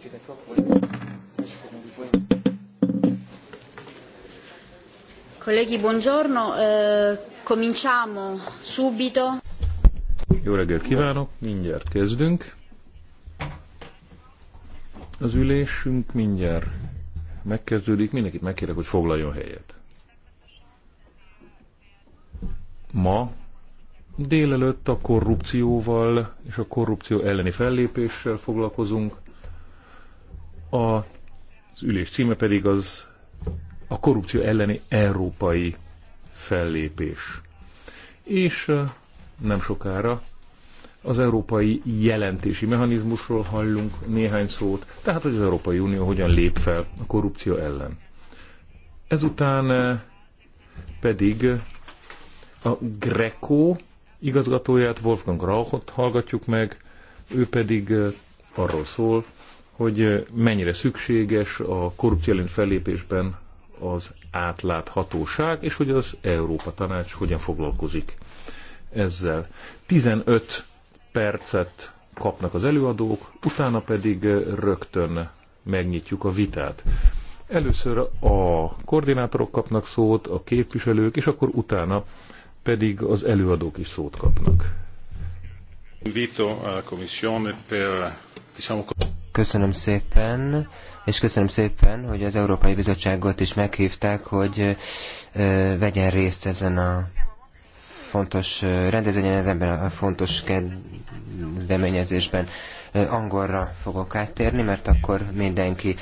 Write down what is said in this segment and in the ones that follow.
tu es d'accord pour ça, je Colleghi, buongiorno. Eh, cominciamo subito. Jó reggelt kívánok, mindjárt kezdünk. Az ülésünk mindjárt megkezdődik, mindenkit megkérek, hogy foglaljon helyet. Ma délelőtt a korrupcióval és a korrupció elleni fellépéssel foglalkozunk, a, az ülés címe pedig az a korrupció elleni európai fellépés. És nem sokára az európai jelentési mechanizmusról hallunk néhány szót, tehát hogy az Európai Unió hogyan lép fel a korrupció ellen. Ezután pedig a Greco igazgatóját, Wolfgang Rauchot hallgatjuk meg, ő pedig arról szól, hogy mennyire szükséges a korrupció ellen fellépésben az átláthatóság, és hogy az Európa Tanács hogyan foglalkozik ezzel. 15 percet kapnak az előadók, utána pedig rögtön megnyitjuk a vitát. Először a koordinátorok kapnak szót, a képviselők, és akkor utána pedig az előadók is szót kapnak. Invito a Commissione per, diciamo, Köszönöm szépen, és köszönöm szépen, hogy az Európai Bizottságot is meghívták, hogy vegyen részt ezen a fontos rendezvényen, ebben a fontos kezdeményezésben angolra fogok áttérni, mert akkor mindenki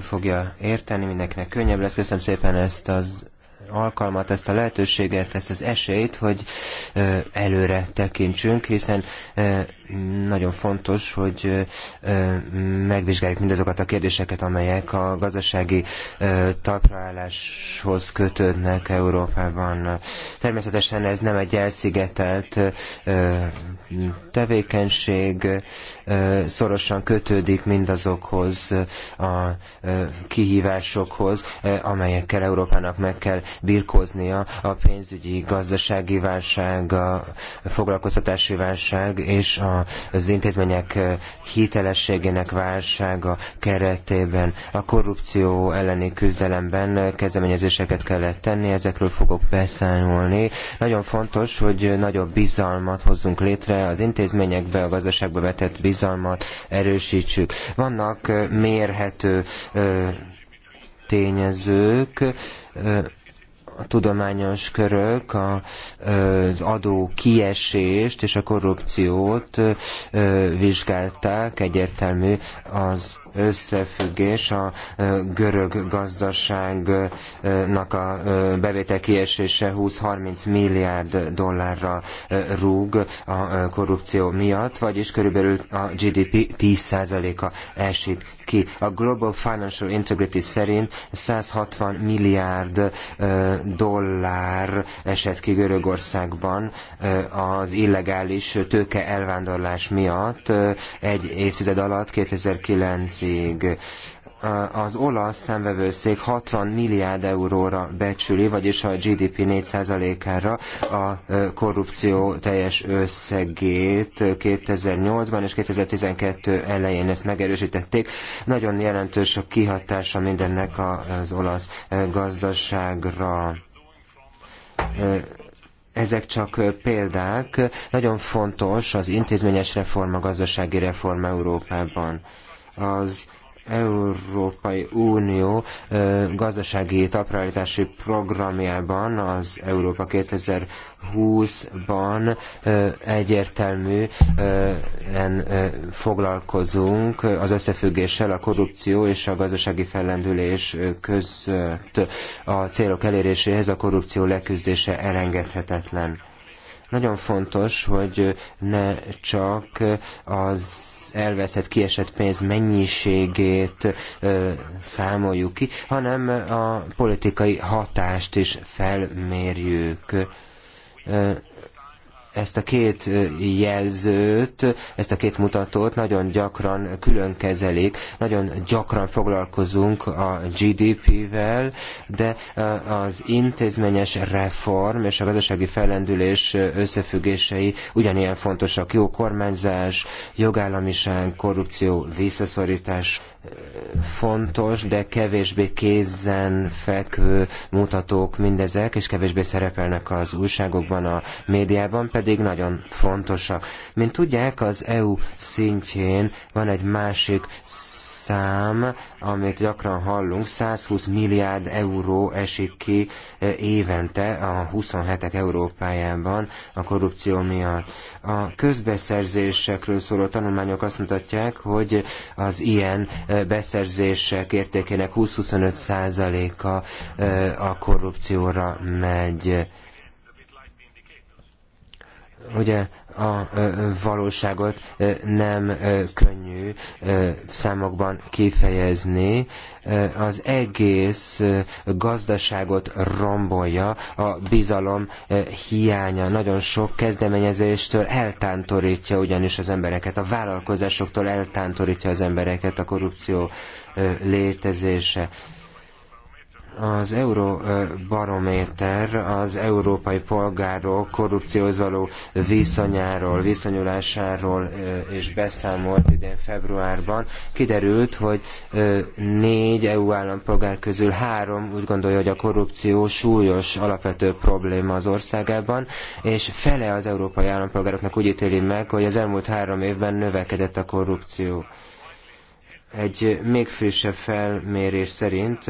fogja érteni, mindenkinek könnyebb lesz. Köszönöm szépen ezt az alkalmat, ezt a lehetőséget, ezt az esélyt, hogy előre tekintsünk, hiszen nagyon fontos, hogy megvizsgáljuk mindazokat a kérdéseket, amelyek a gazdasági talpraálláshoz kötődnek Európában. Természetesen ez nem egy elszigetelt tevékenység, szorosan kötődik mindazokhoz a kihívásokhoz, amelyekkel Európának meg kell birkóznia a pénzügyi, gazdasági válság, a foglalkoztatási válság és a az intézmények eh, hitelességének válsága keretében, a korrupció elleni küzdelemben eh, kezdeményezéseket kellett tenni, ezekről fogok beszámolni. Nagyon fontos, hogy nagyobb bizalmat hozzunk létre, az intézményekbe, a gazdaságba vetett bizalmat erősítsük. Vannak eh, mérhető tényezők, tudományos körök az adó kiesést és a korrupciót vizsgálták, egyértelmű az összefüggés a görög gazdaságnak a bevétel kiesése 20-30 milliárd dollárra rúg a korrupció miatt, vagyis körülbelül a GDP 10%-a esik ki. A Global Financial Integrity szerint 160 milliárd dollár esett ki Görögországban az illegális tőke elvándorlás miatt egy évtized alatt 2009 költség az olasz szemvevőszék 60 milliárd euróra becsüli, vagyis a GDP 4%-ára a korrupció teljes összegét 2008-ban és 2012 elején ezt megerősítették. Nagyon jelentős a kihatása mindennek az olasz gazdaságra ezek csak példák. Nagyon fontos az intézményes reform a gazdasági reform Európában az Európai Unió gazdasági talpraállítási programjában, az Európa 2020-ban egyértelműen foglalkozunk az összefüggéssel a korrupció és a gazdasági fellendülés között. A célok eléréséhez a korrupció leküzdése elengedhetetlen nagyon fontos, hogy ne csak az elveszett, kiesett pénz mennyiségét számoljuk ki, hanem a politikai hatást is felmérjük ezt a két jelzőt, ezt a két mutatót nagyon gyakran külön kezelik, nagyon gyakran foglalkozunk a GDP-vel, de eh, az intézményes reform és a gazdasági fellendülés összefüggései ugyanilyen fontosak. Jó kormányzás, jogállamiság, korrupció, visszaszorítás, fontos, de kevésbé kézen fekvő mutatók mindezek, és kevésbé szerepelnek az újságokban, a médiában, pedig nagyon fontosak. Mint tudják, az EU szintjén van egy másik szám, amit gyakran hallunk, 120 milliárd euró esik ki eh, évente a 27 Európájában a korrupció miatt. A közbeszerzésekről szóló tanulmányok azt mutatják, hogy az ilyen eh, beszerzések értékének 20-25 százaléka eh, a korrupcióra megy. Ugye a valóságot nem könnyű számokban kifejezni. Az egész gazdaságot rombolja a bizalom hiánya. Nagyon sok kezdeményezéstől eltántorítja ugyanis az embereket, a vállalkozásoktól eltántorítja az embereket a korrupció létezése. Az Euróbarométer az európai polgárok korrupcióhoz való viszonyáról, viszonyulásáról és beszámolt idén februárban. Kiderült, hogy négy EU állampolgár közül három úgy gondolja, hogy a korrupció súlyos alapvető probléma az országában, és fele az európai állampolgároknak úgy ítéli meg, hogy az elmúlt három évben növekedett a korrupció. Egy még frissebb felmérés szerint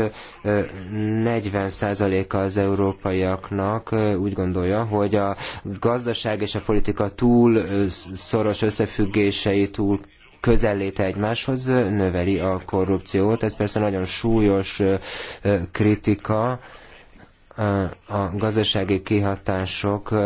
40%-a az európaiaknak úgy gondolja, hogy a gazdaság és a politika túl szoros összefüggései, túl közelléte egymáshoz növeli a korrupciót. Ez persze nagyon súlyos kritika, a gazdasági kihatások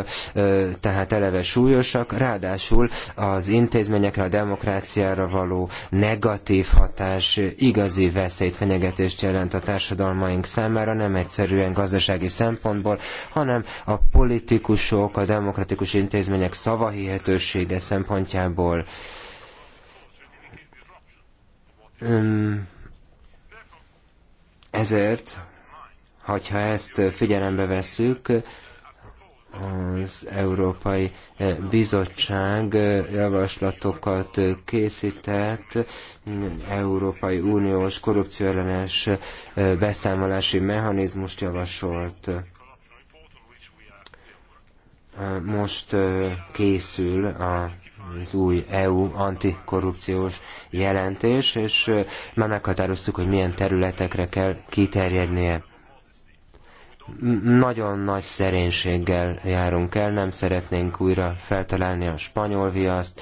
tehát eleve súlyosak, ráadásul az intézményekre, a demokráciára való negatív hatás igazi veszélyt, fenyegetést jelent a társadalmaink számára, nem egyszerűen gazdasági szempontból, hanem a politikusok, a demokratikus intézmények szavahihetősége szempontjából. Ezért Hogyha ezt figyelembe vesszük, az Európai eh, Bizottság eh, javaslatokat készített, Európai Uniós korrupcióellenes eh, beszámolási mechanizmust javasolt. Most készül a az új EU antikorrupciós jelentés, és már meghatároztuk, hogy milyen területekre kell kiterjednie nagyon nagy szerénységgel járunk el, nem szeretnénk újra feltalálni a spanyol viaszt,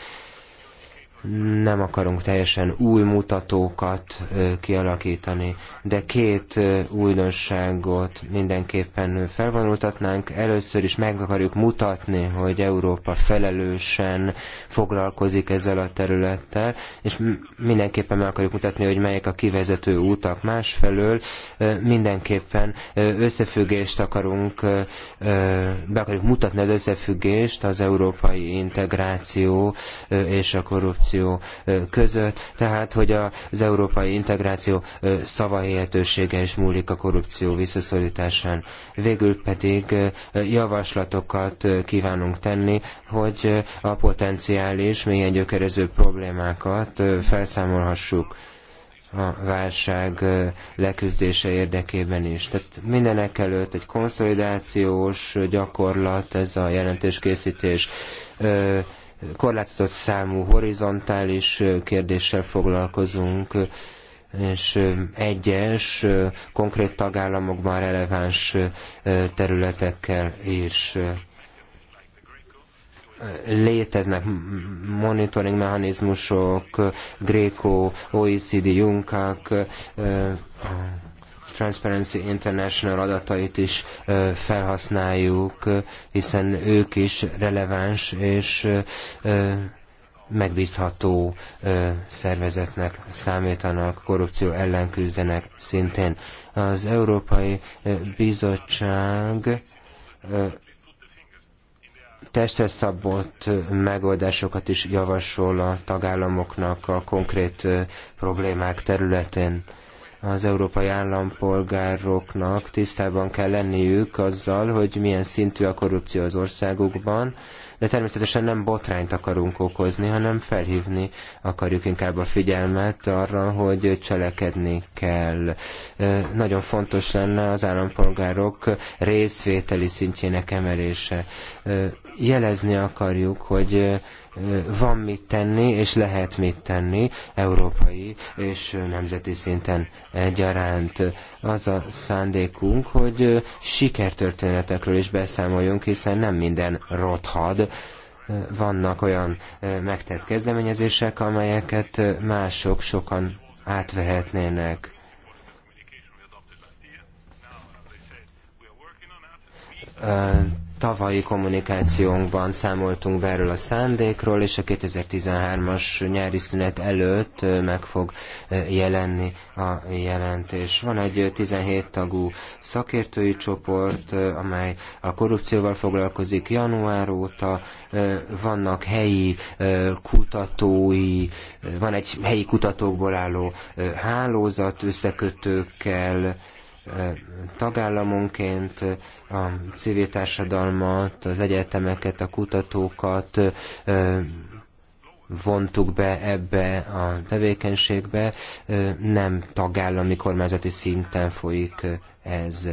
nem akarunk teljesen új mutatókat kialakítani, de két újdonságot mindenképpen felvonultatnánk. Először is meg akarjuk mutatni, hogy Európa felelősen foglalkozik ezzel a területtel, és mindenképpen meg akarjuk mutatni, hogy melyek a kivezető útak. Másfelől mindenképpen összefüggést akarunk, be akarjuk mutatni az összefüggést az európai integráció és a korrupció integráció között, tehát hogy az európai integráció szavahihetősége is múlik a korrupció visszaszorításán. Végül pedig javaslatokat kívánunk tenni, hogy a potenciális, mélyen gyökerező problémákat felszámolhassuk a válság leküzdése érdekében is. Tehát mindenek előtt egy konszolidációs gyakorlat ez a jelentéskészítés korlátozott számú horizontális kérdéssel foglalkozunk, és egyes konkrét tagállamokban releváns területekkel is léteznek monitoring mechanizmusok, Gréko, OECD, Junkák, Transparency International adatait is felhasználjuk, hiszen ők is releváns és megbízható szervezetnek számítanak, korrupció ellen küzdenek szintén. Az Európai Bizottság testre szabott megoldásokat is javasol a tagállamoknak a konkrét problémák területén az európai állampolgároknak tisztában kell lenniük azzal, hogy milyen szintű a korrupció az országukban, de természetesen nem botrányt akarunk okozni, hanem felhívni akarjuk inkább a figyelmet arra, hogy cselekedni kell. Nagyon fontos lenne az állampolgárok részvételi szintjének emelése jelezni akarjuk, hogy van mit tenni, és lehet mit tenni európai és nemzeti szinten egyaránt. Az a szándékunk, hogy sikertörténetekről is beszámoljunk, hiszen nem minden rothad, vannak olyan megtett kezdeményezések, amelyeket mások sokan átvehetnének tavalyi kommunikációnkban számoltunk be erről a szándékról, és a 2013-as nyári szünet előtt meg fog jelenni a jelentés. Van egy 17 tagú szakértői csoport, amely a korrupcióval foglalkozik január óta, vannak helyi kutatói, van egy helyi kutatókból álló hálózat összekötőkkel, tagállamonként a civil társadalmat, az egyetemeket, a kutatókat vontuk be ebbe a tevékenységbe, nem tagállami kormányzati szinten folyik ez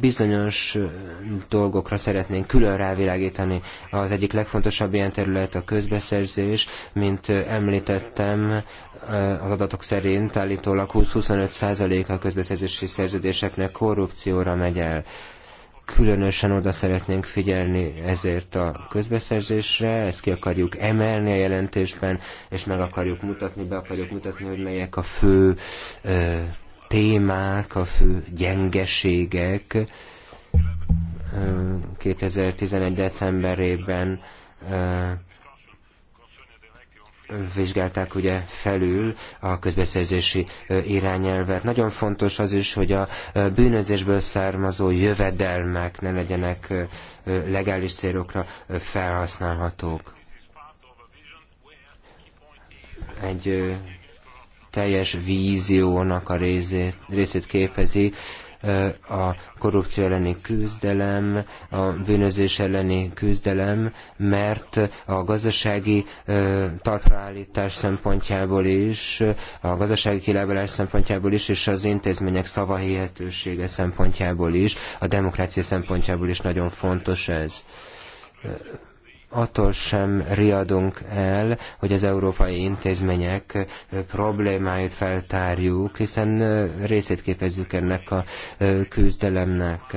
bizonyos dolgokra szeretnénk külön rávilágítani. Az egyik legfontosabb ilyen terület a közbeszerzés, mint említettem, az adatok szerint állítólag 20-25 százaléka a közbeszerzési szerződéseknek korrupcióra megy el. Különösen oda szeretnénk figyelni ezért a közbeszerzésre, ezt ki akarjuk emelni a jelentésben, és meg akarjuk mutatni, be akarjuk mutatni, hogy melyek a fő ö, témák, a fő gyengeségek. 2011. decemberében vizsgálták ugye felül a közbeszerzési irányelvet. Nagyon fontos az is, hogy a bűnözésből származó jövedelmek ne legyenek legális célokra felhasználhatók. Egy teljes víziónak a részét, részét képezi a korrupció elleni küzdelem, a bűnözés elleni küzdelem, mert a gazdasági talpraállítás szempontjából is, a gazdasági kilábalás szempontjából is, és az intézmények szavahihetősége szempontjából is, a demokrácia szempontjából is nagyon fontos ez attól sem riadunk el, hogy az európai intézmények problémáit feltárjuk, hiszen részét képezzük ennek a küzdelemnek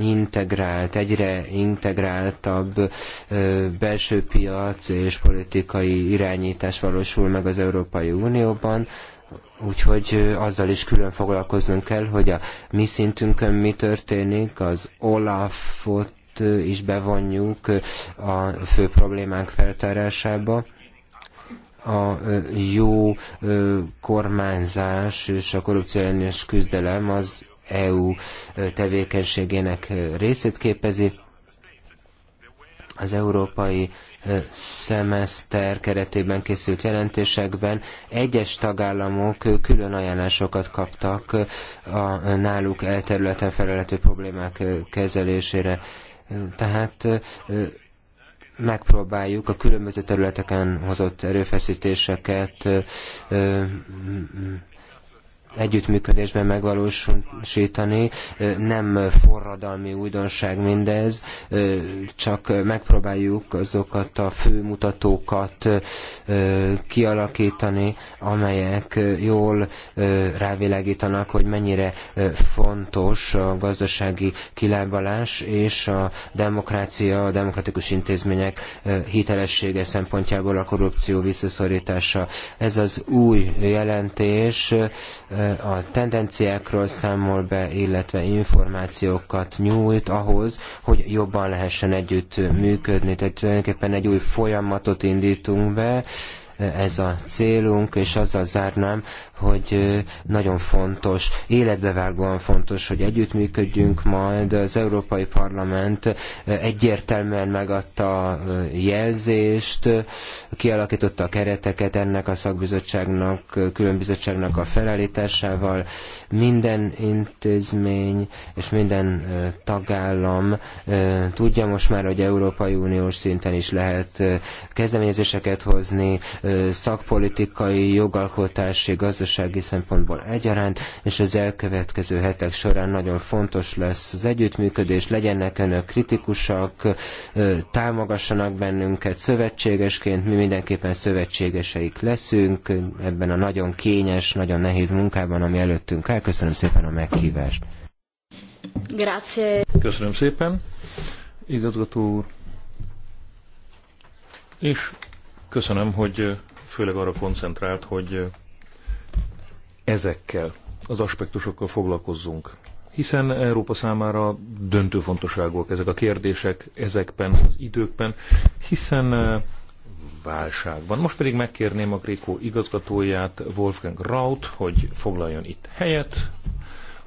integrált, egyre integráltabb ö, belső piac és politikai irányítás valósul meg az Európai Unióban, úgyhogy azzal is külön foglalkoznunk kell, hogy a mi szintünkön mi történik, az Olafot is bevonjuk a fő problémánk feltárásába a jó kormányzás és a ellenes küzdelem az EU tevékenységének részét képezi. Az európai szemeszter keretében készült jelentésekben egyes tagállamok külön ajánlásokat kaptak a náluk elterületen felelhető problémák kezelésére tehát megpróbáljuk a különböző területeken hozott erőfeszítéseket együttműködésben megvalósítani. Nem forradalmi újdonság mindez, csak megpróbáljuk azokat a főmutatókat kialakítani, amelyek jól rávilágítanak, hogy mennyire fontos a gazdasági kilábalás és a demokrácia, a demokratikus intézmények hitelessége szempontjából a korrupció visszaszorítása. Ez az új jelentés a tendenciákról számol be, illetve információkat nyújt ahhoz, hogy jobban lehessen együtt működni. Tehát tulajdonképpen egy új folyamatot indítunk be, ez a célunk, és azzal zárnám, hogy nagyon fontos, életbevágóan fontos, hogy együttműködjünk majd. Az Európai Parlament egyértelműen megadta a jelzést, kialakította a kereteket ennek a szakbizottságnak, különbizottságnak a felállításával. Minden intézmény és minden tagállam tudja most már, hogy Európai Uniós szinten is lehet kezdeményezéseket hozni, szakpolitikai, jogalkotási, gazdasági szempontból egyaránt, és az elkövetkező hetek során nagyon fontos lesz az együttműködés, legyenek önök kritikusak, támogassanak bennünket szövetségesként, mi mindenképpen szövetségeseik leszünk ebben a nagyon kényes, nagyon nehéz munkában, ami előttünk áll. Köszönöm szépen a meghívást. Grazie. Köszönöm szépen, igazgató úr. És Köszönöm, hogy főleg arra koncentrált, hogy ezekkel az aspektusokkal foglalkozzunk. Hiszen Európa számára döntő fontosságúak ezek a kérdések ezekben az időkben, hiszen válságban. Most pedig megkérném a Gréko igazgatóját, Wolfgang Raut, hogy foglaljon itt helyet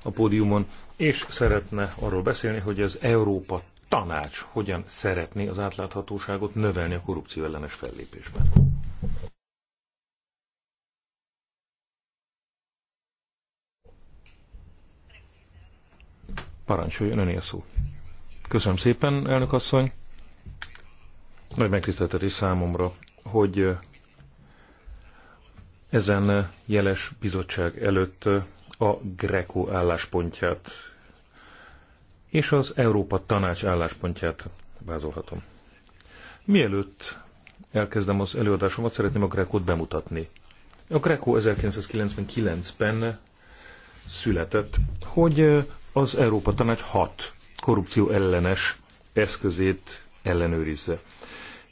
a pódiumon, és szeretne arról beszélni, hogy az Európa tanács hogyan szeretné az átláthatóságot növelni a korrupció ellenes fellépésben? Parancsoljon öné a szó. Köszönöm szépen, elnök asszony. Nagy megtiszteltetés számomra, hogy ezen jeles bizottság előtt a Greco álláspontját és az Európa Tanács álláspontját vázolhatom. Mielőtt elkezdem az előadásomat, szeretném a Grekót bemutatni. A Grekó 1999-ben született, hogy az Európa Tanács hat korrupció ellenes eszközét ellenőrizze.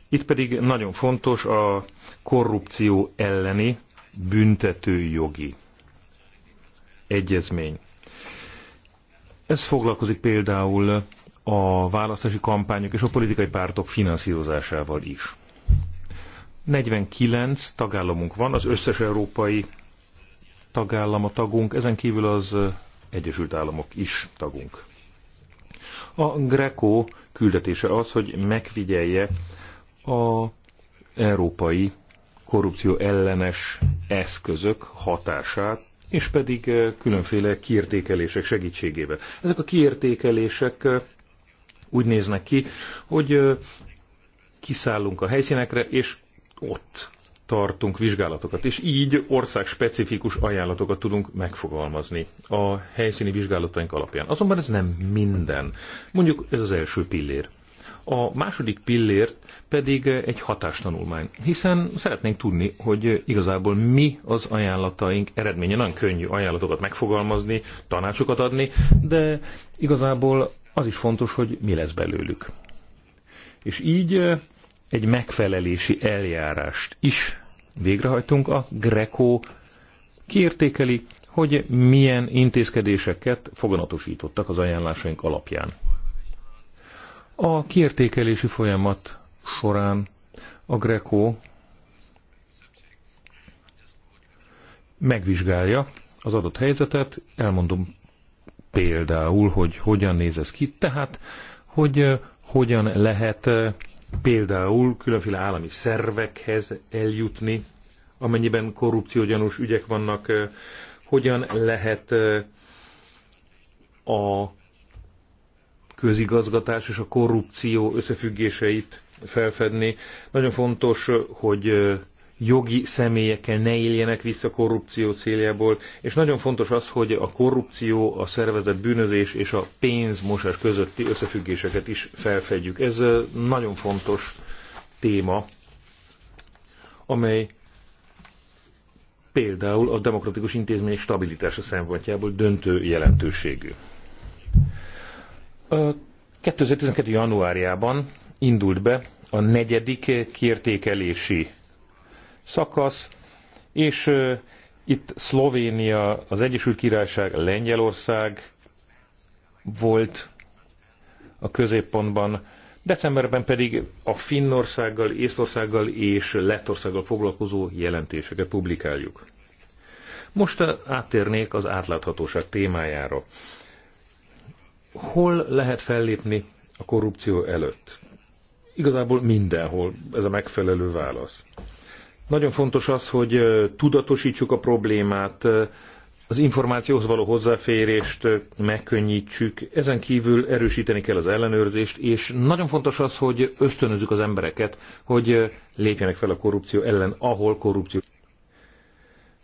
Itt pedig nagyon fontos a korrupció elleni büntetőjogi egyezmény. Ez foglalkozik például a választási kampányok és a politikai pártok finanszírozásával is. 49 tagállamunk van, az összes európai tagállam a tagunk, ezen kívül az Egyesült Államok is tagunk. A Greco küldetése az, hogy megfigyelje a európai korrupció ellenes eszközök hatását és pedig különféle kiértékelések segítségével. Ezek a kiértékelések úgy néznek ki, hogy kiszállunk a helyszínekre, és ott tartunk vizsgálatokat, és így ország specifikus ajánlatokat tudunk megfogalmazni a helyszíni vizsgálataink alapján. Azonban ez nem minden. Mondjuk ez az első pillér. A második pillért pedig egy hatástanulmány, hiszen szeretnénk tudni, hogy igazából mi az ajánlataink eredménye. Nagyon könnyű ajánlatokat megfogalmazni, tanácsokat adni, de igazából az is fontos, hogy mi lesz belőlük. És így egy megfelelési eljárást is végrehajtunk. A Greco kiértékeli, hogy milyen intézkedéseket foganatosítottak az ajánlásaink alapján. A kiértékelési folyamat során a Greco megvizsgálja az adott helyzetet, elmondom például, hogy hogyan néz ez ki, tehát hogy eh, hogyan lehet eh, például különféle állami szervekhez eljutni, amennyiben korrupciógyanús ügyek vannak, eh, hogyan lehet a közigazgatás és a korrupció összefüggéseit felfedni. Nagyon fontos, hogy jogi személyekkel ne éljenek vissza korrupció céljából, és nagyon fontos az, hogy a korrupció, a szervezett bűnözés és a pénzmosás közötti összefüggéseket is felfedjük. Ez nagyon fontos téma, amely például a demokratikus intézmények stabilitása szempontjából döntő jelentőségű. 2012. januárjában indult be a negyedik kiértékelési szakasz, és itt Szlovénia, az Egyesült Királyság, Lengyelország volt a középpontban, decemberben pedig a Finnországgal, Észtországgal és Lettországgal foglalkozó jelentéseket publikáljuk. Most áttérnék az átláthatóság témájára hol lehet fellépni a korrupció előtt? Igazából mindenhol ez a megfelelő válasz. Nagyon fontos az, hogy tudatosítsuk a problémát, az információhoz való hozzáférést megkönnyítsük, ezen kívül erősíteni kell az ellenőrzést, és nagyon fontos az, hogy ösztönözzük az embereket, hogy lépjenek fel a korrupció ellen, ahol korrupció.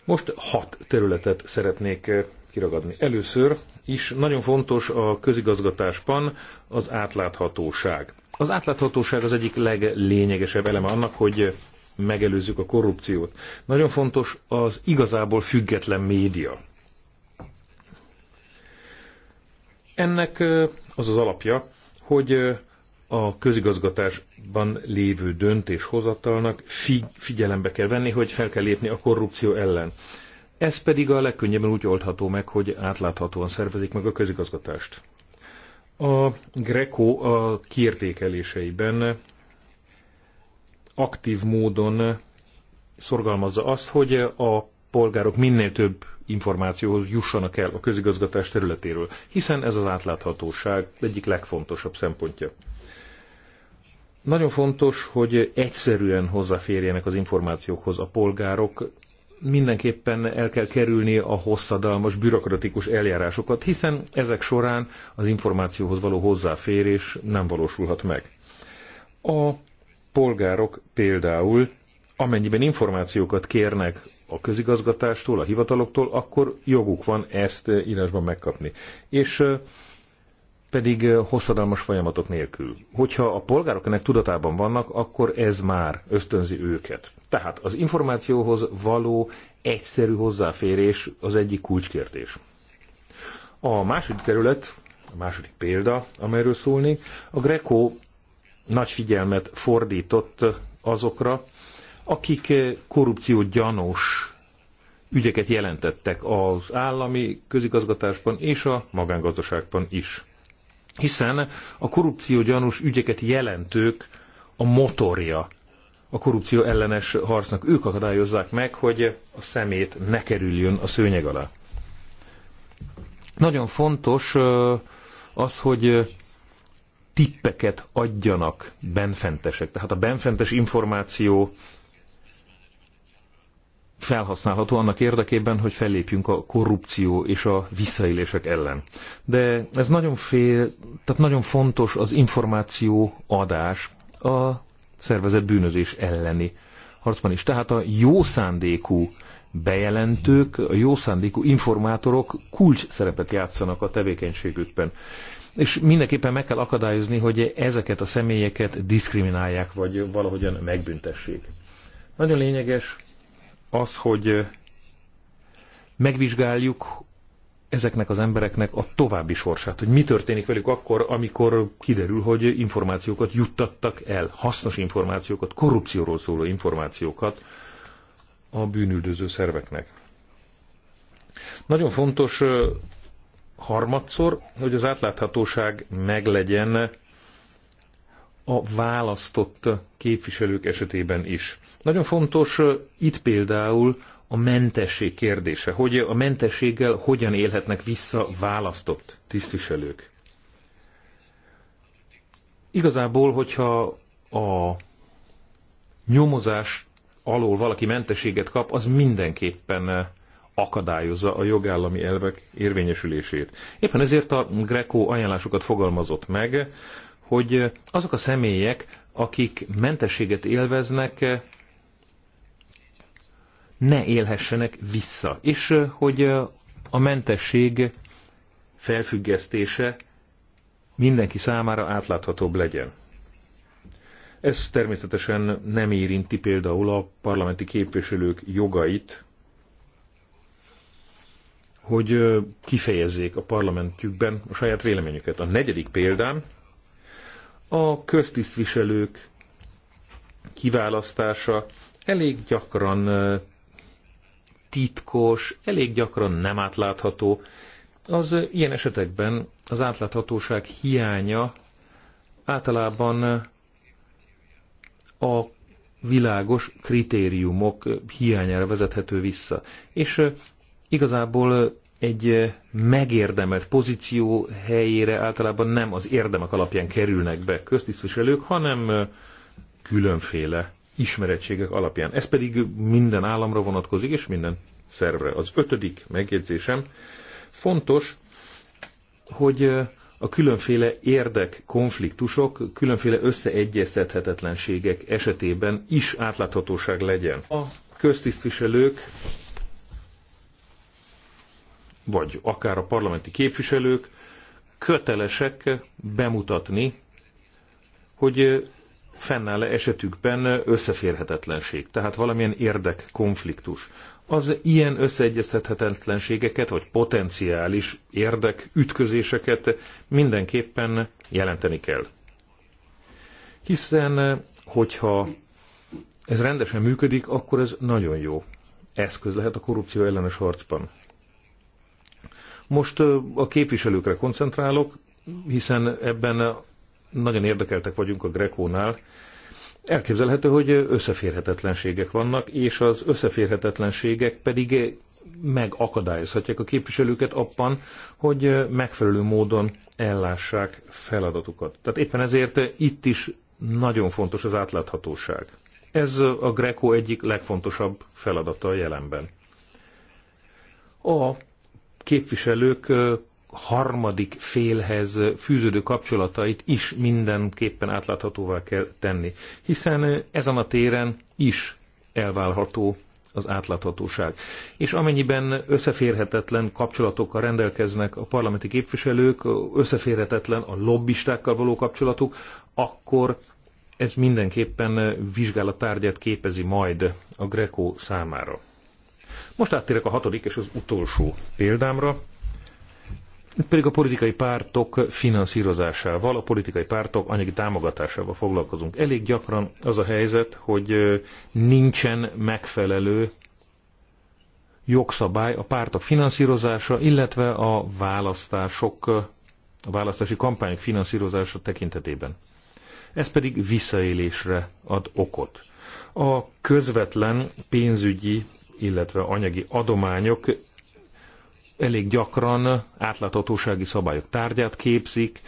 Most hat területet szeretnék kiragadni. Először is nagyon fontos a közigazgatásban az átláthatóság. Az átláthatóság az egyik leglényegesebb eleme annak, hogy megelőzzük a korrupciót. Nagyon fontos az igazából független média. Ennek az az alapja, hogy a közigazgatásban lévő döntéshozatalnak figyelembe kell venni, hogy fel kell lépni a korrupció ellen. Ez pedig a legkönnyebben úgy oldható meg, hogy átláthatóan szervezik meg a közigazgatást. A Greco a kiértékeléseiben aktív módon szorgalmazza azt, hogy a polgárok minél több információhoz jussanak el a közigazgatás területéről, hiszen ez az átláthatóság egyik legfontosabb szempontja. Nagyon fontos, hogy egyszerűen hozzáférjenek az információkhoz a polgárok, mindenképpen el kell kerülni a hosszadalmas, bürokratikus eljárásokat, hiszen ezek során az információhoz való hozzáférés nem valósulhat meg. A polgárok például, amennyiben információkat kérnek a közigazgatástól, a hivataloktól, akkor joguk van ezt írásban megkapni. És pedig hosszadalmas folyamatok nélkül. Hogyha a polgárok ennek tudatában vannak, akkor ez már ösztönzi őket. Tehát az információhoz való egyszerű hozzáférés az egyik kulcskérdés. A második terület, a második példa, amelyről szólni, a Greco nagy figyelmet fordított azokra, akik korrupció gyanús ügyeket jelentettek az állami közigazgatásban és a magángazdaságban is hiszen a korrupció gyanús ügyeket jelentők a motorja a korrupció ellenes harcnak. Ők akadályozzák meg, hogy a szemét ne kerüljön a szőnyeg alá. Nagyon fontos az, hogy tippeket adjanak benfentesek. Tehát a benfentes információ felhasználható annak érdekében, hogy fellépjünk a korrupció és a visszaélések ellen. De ez nagyon fél, tehát nagyon fontos az információ adás a szervezett bűnözés elleni harcban is. Tehát a jó szándékú bejelentők, a jó szándékú informátorok kulcs szerepet játszanak a tevékenységükben. És mindenképpen meg kell akadályozni, hogy ezeket a személyeket diszkriminálják, vagy valahogyan megbüntessék. Nagyon lényeges az, hogy megvizsgáljuk ezeknek az embereknek a további sorsát, hogy mi történik velük akkor, amikor kiderül, hogy információkat juttattak el, hasznos információkat, korrupcióról szóló információkat a bűnüldöző szerveknek. Nagyon fontos harmadszor, hogy az átláthatóság meglegyen a választott képviselők esetében is. Nagyon fontos itt például a mentesség kérdése, hogy a mentességgel hogyan élhetnek vissza választott tisztviselők. Igazából, hogyha a nyomozás alól valaki mentességet kap, az mindenképpen akadályozza a jogállami elvek érvényesülését. Éppen ezért a Greco ajánlásokat fogalmazott meg, hogy azok a személyek, akik mentességet élveznek, ne élhessenek vissza, és hogy a mentesség felfüggesztése mindenki számára átláthatóbb legyen. Ez természetesen nem érinti például a parlamenti képviselők jogait, hogy kifejezzék a parlamentjükben a saját véleményüket. A negyedik példán a köztisztviselők kiválasztása elég gyakran titkos, elég gyakran nem átlátható. Az ilyen esetekben az átláthatóság hiánya általában a világos kritériumok hiányára vezethető vissza. És igazából egy megérdemelt pozíció helyére általában nem az érdemek alapján kerülnek be köztisztviselők, hanem különféle ismerettségek alapján. Ez pedig minden államra vonatkozik, és minden szervre. Az ötödik megjegyzésem fontos, hogy a különféle érdek, konfliktusok, különféle összeegyeztethetetlenségek esetében is átláthatóság legyen. A köztisztviselők vagy akár a parlamenti képviselők kötelesek bemutatni, hogy fennáll -e esetükben összeférhetetlenség, tehát valamilyen érdekkonfliktus. Az ilyen összeegyeztethetetlenségeket, vagy potenciális érdek ütközéseket mindenképpen jelenteni kell. Hiszen, hogyha ez rendesen működik, akkor ez nagyon jó eszköz lehet a korrupció ellenes harcban. Most a képviselőkre koncentrálok, hiszen ebben nagyon érdekeltek vagyunk a Grekónál. Elképzelhető, hogy összeférhetetlenségek vannak, és az összeférhetetlenségek pedig megakadályozhatják a képviselőket abban, hogy megfelelő módon ellássák feladatukat. Tehát éppen ezért itt is nagyon fontos az átláthatóság. Ez a Greco egyik legfontosabb feladata a jelenben. A képviselők harmadik félhez fűződő kapcsolatait is mindenképpen átláthatóvá kell tenni, hiszen ezen a téren is elválható az átláthatóság. És amennyiben összeférhetetlen kapcsolatokkal rendelkeznek a parlamenti képviselők, összeférhetetlen a lobbistákkal való kapcsolatuk, akkor ez mindenképpen vizsgálat tárgyát képezi majd a Greco számára. Most áttérek a hatodik és az utolsó példámra. Itt pedig a politikai pártok finanszírozásával, a politikai pártok anyagi támogatásával foglalkozunk. Elég gyakran az a helyzet, hogy nincsen megfelelő jogszabály a pártok finanszírozása, illetve a választások, a választási kampányok finanszírozása tekintetében. Ez pedig visszaélésre ad okot. A közvetlen pénzügyi illetve anyagi adományok elég gyakran átláthatósági szabályok tárgyát képzik,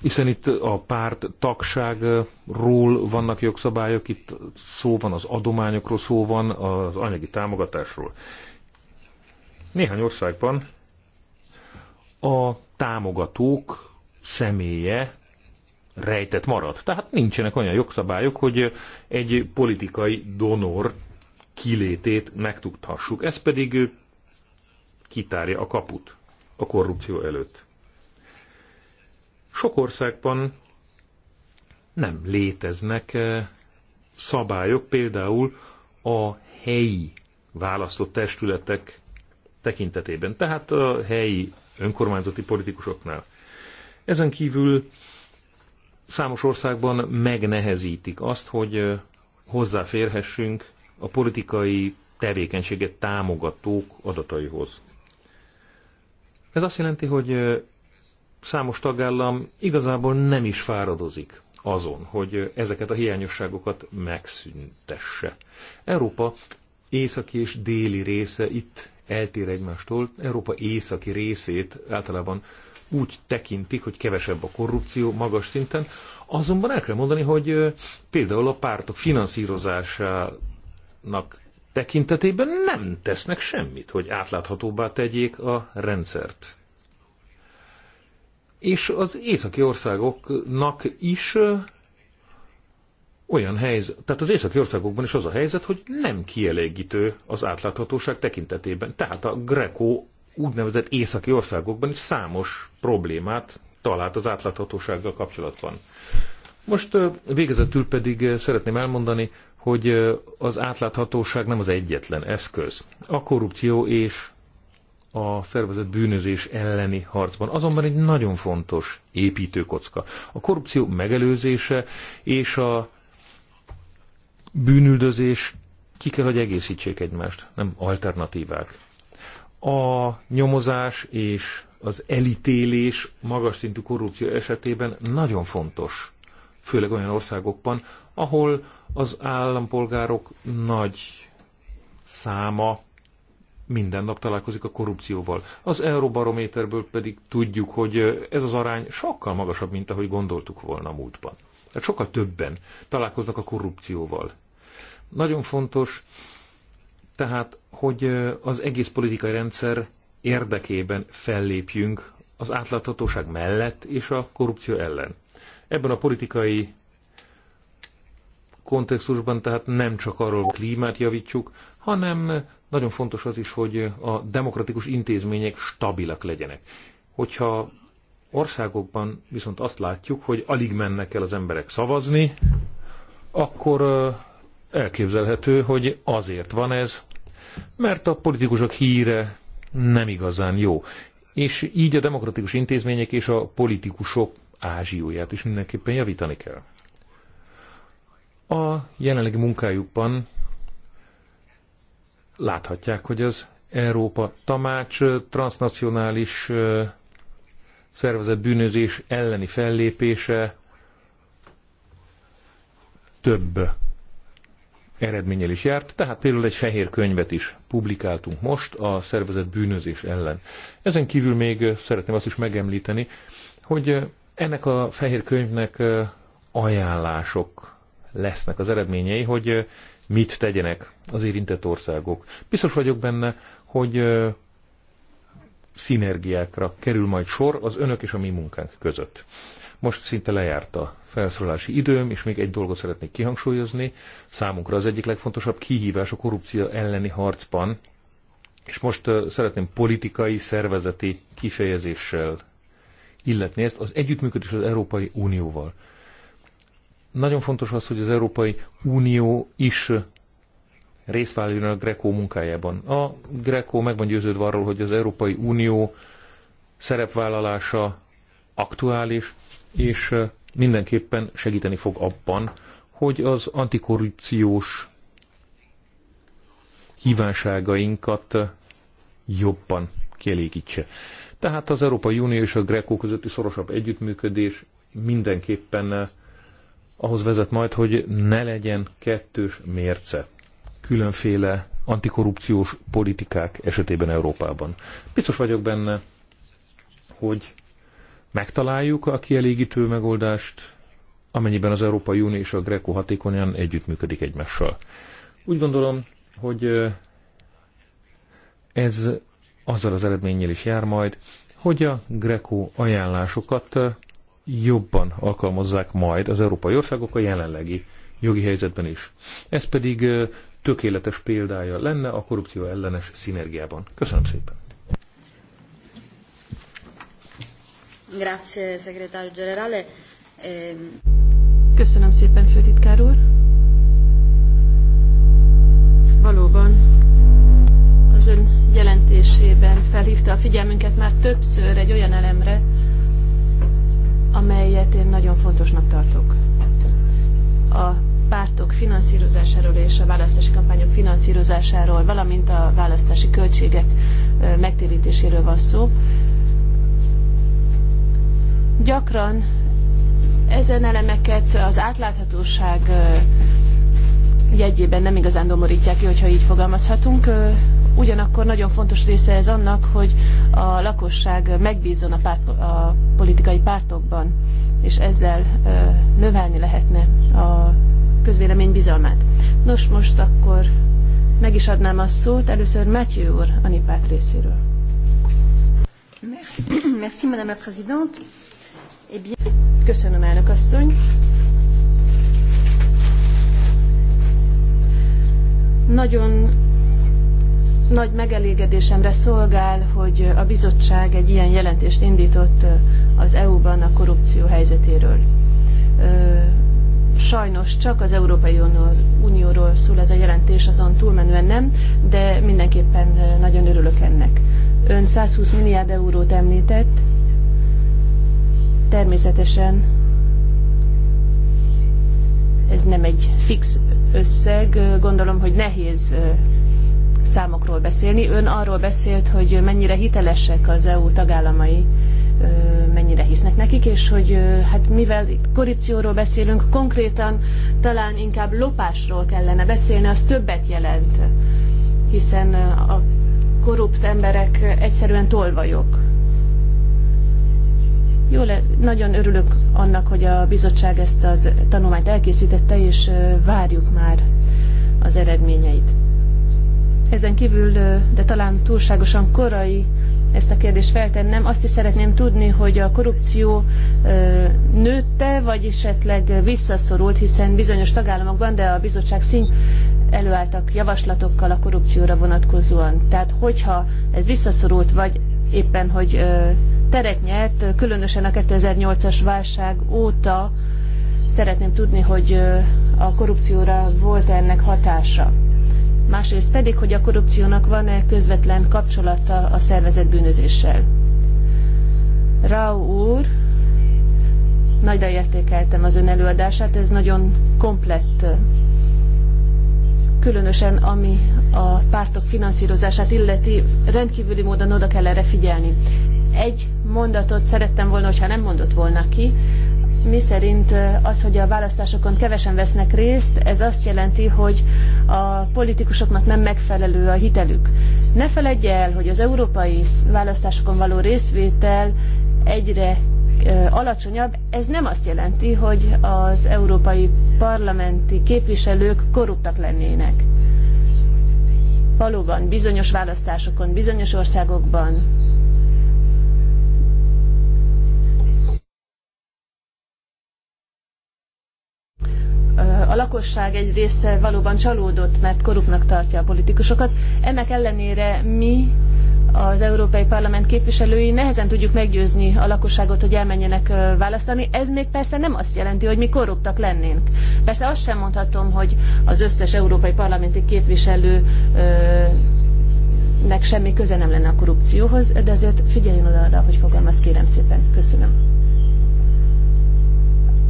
hiszen itt a párt tagságról vannak jogszabályok, itt szó van az adományokról, szó van az anyagi támogatásról. Néhány országban a támogatók személye rejtett marad. Tehát nincsenek olyan jogszabályok, hogy egy politikai donor kilétét megtudhassuk. Ez pedig kitárja a kaput a korrupció előtt. Sok országban nem léteznek szabályok, például a helyi választott testületek tekintetében, tehát a helyi önkormányzati politikusoknál. Ezen kívül számos országban megnehezítik azt, hogy hozzáférhessünk a politikai tevékenységet támogatók adataihoz. Ez azt jelenti, hogy számos tagállam igazából nem is fáradozik azon, hogy ezeket a hiányosságokat megszüntesse. Európa északi és déli része itt eltér egymástól. Európa északi részét általában úgy tekintik, hogy kevesebb a korrupció magas szinten, azonban el kell mondani, hogy például a pártok finanszírozása Nak tekintetében nem tesznek semmit, hogy átláthatóbbá tegyék a rendszert. És az északi országoknak is olyan helyzet, tehát az északi országokban is az a helyzet, hogy nem kielégítő az átláthatóság tekintetében. Tehát a Greco úgynevezett északi országokban is számos problémát talált az átláthatósággal kapcsolatban. Most végezetül pedig szeretném elmondani, hogy az átláthatóság nem az egyetlen eszköz. A korrupció és a szervezet bűnözés elleni harcban. Azonban egy nagyon fontos építőkocka. A korrupció megelőzése és a bűnüldözés ki kell, hogy egészítsék egymást, nem alternatívák. A nyomozás és az elítélés magas szintű korrupció esetében nagyon fontos, főleg olyan országokban, ahol az állampolgárok nagy száma minden nap találkozik a korrupcióval. Az Euróbarométerből pedig tudjuk, hogy ez az arány sokkal magasabb, mint ahogy gondoltuk volna a múltban. Tehát sokkal többen találkoznak a korrupcióval. Nagyon fontos tehát, hogy az egész politikai rendszer érdekében fellépjünk az átláthatóság mellett és a korrupció ellen. Ebben a politikai kontextusban tehát nem csak arról klímát javítsuk, hanem nagyon fontos az is, hogy a demokratikus intézmények stabilak legyenek. Hogyha országokban viszont azt látjuk, hogy alig mennek el az emberek szavazni, akkor elképzelhető, hogy azért van ez, mert a politikusok híre nem igazán jó. És így a demokratikus intézmények és a politikusok ázsióját is mindenképpen javítani kell. A jelenlegi munkájukban láthatják, hogy az Európa Tamács transnacionális szervezet bűnözés elleni fellépése több eredménnyel is járt, tehát például egy fehér könyvet is publikáltunk most a szervezet bűnözés ellen. Ezen kívül még szeretném azt is megemlíteni, hogy ennek a fehér könyvnek ajánlások lesznek az eredményei, hogy mit tegyenek az érintett országok. Biztos vagyok benne, hogy szinergiákra kerül majd sor az önök és a mi munkánk között. Most szinte lejárt a felszólalási időm, és még egy dolgot szeretnék kihangsúlyozni. Számunkra az egyik legfontosabb kihívás a korrupció elleni harcban, és most szeretném politikai, szervezeti kifejezéssel illetni ezt az együttműködés az Európai Unióval. Nagyon fontos az, hogy az Európai Unió is részt váljon a Greco munkájában. A Greco meg van győződve arról, hogy az Európai Unió szerepvállalása aktuális, és mindenképpen segíteni fog abban, hogy az antikorrupciós kívánságainkat jobban kielégítse. Tehát az Európai Unió és a Greco közötti szorosabb együttműködés mindenképpen ahhoz vezet majd, hogy ne legyen kettős mérce különféle antikorrupciós politikák esetében Európában. Biztos vagyok benne, hogy megtaláljuk a kielégítő megoldást, amennyiben az Európai Unió és a Greco hatékonyan együttműködik egymással. Úgy gondolom, hogy ez azzal az eredménnyel is jár majd, hogy a Greco ajánlásokat jobban alkalmazzák majd az európai országok a jelenlegi jogi helyzetben is. Ez pedig tökéletes példája lenne a korrupció ellenes szinergiában. Köszönöm szépen! Grazie, segretario generale. Ehm, Köszönöm szépen, főtitkár úr. Valóban az ön jelentésében felhívta a figyelmünket már többször egy olyan elemre, amelyet én nagyon fontosnak tartok. A pártok finanszírozásáról és a választási kampányok finanszírozásáról, valamint a választási költségek megtérítéséről van szó. Gyakran ezen elemeket az átláthatóság jegyében nem igazán domorítják ki, hogyha így fogalmazhatunk. Ugyanakkor nagyon fontos része ez annak, hogy a lakosság megbízon a, párt, a politikai pártokban, és ezzel növelni lehetne a közvélemény bizalmát. Nos, most akkor meg is adnám a szót először Matthew úr a néppárt részéről. Merci, merci Madame la Présidente. Eh bien... Köszönöm, elnök asszony. Nagyon nagy megelégedésemre szolgál, hogy a bizottság egy ilyen jelentést indított az EU-ban a korrupció helyzetéről. Sajnos csak az Európai Unióról szól ez a jelentés, azon túlmenően nem, de mindenképpen nagyon örülök ennek. Ön 120 milliárd eurót említett, természetesen ez nem egy fix összeg, gondolom, hogy nehéz számokról beszélni. Ön arról beszélt, hogy mennyire hitelesek az EU tagállamai, mennyire hisznek nekik, és hogy hát mivel korrupcióról beszélünk, konkrétan talán inkább lopásról kellene beszélni, az többet jelent, hiszen a korrupt emberek egyszerűen tolvajok. Jó, nagyon örülök annak, hogy a bizottság ezt a tanulmányt elkészítette, és várjuk már az eredményeit. Ezen kívül, de talán túlságosan korai ezt a kérdést feltennem, azt is szeretném tudni, hogy a korrupció nőtte, vagy esetleg visszaszorult, hiszen bizonyos tagállamokban, de a bizottság szint előálltak javaslatokkal a korrupcióra vonatkozóan. Tehát hogyha ez visszaszorult, vagy éppen, hogy teret nyert, különösen a 2008-as válság óta szeretném tudni, hogy a korrupcióra volt -e ennek hatása másrészt pedig, hogy a korrupciónak van-e közvetlen kapcsolata a szervezett bűnözéssel. Rau úr, nagyra értékeltem az ön előadását, ez nagyon komplett, különösen ami a pártok finanszírozását illeti, rendkívüli módon oda kell erre figyelni. Egy mondatot szerettem volna, hogyha nem mondott volna ki, mi szerint az, hogy a választásokon kevesen vesznek részt, ez azt jelenti, hogy a politikusoknak nem megfelelő a hitelük. Ne feledje el, hogy az európai választásokon való részvétel egyre alacsonyabb, ez nem azt jelenti, hogy az európai parlamenti képviselők korruptak lennének. Valóban bizonyos választásokon, bizonyos országokban a lakosság egy része valóban csalódott, mert korruptnak tartja a politikusokat. Ennek ellenére mi, az Európai Parlament képviselői nehezen tudjuk meggyőzni a lakosságot, hogy elmenjenek választani. Ez még persze nem azt jelenti, hogy mi korruptak lennénk. Persze azt sem mondhatom, hogy az összes Európai Parlamenti képviselőnek semmi köze nem lenne a korrupcióhoz, de azért figyeljen oda, hogy fogalmaz, kérem szépen. Köszönöm.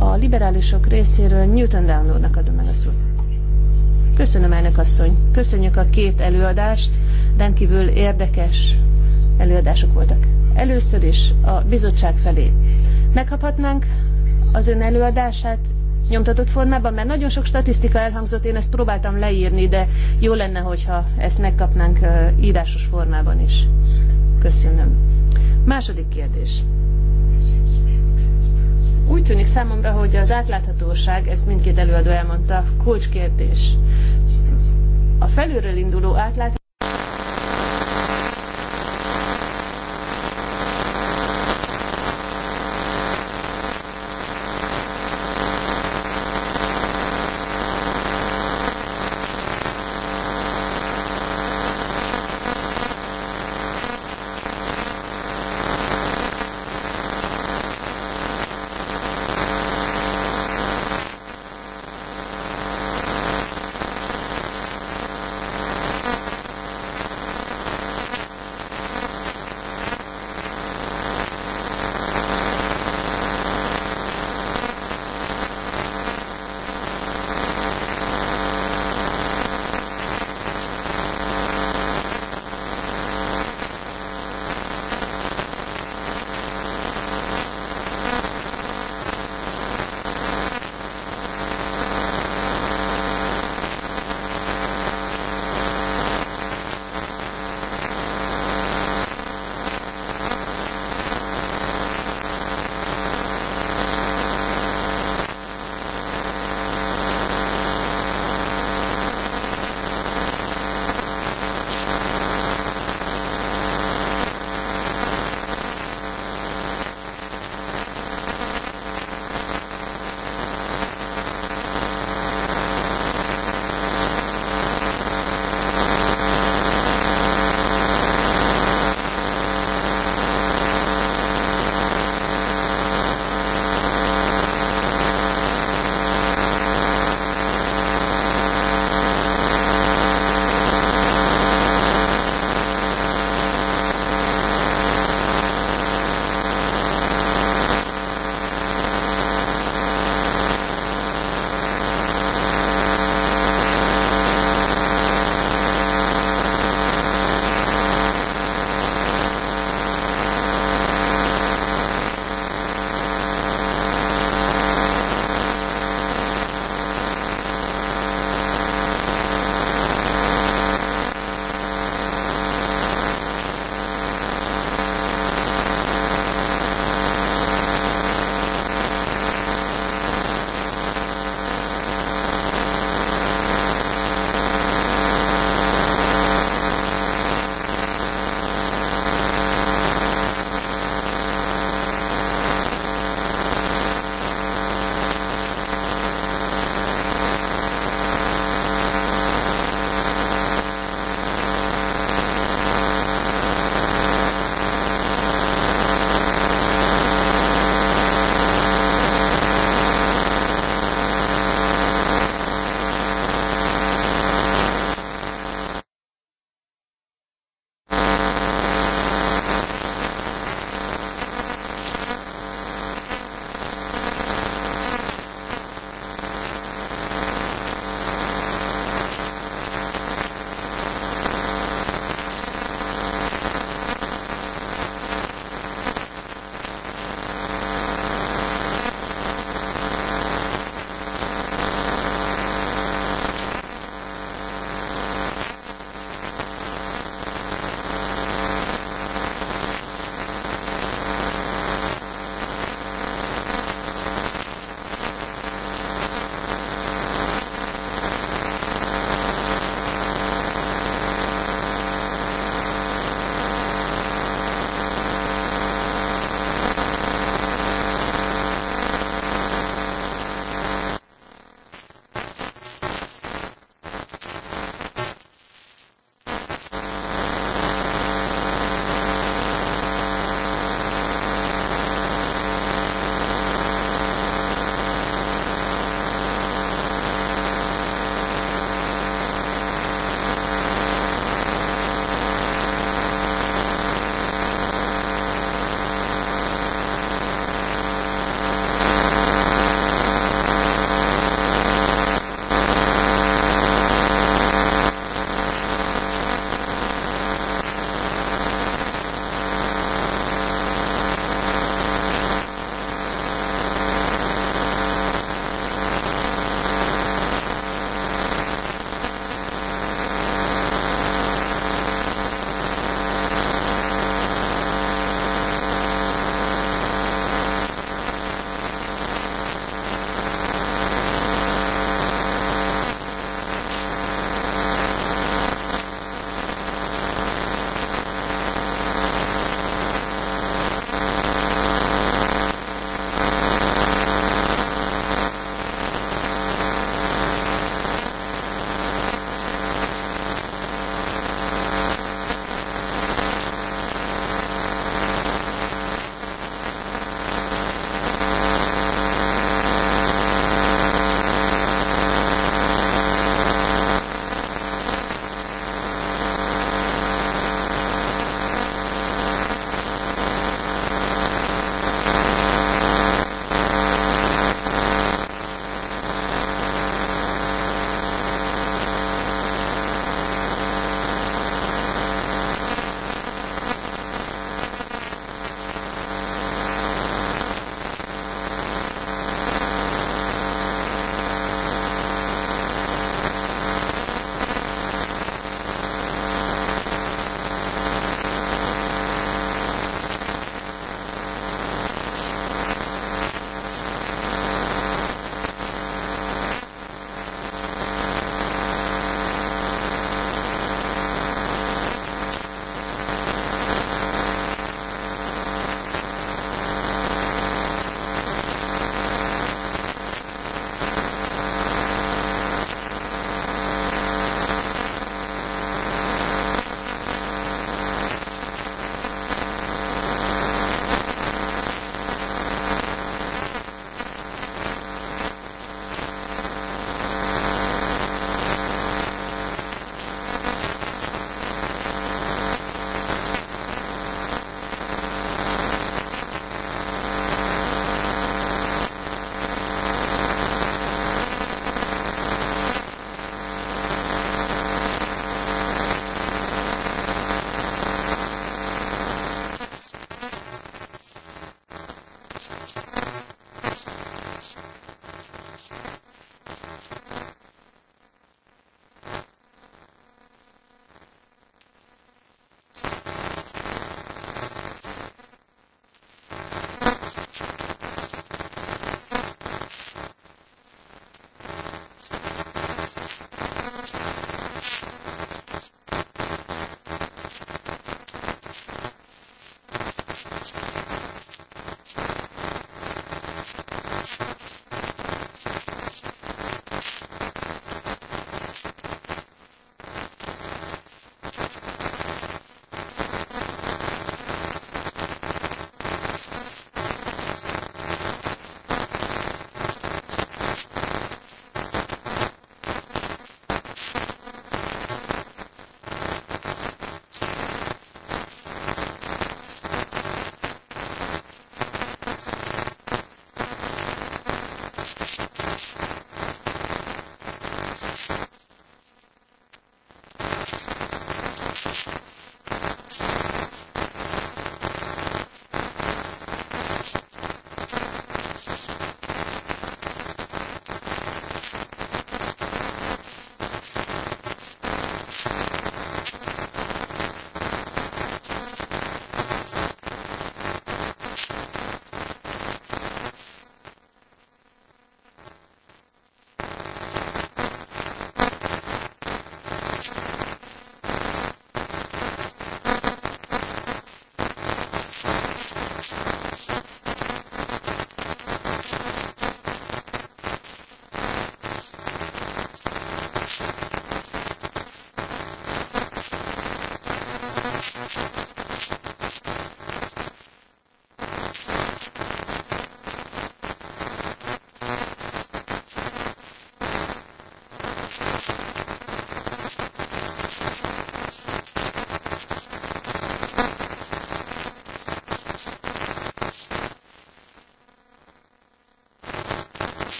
A liberálisok részéről Newton Down úrnak adom el a szót. Köszönöm, elnök asszony. Köszönjük a két előadást. Rendkívül érdekes előadások voltak. Először is a bizottság felé. Megkaphatnánk az ön előadását nyomtatott formában, mert nagyon sok statisztika elhangzott, én ezt próbáltam leírni, de jó lenne, hogyha ezt megkapnánk írásos formában is. Köszönöm. Második kérdés. Úgy tűnik számomra, hogy az átláthatóság, ezt mindkét előadó elmondta, kulcskérdés. A felülről induló átláthatóság,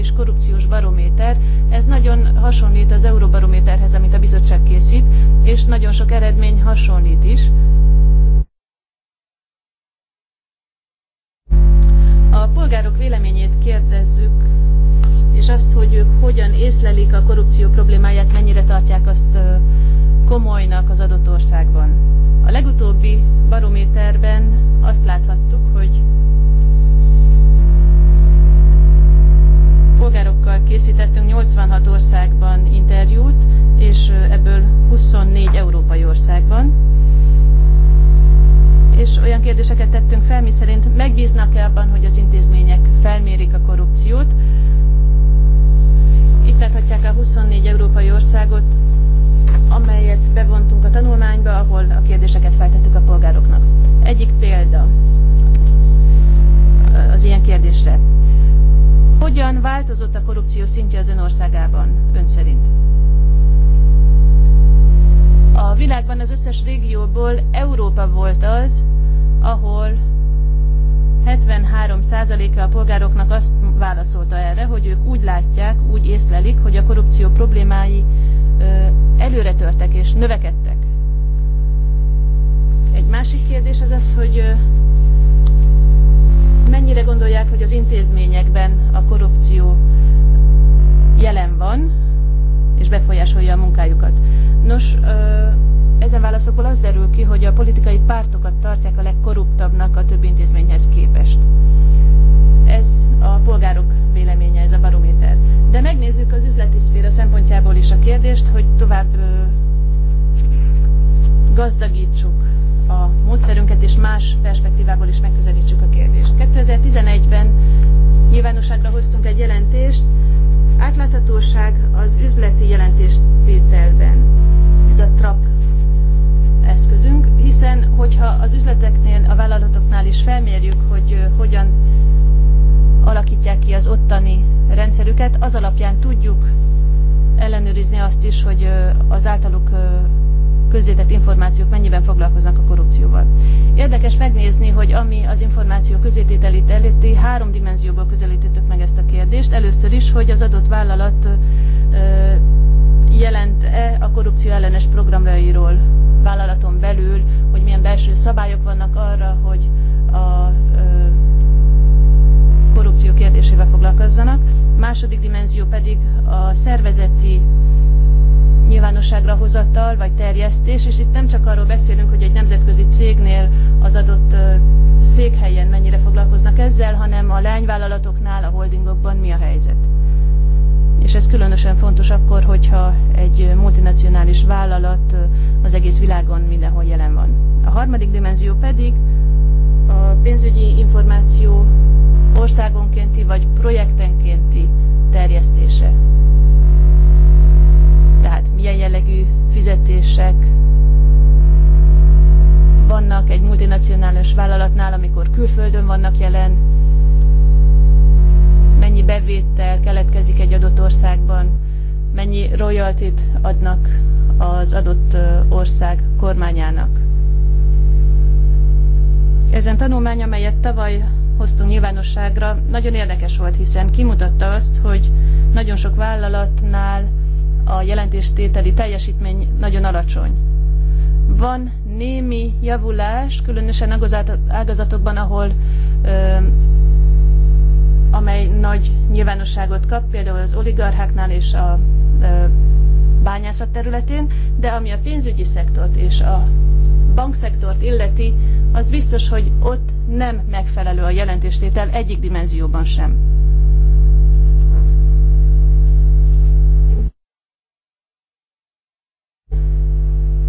globális korrupciós barométer, ez nagyon hasonlít az Euróbarométerhez, amit a bizottság készít, és nagyon sok eredmény hasonlít is. bizottságot, amelyet bevontunk a tanulmányba, ahol a kérdéseket feltettük a polgároknak. Egyik példa az ilyen kérdésre. Hogyan változott a korrupció szintje az ön országában, ön szerint? A világban az összes régióból Európa volt az, ahol 73%-a a polgároknak azt válaszolta erre, hogy ők úgy látják, úgy észlelik, hogy a korrupció problémái előretörtek és növekedtek. Egy másik kérdés az az, hogy mennyire gondolják, hogy az intézményekben a korrupció jelen van, és befolyásolja a munkájukat. Nos, ezen válaszokból az derül ki, hogy a politikai pártokat tartják a legkorruptabbnak a több intézményhez képest. kérdést, hogy tovább gazdagítsuk a módszerünket, és más perspektívából is megközelítsük a kérdést. 2011-ben nyilvánosságra hoztunk egy jelentést, átláthatóság az üzleti jelentéstételben. Ez a TRAP eszközünk, hiszen hogyha az üzleteknél, a vállalatoknál is felmérjük, hogy hogyan alakítják ki az ottani rendszerüket, az alapján tudjuk ellenőrizni azt is, hogy az általuk közzétett információk mennyiben foglalkoznak a korrupcióval. Érdekes megnézni, hogy ami az információ közzétételét előtti, három dimenzióból közelítettük meg ezt a kérdést. Először is, hogy az adott vállalat jelent-e a korrupció ellenes programjairól vállalaton belül, hogy milyen belső szabályok vannak arra, hogy a korrupció kérdésével foglalkozzanak. Második dimenzió pedig a szervezeti nyilvánosságra hozattal vagy terjesztés, és itt nem csak arról beszélünk, hogy egy nemzetközi cégnél az adott székhelyen mennyire foglalkoznak ezzel, hanem a lányvállalatoknál, a holdingokban mi a helyzet. És ez különösen fontos akkor, hogyha egy multinacionális vállalat az egész világon mindenhol jelen van. A harmadik dimenzió pedig a pénzügyi információ országonkénti vagy projektenkénti terjesztése. Tehát milyen jellegű fizetések vannak egy multinacionális vállalatnál, amikor külföldön vannak jelen, mennyi bevétel keletkezik egy adott országban, mennyi royaltit adnak az adott ország kormányának. Ezen tanulmány, amelyet tavaly hoztunk nyilvánosságra, nagyon érdekes volt, hiszen kimutatta azt, hogy nagyon sok vállalatnál a jelentéstételi teljesítmény nagyon alacsony. Van némi javulás, különösen ágazatokban, ahol ö, amely nagy nyilvánosságot kap, például az oligarcháknál és a ö, bányászat területén, de ami a pénzügyi szektort és a bankszektort illeti, az biztos, hogy ott nem megfelelő a jelentéstétel egyik dimenzióban sem.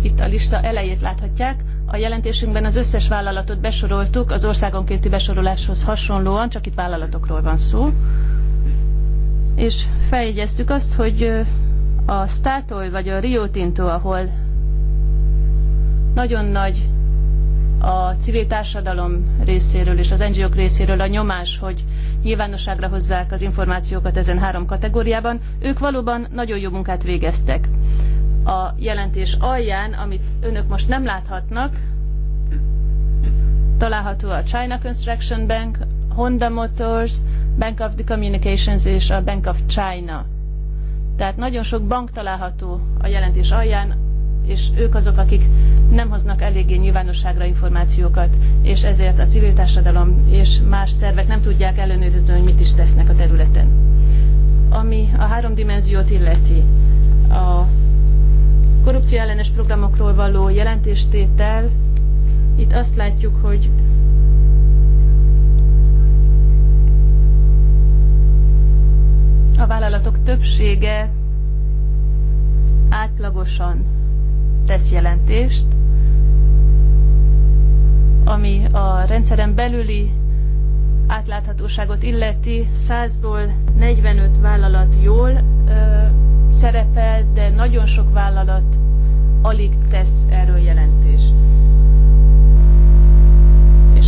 Itt a lista elejét láthatják. A jelentésünkben az összes vállalatot besoroltuk, az országonkénti besoroláshoz hasonlóan, csak itt vállalatokról van szó. És feljegyeztük azt, hogy a Statoil vagy a Rio Tinto, ahol nagyon nagy a civil társadalom részéről és az NGO-k részéről a nyomás, hogy nyilvánosságra hozzák az információkat ezen három kategóriában, ők valóban nagyon jó munkát végeztek. A jelentés alján, amit önök most nem láthatnak, található a China Construction Bank, Honda Motors, Bank of the Communications és a Bank of China tehát nagyon sok bank található a jelentés alján, és ők azok, akik nem hoznak eléggé nyilvánosságra információkat, és ezért a civil társadalom és más szervek nem tudják ellenőrizni, hogy mit is tesznek a területen. Ami a három dimenziót illeti, a korrupció ellenes programokról való jelentéstétel, itt azt látjuk, hogy hogyha a vállalatok többsége átlagosan tesz jelentést, ami a rendszeren belüli átláthatóságot illeti, 100-ból 45 vállalat jól ö, szerepel, de nagyon sok vállalat alig tesz erről jelentést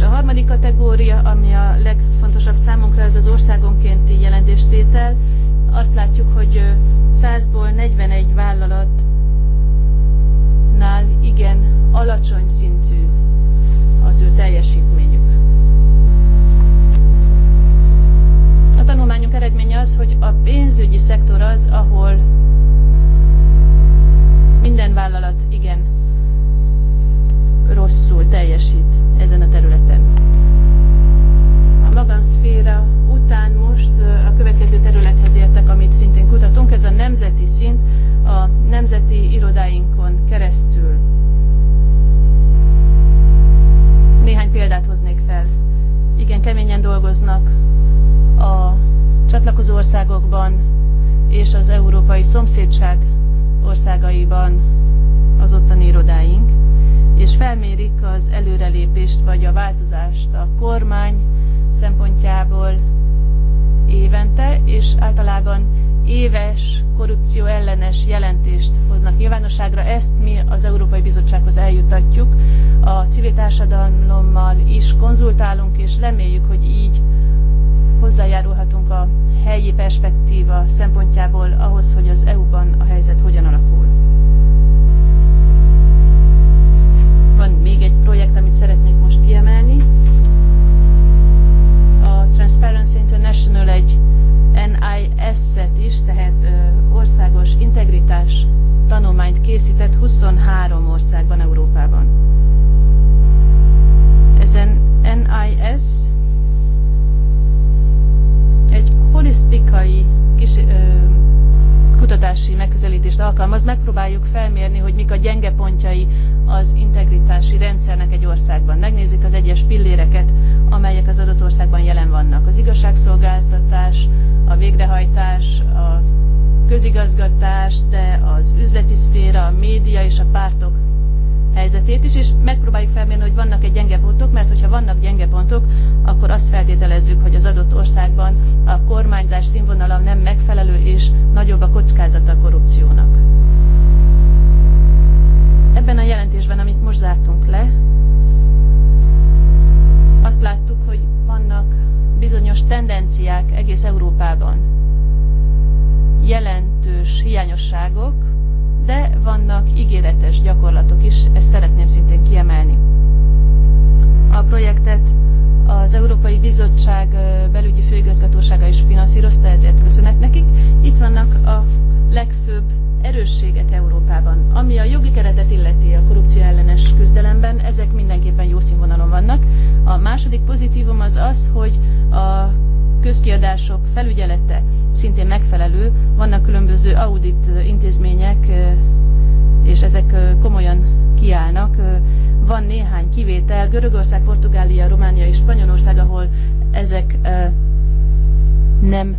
a harmadik kategória, ami a legfontosabb számunkra, ez az országonkénti jelentéstétel. Azt látjuk, hogy 100-ból 41 vállalatnál igen alacsony szintű az ő teljesítményük. A tanulmányunk eredménye az, hogy a pénzügyi szektor az, ahol minden vállalat igen rosszul teljesít ezen a területen. A magánszféra után most a következő területhez értek, amit szintén kutatunk, ez a nemzeti szint a nemzeti irodáinkon keresztül. Néhány példát hoznék fel. Igen, keményen dolgoznak a csatlakozó országokban és az európai szomszédság országaiban az ottani irodáink és felmérik az előrelépést vagy a változást a kormány szempontjából évente, és általában éves korrupció ellenes jelentést hoznak nyilvánosságra. Ezt mi az Európai Bizottsághoz eljutatjuk. A civil társadalommal is konzultálunk, és reméljük, hogy így hozzájárulhatunk a helyi perspektíva szempontjából ahhoz, hogy az EU-ban a helyzet hogyan alakul. van még egy projekt, amit szeretnék most kiemelni. A Transparency International egy NIS-et is, tehát országos integritás tanulmányt készített 23 országban, Európában. Ezen NIS egy holisztikai kis, ö, megközelítést alkalmaz, megpróbáljuk felmérni, hogy mik a gyenge pontjai az integritási rendszernek egy országban. Megnézik az egyes pilléreket, amelyek az adott országban jelen vannak. Az igazságszolgáltatás, a végrehajtás, a közigazgatás, de az üzleti szféra, a média és a pártok helyzetét is, és megpróbáljuk felmérni, hogy vannak-e gyenge pontok, mert hogyha vannak gyenge pontok, akkor azt feltételezzük, hogy az adott országban a kormányzás színvonala nem megfelelő, és nagyobb a kockázata a korrupciónak. Ebben a jelentésben, amit most zártunk le, azt láttuk, hogy vannak bizonyos tendenciák egész Európában. Jelentős hiányosságok, de vannak ígéretes gyakorlatok is, ezt szeretném szintén kiemelni. A projektet az Európai Bizottság belügyi főigazgatósága is finanszírozta, ezért köszönet nekik. Itt vannak a legfőbb erősségek Európában. Ami a jogi keretet illeti a korrupció ellenes küzdelemben, ezek mindenképpen jó színvonalon vannak. A második pozitívum az az, hogy a közkiadások felügyelete szintén megfelelő, vannak különböző audit intézmények, és ezek komolyan kiállnak. Van néhány kivétel, Görögország, Portugália, Románia és Spanyolország, ahol ezek nem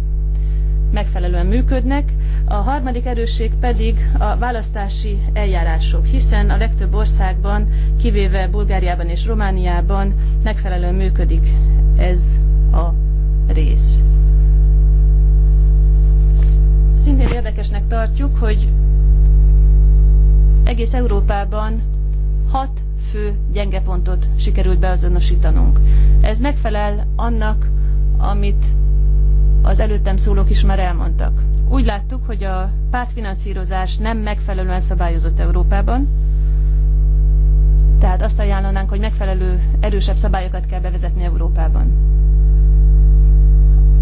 megfelelően működnek. A harmadik erősség pedig a választási eljárások, hiszen a legtöbb országban, kivéve Bulgáriában és Romániában megfelelően működik ez a rész. Szintén érdekesnek tartjuk, hogy egész Európában hat fő gyenge pontot sikerült beazonosítanunk. Ez megfelel annak, amit az előttem szólók is már elmondtak. Úgy láttuk, hogy a pártfinanszírozás nem megfelelően szabályozott Európában, tehát azt ajánlanánk, hogy megfelelő erősebb szabályokat kell bevezetni Európában.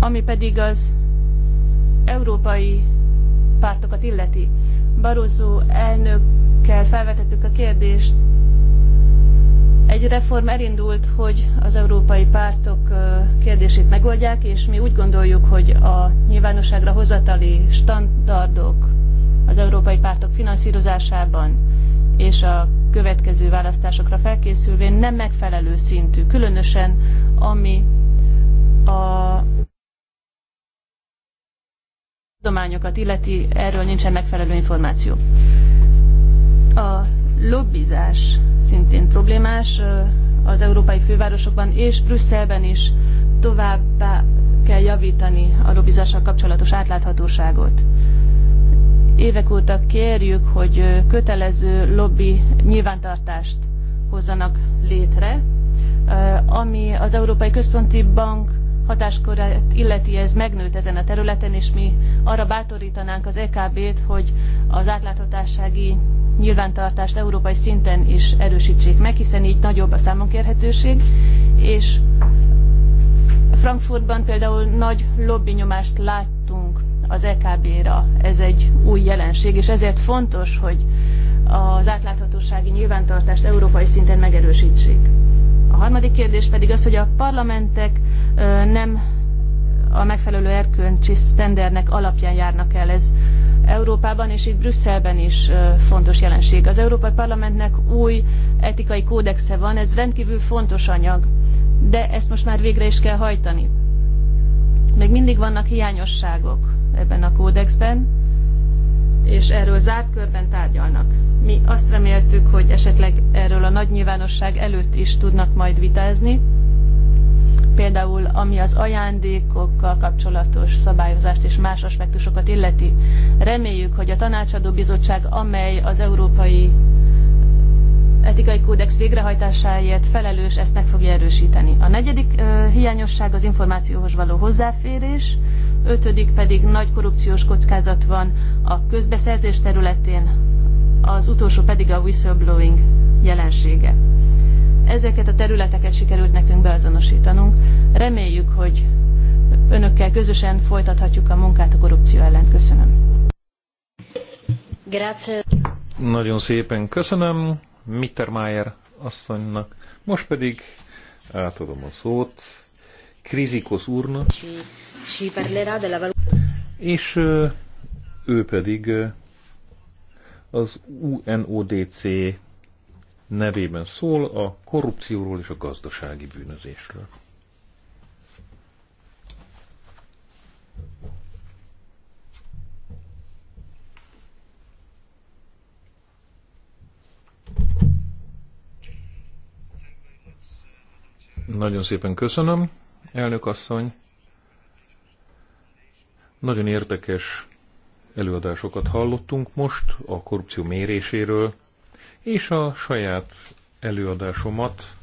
Ami pedig az európai pártokat illeti. Barozó elnökkel felvetettük a kérdést, egy reform elindult, hogy az európai pártok kérdését megoldják, és mi úgy gondoljuk, hogy a nyilvánosságra hozatali standardok az európai pártok finanszírozásában és a következő választásokra felkészülvén nem megfelelő szintű, különösen ami a tudományokat illeti, erről nincsen megfelelő információ. A lobbizás szintén problémás az európai fővárosokban és Brüsszelben is továbbá kell javítani a lobbizással kapcsolatos átláthatóságot. Évek óta kérjük, hogy kötelező lobby nyilvántartást hozzanak létre, ami az Európai Központi Bank hatáskörét illeti, ez megnőtt ezen a területen, és mi arra bátorítanánk az EKB-t, hogy az átláthatósági nyilvántartást európai szinten is erősítsék meg, hiszen így nagyobb a számonkérhetőség, és Frankfurtban például nagy lobbinyomást láttunk az EKB-ra. Ez egy új jelenség, és ezért fontos, hogy az átláthatósági nyilvántartást európai szinten megerősítsék harmadik kérdés pedig az, hogy a parlamentek nem a megfelelő erkölcsi sztendernek alapján járnak el. Ez Európában és itt Brüsszelben is fontos jelenség. Az Európai Parlamentnek új etikai kódexe van, ez rendkívül fontos anyag, de ezt most már végre is kell hajtani. Még mindig vannak hiányosságok ebben a kódexben, és erről zárt körben tárgyalnak. Mi azt reméltük, hogy esetleg erről a nagy nyilvánosság előtt is tudnak majd vitázni, például ami az ajándékokkal kapcsolatos szabályozást és más aspektusokat illeti. Reméljük, hogy a tanácsadó bizottság, amely az európai etikai kódex végrehajtásáért felelős, ezt meg fogja erősíteni. A negyedik ö, hiányosság az információhoz való hozzáférés, ötödik pedig nagy korrupciós kockázat van a közbeszerzés területén, az utolsó pedig a whistleblowing jelensége. Ezeket a területeket sikerült nekünk beazonosítanunk. Reméljük, hogy önökkel közösen folytathatjuk a munkát a korrupció ellen. Köszönöm. Grazie. Nagyon szépen köszönöm. Mittermeier asszonynak. Most pedig átadom a szót Krizikos úrnak. És ő pedig az UNODC nevében szól a korrupcióról és a gazdasági bűnözésről. Nagyon szépen köszönöm, elnök asszony. Nagyon érdekes előadásokat hallottunk most a korrupció méréséről, és a saját előadásomat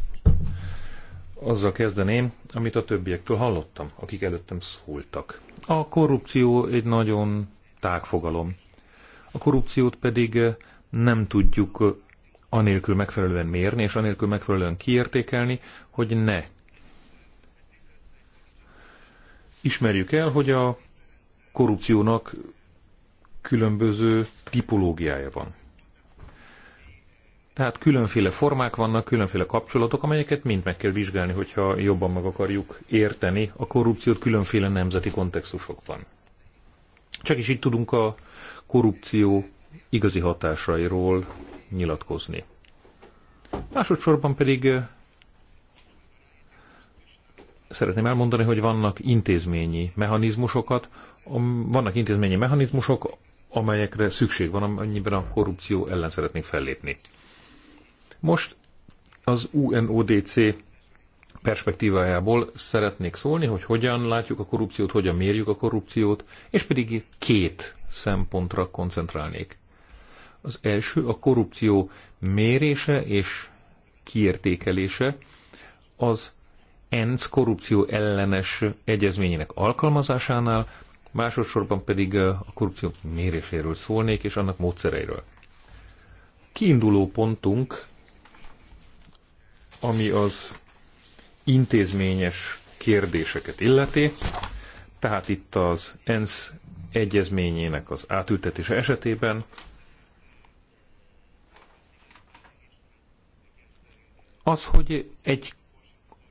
azzal kezdeném, amit a többiektől hallottam, akik előttem szóltak. A korrupció egy nagyon tág fogalom. A korrupciót pedig nem tudjuk anélkül megfelelően mérni, és anélkül megfelelően kiértékelni, hogy ne. Ismerjük el, hogy a korrupciónak különböző tipológiája van. Tehát különféle formák vannak, különféle kapcsolatok, amelyeket mind meg kell vizsgálni, hogyha jobban meg akarjuk érteni a korrupciót különféle nemzeti kontextusokban. Csak is így tudunk a korrupció igazi hatásairól nyilatkozni. Másodszorban pedig eh, szeretném elmondani, hogy vannak intézményi mechanizmusokat, vannak intézményi mechanizmusok, amelyekre szükség van, amennyiben a korrupció ellen szeretnénk fellépni. Most az UNODC perspektívájából szeretnék szólni, hogy hogyan látjuk a korrupciót, hogyan mérjük a korrupciót, és pedig két szempontra koncentrálnék. Az első a korrupció mérése és kiértékelése, az ENSZ korrupció ellenes egyezményének alkalmazásánál, másodszorban pedig eh, a korrupció méréséről szólnék, és annak módszereiről. Kiinduló pontunk, ami az intézményes kérdéseket illeti, tehát itt az ENSZ egyezményének az átültetése esetében az, hogy egy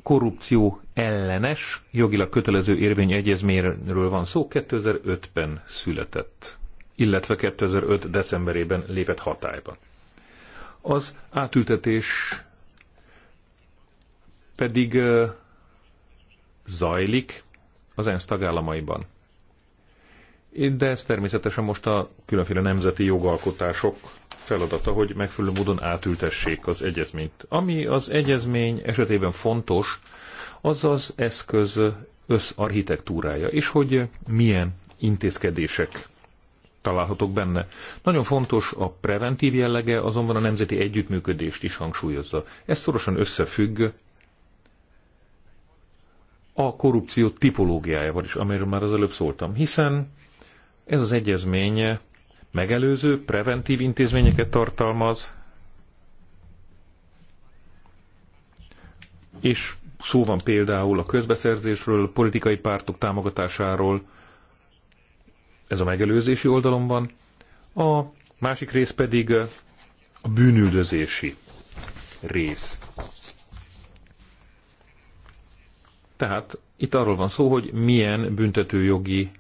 korrupció ellenes, jogilag kötelező érvény egyezményről van szó, 2005-ben született, illetve 2005. decemberében lépett hatályba. Az átültetés pedig zajlik az ENSZ tagállamaiban de ez természetesen most a különféle nemzeti jogalkotások feladata, hogy megfelelő módon átültessék az egyezményt. Ami az egyezmény esetében fontos, az az eszköz összarchitektúrája, és hogy milyen intézkedések találhatók benne. Nagyon fontos a preventív jellege, azonban a nemzeti együttműködést is hangsúlyozza. Ez szorosan összefügg a korrupció tipológiájával is, amiről már az előbb szóltam, hiszen ez az egyezmény megelőző, preventív intézményeket tartalmaz, és szó van például a közbeszerzésről, a politikai pártok támogatásáról, ez a megelőzési oldalon van, a másik rész pedig a bűnüldözési rész. Tehát itt arról van szó, hogy milyen büntetőjogi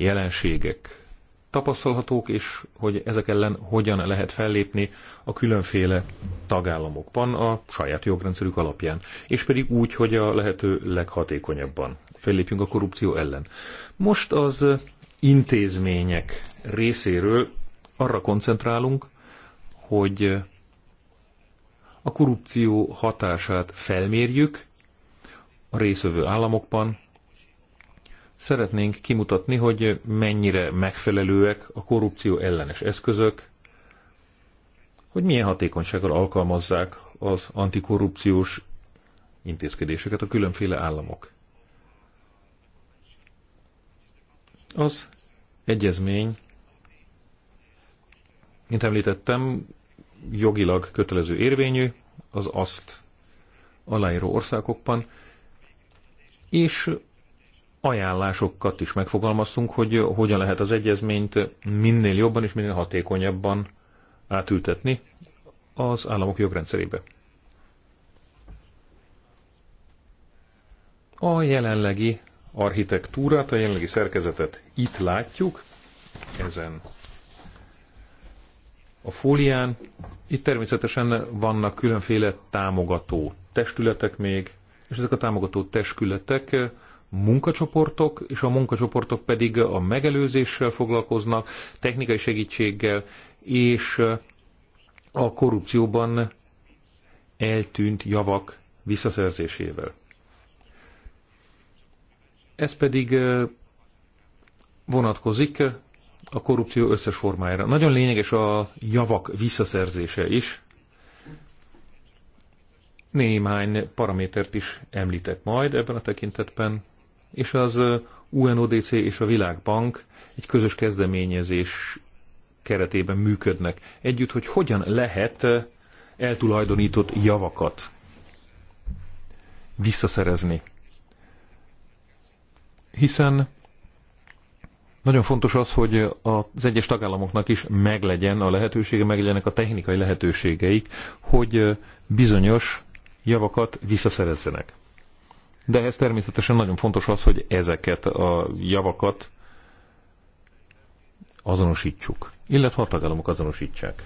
jelenségek tapasztalhatók, és hogy ezek ellen hogyan lehet fellépni a különféle tagállamokban a saját jogrendszerük alapján, és pedig úgy, hogy a lehető leghatékonyabban fellépjünk a korrupció ellen. Most az intézmények részéről arra koncentrálunk, hogy a korrupció hatását felmérjük a részövő államokban, szeretnénk kimutatni, hogy mennyire megfelelőek a korrupció ellenes eszközök, hogy milyen hatékonysággal alkalmazzák az antikorrupciós intézkedéseket a különféle államok. Az egyezmény, mint említettem, jogilag kötelező érvényű az azt aláíró országokban, és ajánlásokat is megfogalmaztunk, hogy hogyan lehet az egyezményt minél jobban és minél hatékonyabban átültetni az államok jogrendszerébe. A jelenlegi architektúrát, a jelenlegi szerkezetet itt látjuk, ezen a fólián. Itt természetesen vannak különféle támogató testületek még, és ezek a támogató testületek munkacsoportok, és a munkacsoportok pedig a megelőzéssel foglalkoznak, technikai segítséggel, és a korrupcióban eltűnt javak visszaszerzésével. Ez pedig vonatkozik a korrupció összes formájára. Nagyon lényeges a javak visszaszerzése is. Néhány paramétert is említek majd ebben a tekintetben és az UNODC és a Világbank egy közös kezdeményezés keretében működnek együtt, hogy hogyan lehet eltulajdonított javakat visszaszerezni. Hiszen nagyon fontos az, hogy az egyes tagállamoknak is meglegyen a lehetősége, meglegyenek a technikai lehetőségeik, hogy bizonyos javakat visszaszerezzenek. De ez természetesen nagyon fontos az, hogy ezeket a javakat azonosítsuk, illetve a tagállamok azonosítsák.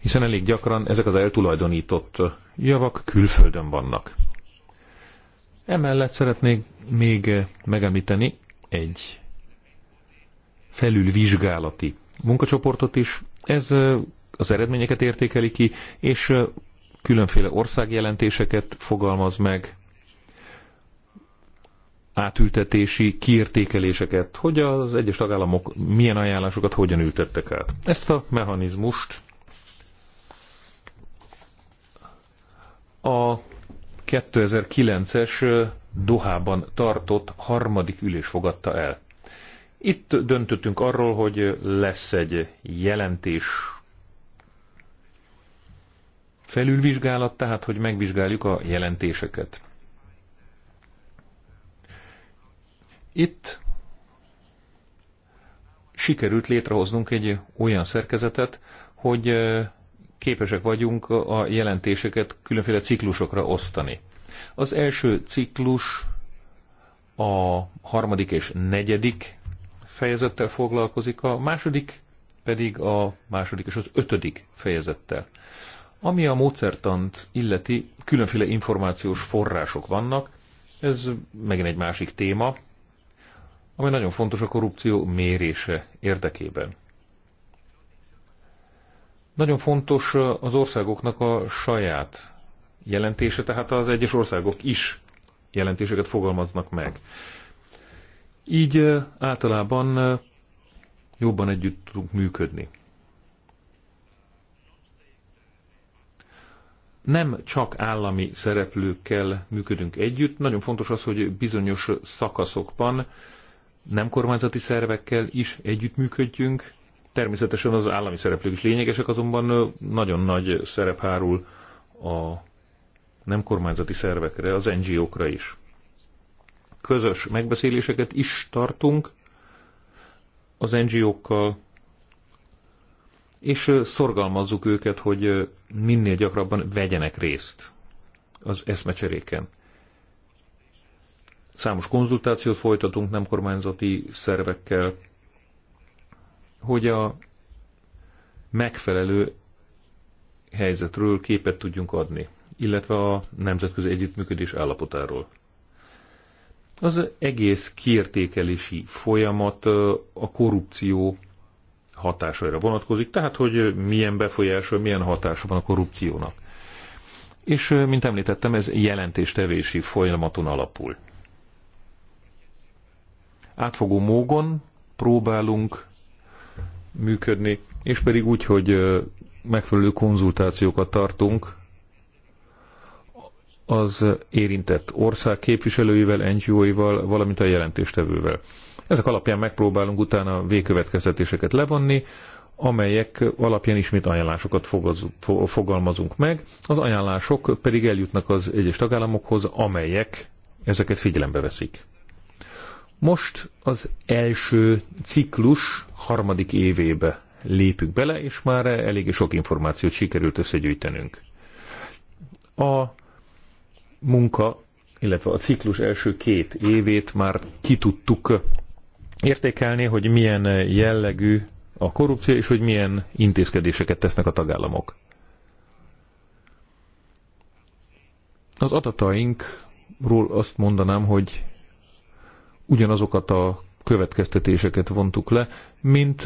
Hiszen elég gyakran ezek az eltulajdonított javak külföldön vannak. Emellett szeretnék még megemlíteni egy felülvizsgálati munkacsoportot is. Ez az eredményeket értékeli ki, és különféle országjelentéseket fogalmaz meg, átültetési kiértékeléseket, hogy az egyes tagállamok milyen ajánlásokat hogyan ültettek át. Ezt a mechanizmust a 2009-es Dohában tartott harmadik ülés fogadta el. Itt döntöttünk arról, hogy lesz egy jelentés felülvizsgálat, tehát hogy megvizsgáljuk a jelentéseket. Itt sikerült létrehoznunk egy olyan szerkezetet, hogy képesek vagyunk a jelentéseket különféle ciklusokra osztani. Az első ciklus a harmadik és negyedik fejezettel foglalkozik, a második pedig a második és az ötödik fejezettel. Ami a módszertant illeti, különféle információs források vannak, ez megint egy másik téma, ami nagyon fontos a korrupció mérése érdekében. Nagyon fontos az országoknak a saját jelentése, tehát az egyes országok is jelentéseket fogalmaznak meg. Így általában jobban együtt tudunk működni. nem csak állami szereplőkkel működünk együtt, nagyon fontos az, hogy bizonyos szakaszokban nem kormányzati szervekkel is együttműködjünk. Természetesen az állami szereplők is lényegesek, azonban nagyon nagy szerep hárul a nem kormányzati szervekre, az NGO-kra is. Közös megbeszéléseket is tartunk az NGO-kkal, és szorgalmazzuk őket, hogy minél gyakrabban vegyenek részt az eszmecseréken. Számos konzultációt folytatunk nem kormányzati szervekkel, hogy a megfelelő helyzetről képet tudjunk adni, illetve a nemzetközi együttműködés állapotáról. Az egész kiértékelési folyamat a korrupció hatásaira vonatkozik, tehát hogy milyen befolyása, milyen hatása van a korrupciónak. És, mint említettem, ez jelentéstevési folyamaton alapul. Átfogó módon próbálunk működni, és pedig úgy, hogy megfelelő konzultációkat tartunk az érintett ország képviselőivel, NGO-ival, valamint a jelentéstevővel. Ezek alapján megpróbálunk utána végkövetkeztetéseket levonni, amelyek alapján ismét ajánlásokat fogaz, fogalmazunk meg, az ajánlások pedig eljutnak az egyes tagállamokhoz, amelyek ezeket figyelembe veszik. Most az első ciklus harmadik évébe lépünk bele, és már elég sok információt sikerült összegyűjtenünk. A munka, illetve a ciklus első két évét már ki tudtuk értékelni, hogy milyen jellegű a korrupció, és hogy milyen intézkedéseket tesznek a tagállamok. Az adatainkról azt mondanám, hogy ugyanazokat a következtetéseket vontuk le, mint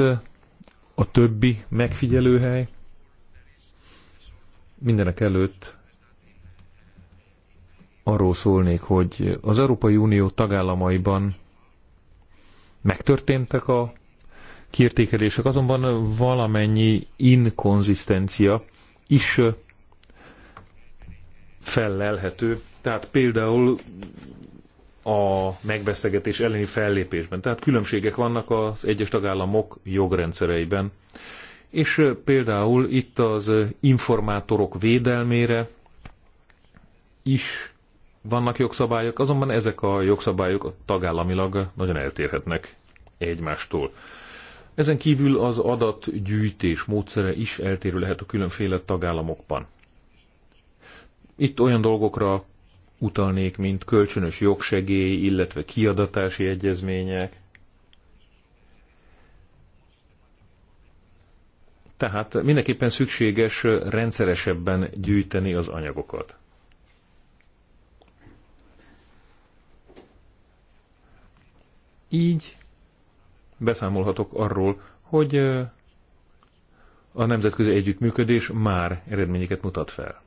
a többi megfigyelőhely. Mindenek előtt arról szólnék, hogy az Európai Unió tagállamaiban Megtörténtek a kiértékelések, azonban valamennyi inkonzisztencia is fellelhető. Tehát például a megbeszegetés elleni fellépésben. Tehát különbségek vannak az egyes tagállamok jogrendszereiben. És például itt az informátorok védelmére is vannak jogszabályok, azonban ezek a jogszabályok tagállamilag nagyon eltérhetnek egymástól. Ezen kívül az adatgyűjtés módszere is eltérő lehet a különféle tagállamokban. Itt olyan dolgokra utalnék, mint kölcsönös jogsegély, illetve kiadatási egyezmények. Tehát mindenképpen szükséges rendszeresebben gyűjteni az anyagokat. Így beszámolhatok arról, hogy a nemzetközi együttműködés már eredményeket mutat fel.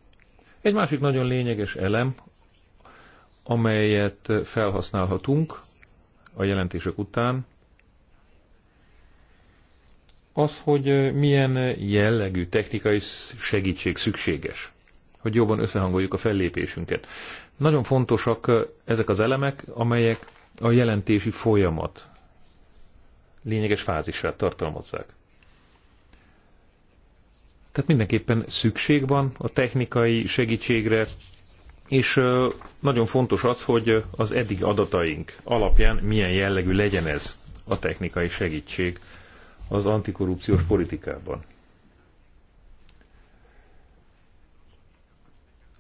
Egy másik nagyon lényeges elem, amelyet felhasználhatunk a jelentések után, az, hogy milyen jellegű technikai segítség szükséges, hogy jobban összehangoljuk a fellépésünket. Nagyon fontosak ezek az elemek, amelyek a jelentési folyamat lényeges fázisát tartalmazzák. Tehát mindenképpen szükség van a technikai segítségre, és nagyon fontos az, hogy az eddig adataink alapján milyen jellegű legyen ez a technikai segítség az antikorrupciós politikában.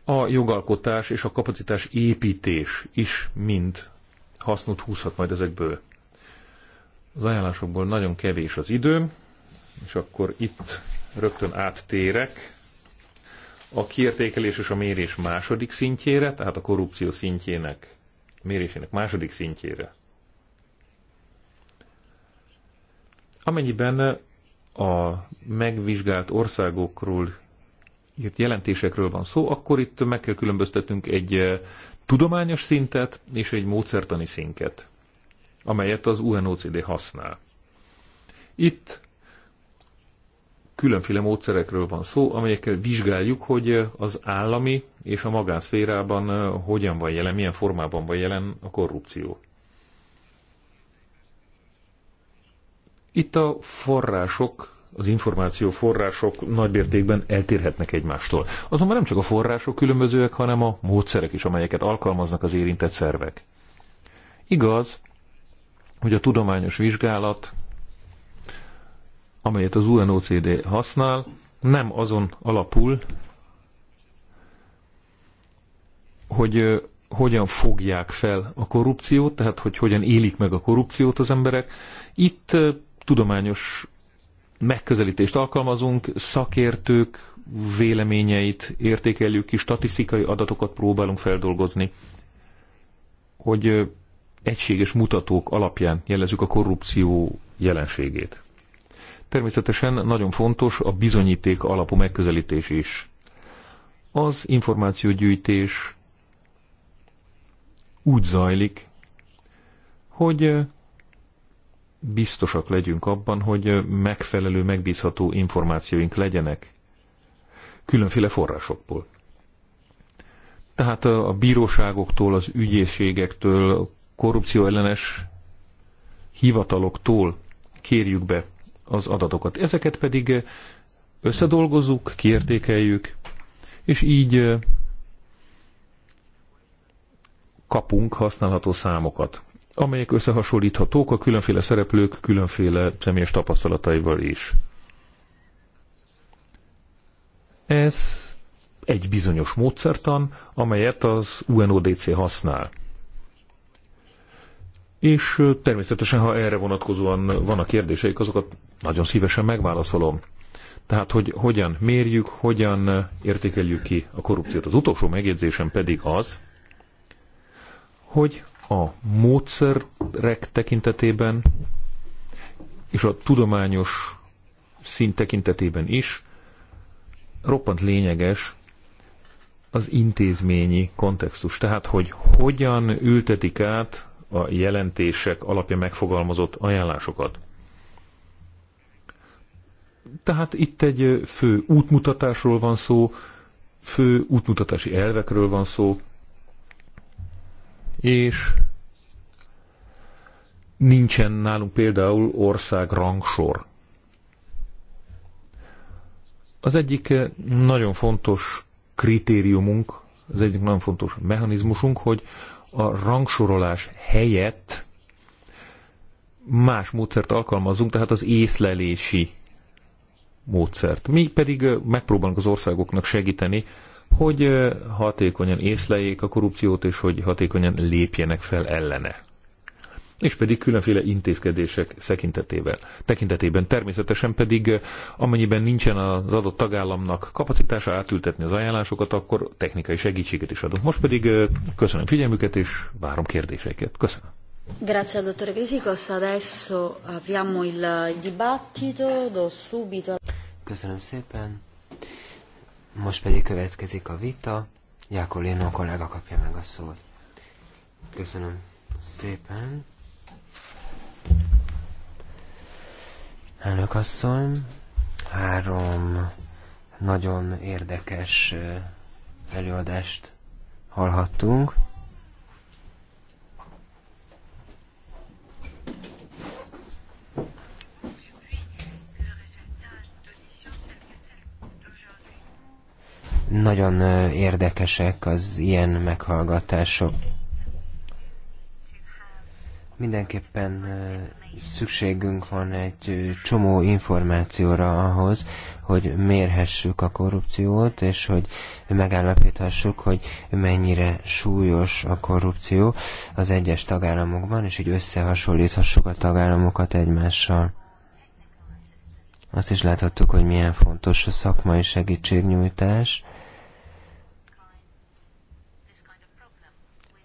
A jogalkotás és a kapacitás építés is mind hasznot húzhat majd ezekből. Az ajánlásokból nagyon kevés az időm, és akkor itt rögtön áttérek a kiértékelés és a mérés második szintjére, tehát a korrupció szintjének, mérésének második szintjére. Amennyiben a megvizsgált országokról írt jelentésekről van szó, akkor itt meg kell különböztetnünk egy tudományos szintet és egy módszertani szintet, amelyet az UNOCD használ. Itt különféle módszerekről van szó, amelyekkel vizsgáljuk, hogy az állami és a magánszférában hogyan van jelen, milyen formában van jelen a korrupció. Itt a források az információ források nagymértékben eltérhetnek egymástól. Azonban nem csak a források különbözőek, hanem a módszerek is, amelyeket alkalmaznak az érintett szervek. Igaz, hogy a tudományos vizsgálat, amelyet az UNOCD használ, nem azon alapul, hogy hogyan fogják fel a korrupciót, tehát hogy hogyan élik meg a korrupciót az emberek. Itt tudományos megközelítést alkalmazunk, szakértők véleményeit értékeljük ki, statisztikai adatokat próbálunk feldolgozni, hogy egységes mutatók alapján jelezzük a korrupció jelenségét. Természetesen nagyon fontos a bizonyíték alapú megközelítés is. Az információgyűjtés úgy zajlik, hogy biztosak legyünk abban, hogy megfelelő, megbízható információink legyenek különféle forrásokból. Tehát a bíróságoktól, az ügyészségektől, korrupcióellenes hivataloktól kérjük be az adatokat. Ezeket pedig összedolgozzuk, kiértékeljük, és így kapunk használható számokat amelyek összehasonlíthatók a különféle szereplők különféle személyes tapasztalataival is. Ez egy bizonyos módszertan, amelyet az UNODC használ. És természetesen, ha erre vonatkozóan vannak kérdéseik, azokat nagyon szívesen megválaszolom. Tehát, hogy hogyan mérjük, hogyan értékeljük ki a korrupciót. Az utolsó megjegyzésem pedig az, hogy a módszerek tekintetében és a tudományos szint tekintetében is roppant lényeges az intézményi kontextus. Tehát, hogy hogyan ültetik át a jelentések alapja megfogalmazott ajánlásokat. Tehát itt egy fő útmutatásról van szó, fő útmutatási elvekről van szó, és nincsen nálunk például ország rangsor. Az egyik eh, nagyon fontos kritériumunk, az egyik nagyon fontos mechanizmusunk, hogy a rangsorolás helyett más módszert alkalmazunk, tehát az észlelési módszert. Mi pedig eh, megpróbálunk az országoknak segíteni hogy hatékonyan észleljék a korrupciót, és hogy hatékonyan lépjenek fel ellene. És pedig különféle intézkedések tekintetében. tekintetében. Természetesen pedig, amennyiben nincsen az adott tagállamnak kapacitása átültetni az ajánlásokat, akkor technikai segítséget is adunk. Most pedig köszönöm figyelmüket, és várom kérdéseiket. Köszönöm. Grazie al dottore Crisicos. Adesso apriamo il dibattito. Do subito. Köszönöm szépen. Most pedig következik a vita. Jákolino kollega kapja meg a szót. Köszönöm szépen. Elnök asszony, három nagyon érdekes előadást hallhattunk. Nagyon érdekesek az ilyen meghallgatások. Mindenképpen szükségünk van egy csomó információra ahhoz, hogy mérhessük a korrupciót, és hogy megállapíthassuk, hogy mennyire súlyos a korrupció az egyes tagállamokban, és így összehasonlíthassuk a tagállamokat egymással. Azt is láthattuk, hogy milyen fontos a szakmai segítségnyújtás,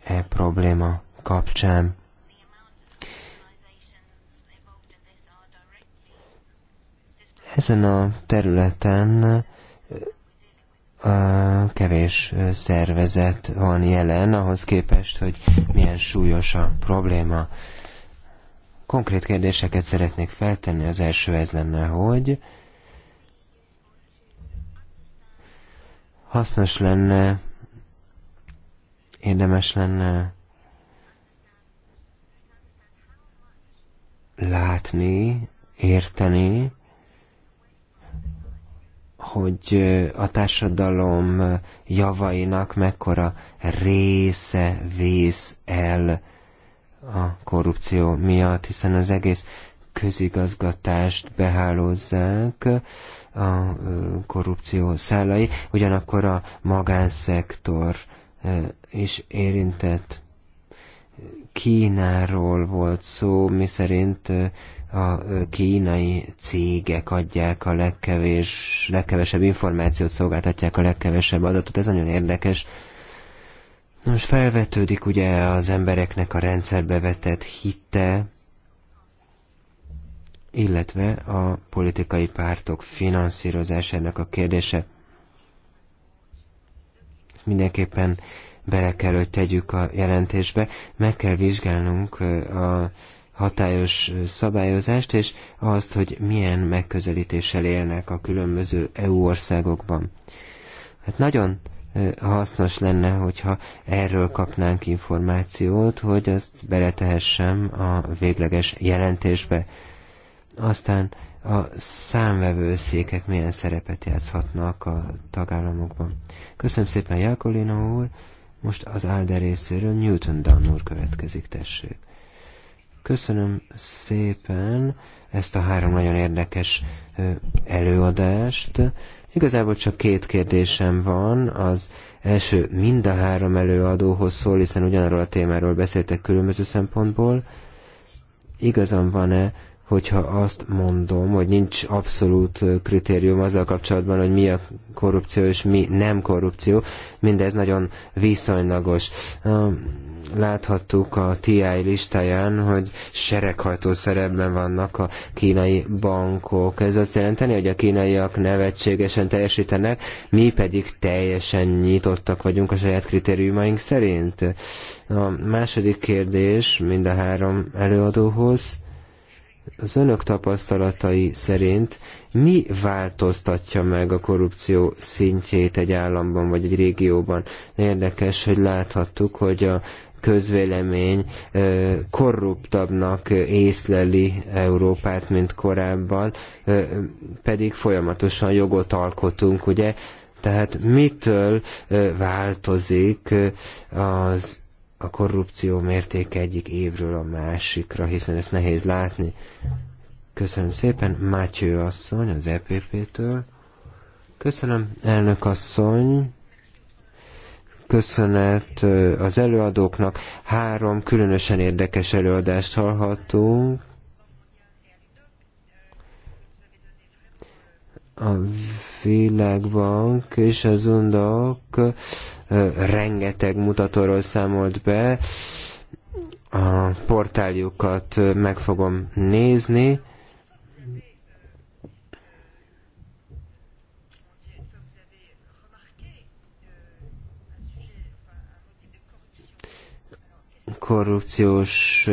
e probléma kapcsán. Ezen a területen kevés szervezet van jelen, ahhoz képest, hogy milyen súlyos a probléma. Konkrét kérdéseket szeretnék feltenni, az első ez lenne, hogy hasznos lenne érdemes lenne látni, érteni, hogy a társadalom javainak mekkora része vész el a korrupció miatt, hiszen az egész közigazgatást behálózzák a korrupció szállai, ugyanakkor a magánszektor is érintett. Kínáról volt szó, miszerint a kínai cégek adják a legkevés, legkevesebb információt, szolgáltatják a legkevesebb adatot. Ez nagyon érdekes. Most felvetődik ugye az embereknek a rendszerbe vetett hitte, illetve a politikai pártok finanszírozásának a kérdése mindenképpen bele kell, hogy tegyük a jelentésbe. Meg kell vizsgálnunk a hatályos szabályozást, és azt, hogy milyen megközelítéssel élnek a különböző EU országokban. Hát nagyon hasznos lenne, hogyha erről kapnánk információt, hogy azt beletehessem a végleges jelentésbe. Aztán a számvevőszékek milyen szerepet játszhatnak a tagállamokban. Köszönöm szépen Jákolina úr, most az Alder részéről Newton Dunn úr következik, tessék. Köszönöm szépen ezt a három nagyon érdekes előadást. Igazából csak két kérdésem van. Az első mind a három előadóhoz szól, hiszen ugyanarról a témáról beszéltek különböző szempontból. Igazam van-e, hogyha azt mondom, hogy nincs abszolút kritérium azzal kapcsolatban, hogy mi a korrupció és mi nem korrupció, mindez nagyon viszonylagos. Láthattuk a TI listáján, hogy sereghajtó szerepben vannak a kínai bankok. Ez azt jelenteni, hogy a kínaiak nevetségesen teljesítenek, mi pedig teljesen nyitottak vagyunk a saját kritériumaink szerint. A második kérdés mind a három előadóhoz az önök tapasztalatai szerint mi változtatja meg a korrupció szintjét egy államban vagy egy régióban? Érdekes, hogy láthattuk, hogy a közvélemény korruptabbnak észleli Európát, mint korábban, pedig folyamatosan jogot alkotunk, ugye? Tehát mitől változik az a korrupció mértéke egyik évről a másikra, hiszen ezt nehéz látni. Köszönöm szépen, Mátyő asszony az EPP-től. Köszönöm, elnök asszony. Köszönet az előadóknak. Három különösen érdekes előadást hallhattunk. A Világbank és az Undok rengeteg mutatóról számolt be. A portáljukat meg fogom nézni. korrupciós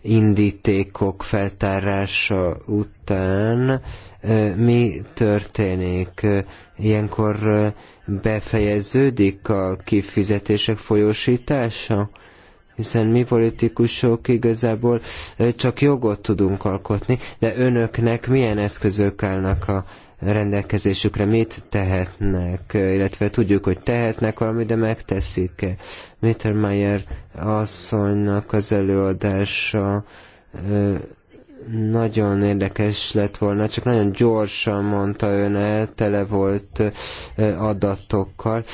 indítékok feltárása után mi történik? Ilyenkor befejeződik a kifizetések folyósítása? hiszen mi politikusok igazából csak jogot tudunk alkotni, de önöknek milyen eszközök állnak a rendelkezésükre, mit tehetnek, illetve tudjuk, hogy tehetnek valamit, de megteszik-e. Mittermeier asszonynak az előadása nagyon érdekes lett volna, csak nagyon gyorsan mondta ön el, tele volt adatokkal.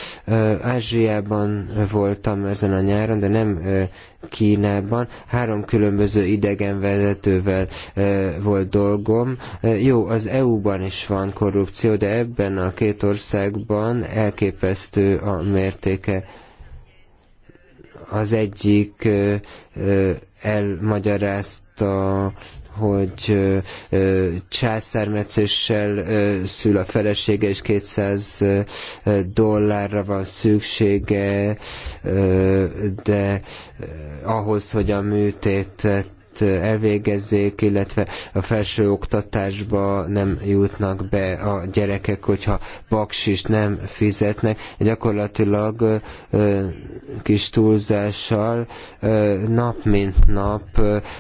Ázsiában voltam ezen a nyáron, de nem Kínában. Három különböző idegenvezetővel volt dolgom. Jó, az EU-ban is van korrupció, de ebben a két országban elképesztő a mértéke az egyik elmagyarázta hogy császármetszéssel szül a felesége, és 200 dollárra van szüksége, de ahhoz, hogy a műtétet elvégezzék, illetve a felső oktatásba nem jutnak be a gyerekek, hogyha baksist nem fizetnek. Gyakorlatilag kis túlzással nap mint nap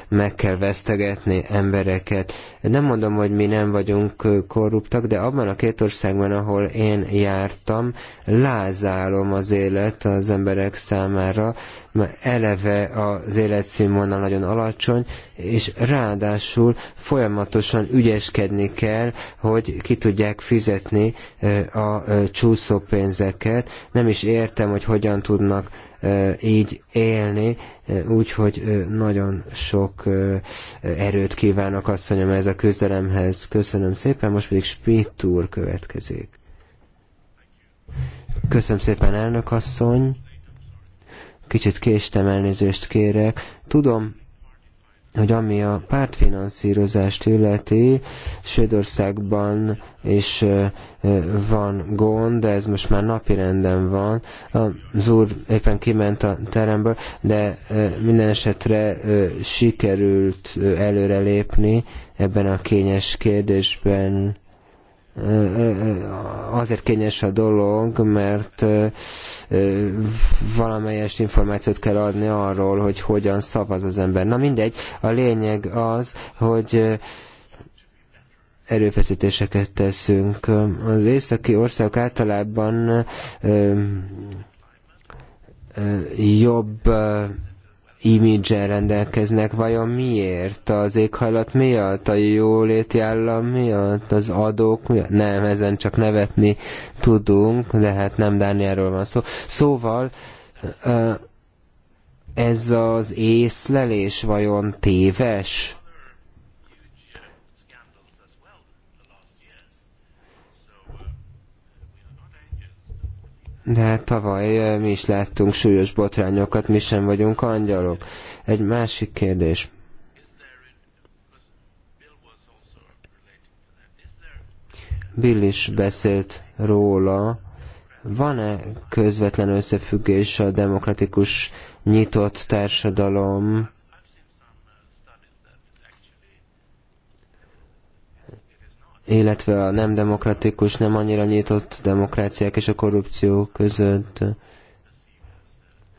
meg kell vesztegetni embereket. Nem mondom, hogy mi nem vagyunk korruptak, de abban a két országban, ahol én jártam, lázálom az élet az emberek számára, mert eleve az életszínvonal nagyon alacsony, és ráadásul folyamatosan ügyeskedni kell, hogy ki tudják fizetni a csúszó pénzeket. Nem is értem, hogy hogyan tudnak így élni, úgyhogy nagyon sok erőt kívánok asszonyom ez a küzdelemhez. Köszönöm szépen, most pedig Spittúr következik. Köszönöm szépen, elnök asszony. Kicsit késtem, elnézést kérek. Tudom, hogy ami a pártfinanszírozást illeti, Svédországban is van gond, de ez most már napirenden van. Az úr éppen kiment a teremből, de minden esetre sikerült előrelépni ebben a kényes kérdésben azért kényes a dolog, mert valamelyest információt kell adni arról, hogy hogyan szavaz az ember. Na mindegy, a lényeg az, hogy erőfeszítéseket teszünk. Az északi országok általában jobb imidzsel rendelkeznek, vajon miért? Az éghajlat miatt? A jóléti állam miatt? Az adók miatt? Nem, ezen csak nevetni tudunk, de hát nem Dánielről van szó. Szóval ez az észlelés vajon téves? De hát tavaly eh, mi is láttunk súlyos botrányokat, mi sem vagyunk angyalok. Egy másik kérdés. Bill is beszélt róla. Van-e közvetlen összefüggés a demokratikus nyitott társadalom illetve a nem demokratikus, nem annyira nyitott demokráciák és a korrupció között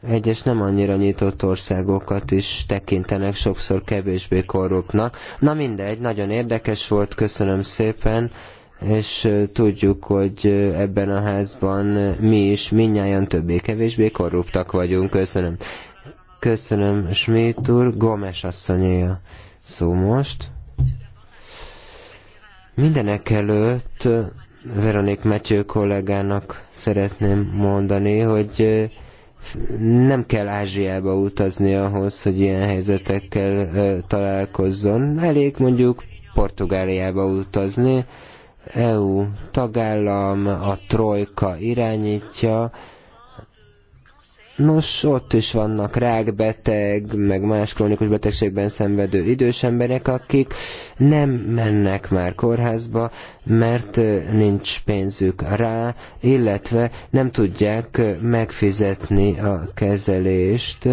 egyes nem annyira nyitott országokat is tekintenek sokszor kevésbé korruptnak. Na mindegy, nagyon érdekes volt, köszönöm szépen, és tudjuk, hogy ebben a házban mi is minnyáján többé-kevésbé korruptak vagyunk. Köszönöm. Köszönöm, Schmidt úr. Gomes asszonyéja. szó most. Mindenek előtt eh, Veronik Metyő kollégának szeretném mondani, hogy eh, nem kell Ázsiába utazni ahhoz, hogy ilyen helyzetekkel eh, találkozzon. Elég mondjuk Portugáliába utazni, EU tagállam, a trojka irányítja, Nos, ott is vannak rákbeteg, meg más krónikus betegségben szenvedő idős emberek, akik nem mennek már kórházba, mert nincs pénzük rá, illetve nem tudják megfizetni a kezelést,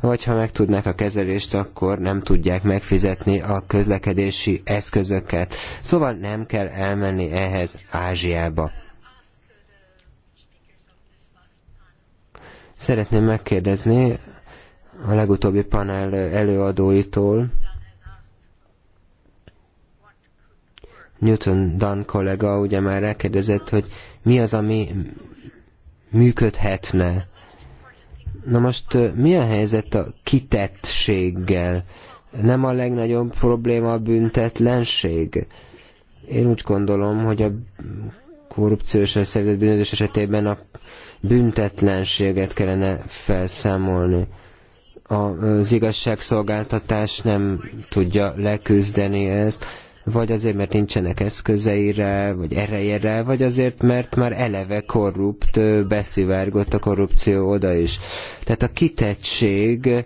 vagy ha meg tudnák a kezelést, akkor nem tudják megfizetni a közlekedési eszközöket. Szóval nem kell elmenni ehhez Ázsiába. Szeretném megkérdezni a legutóbbi panel előadóitól, Newton Dan kollega ugye már rákérdezett, hogy mi az, ami működhetne. Na most mi a helyzet a kitettséggel? Nem a legnagyobb probléma a büntetlenség? Én úgy gondolom, hogy a korrupció és a szervezett bűnözés esetében a büntetlenséget kellene felszámolni. Az igazságszolgáltatás nem tudja leküzdeni ezt, vagy azért, mert nincsenek eszközeire, vagy erejére, vagy azért, mert már eleve korrupt, beszivárgott a korrupció oda is. Tehát a kitettség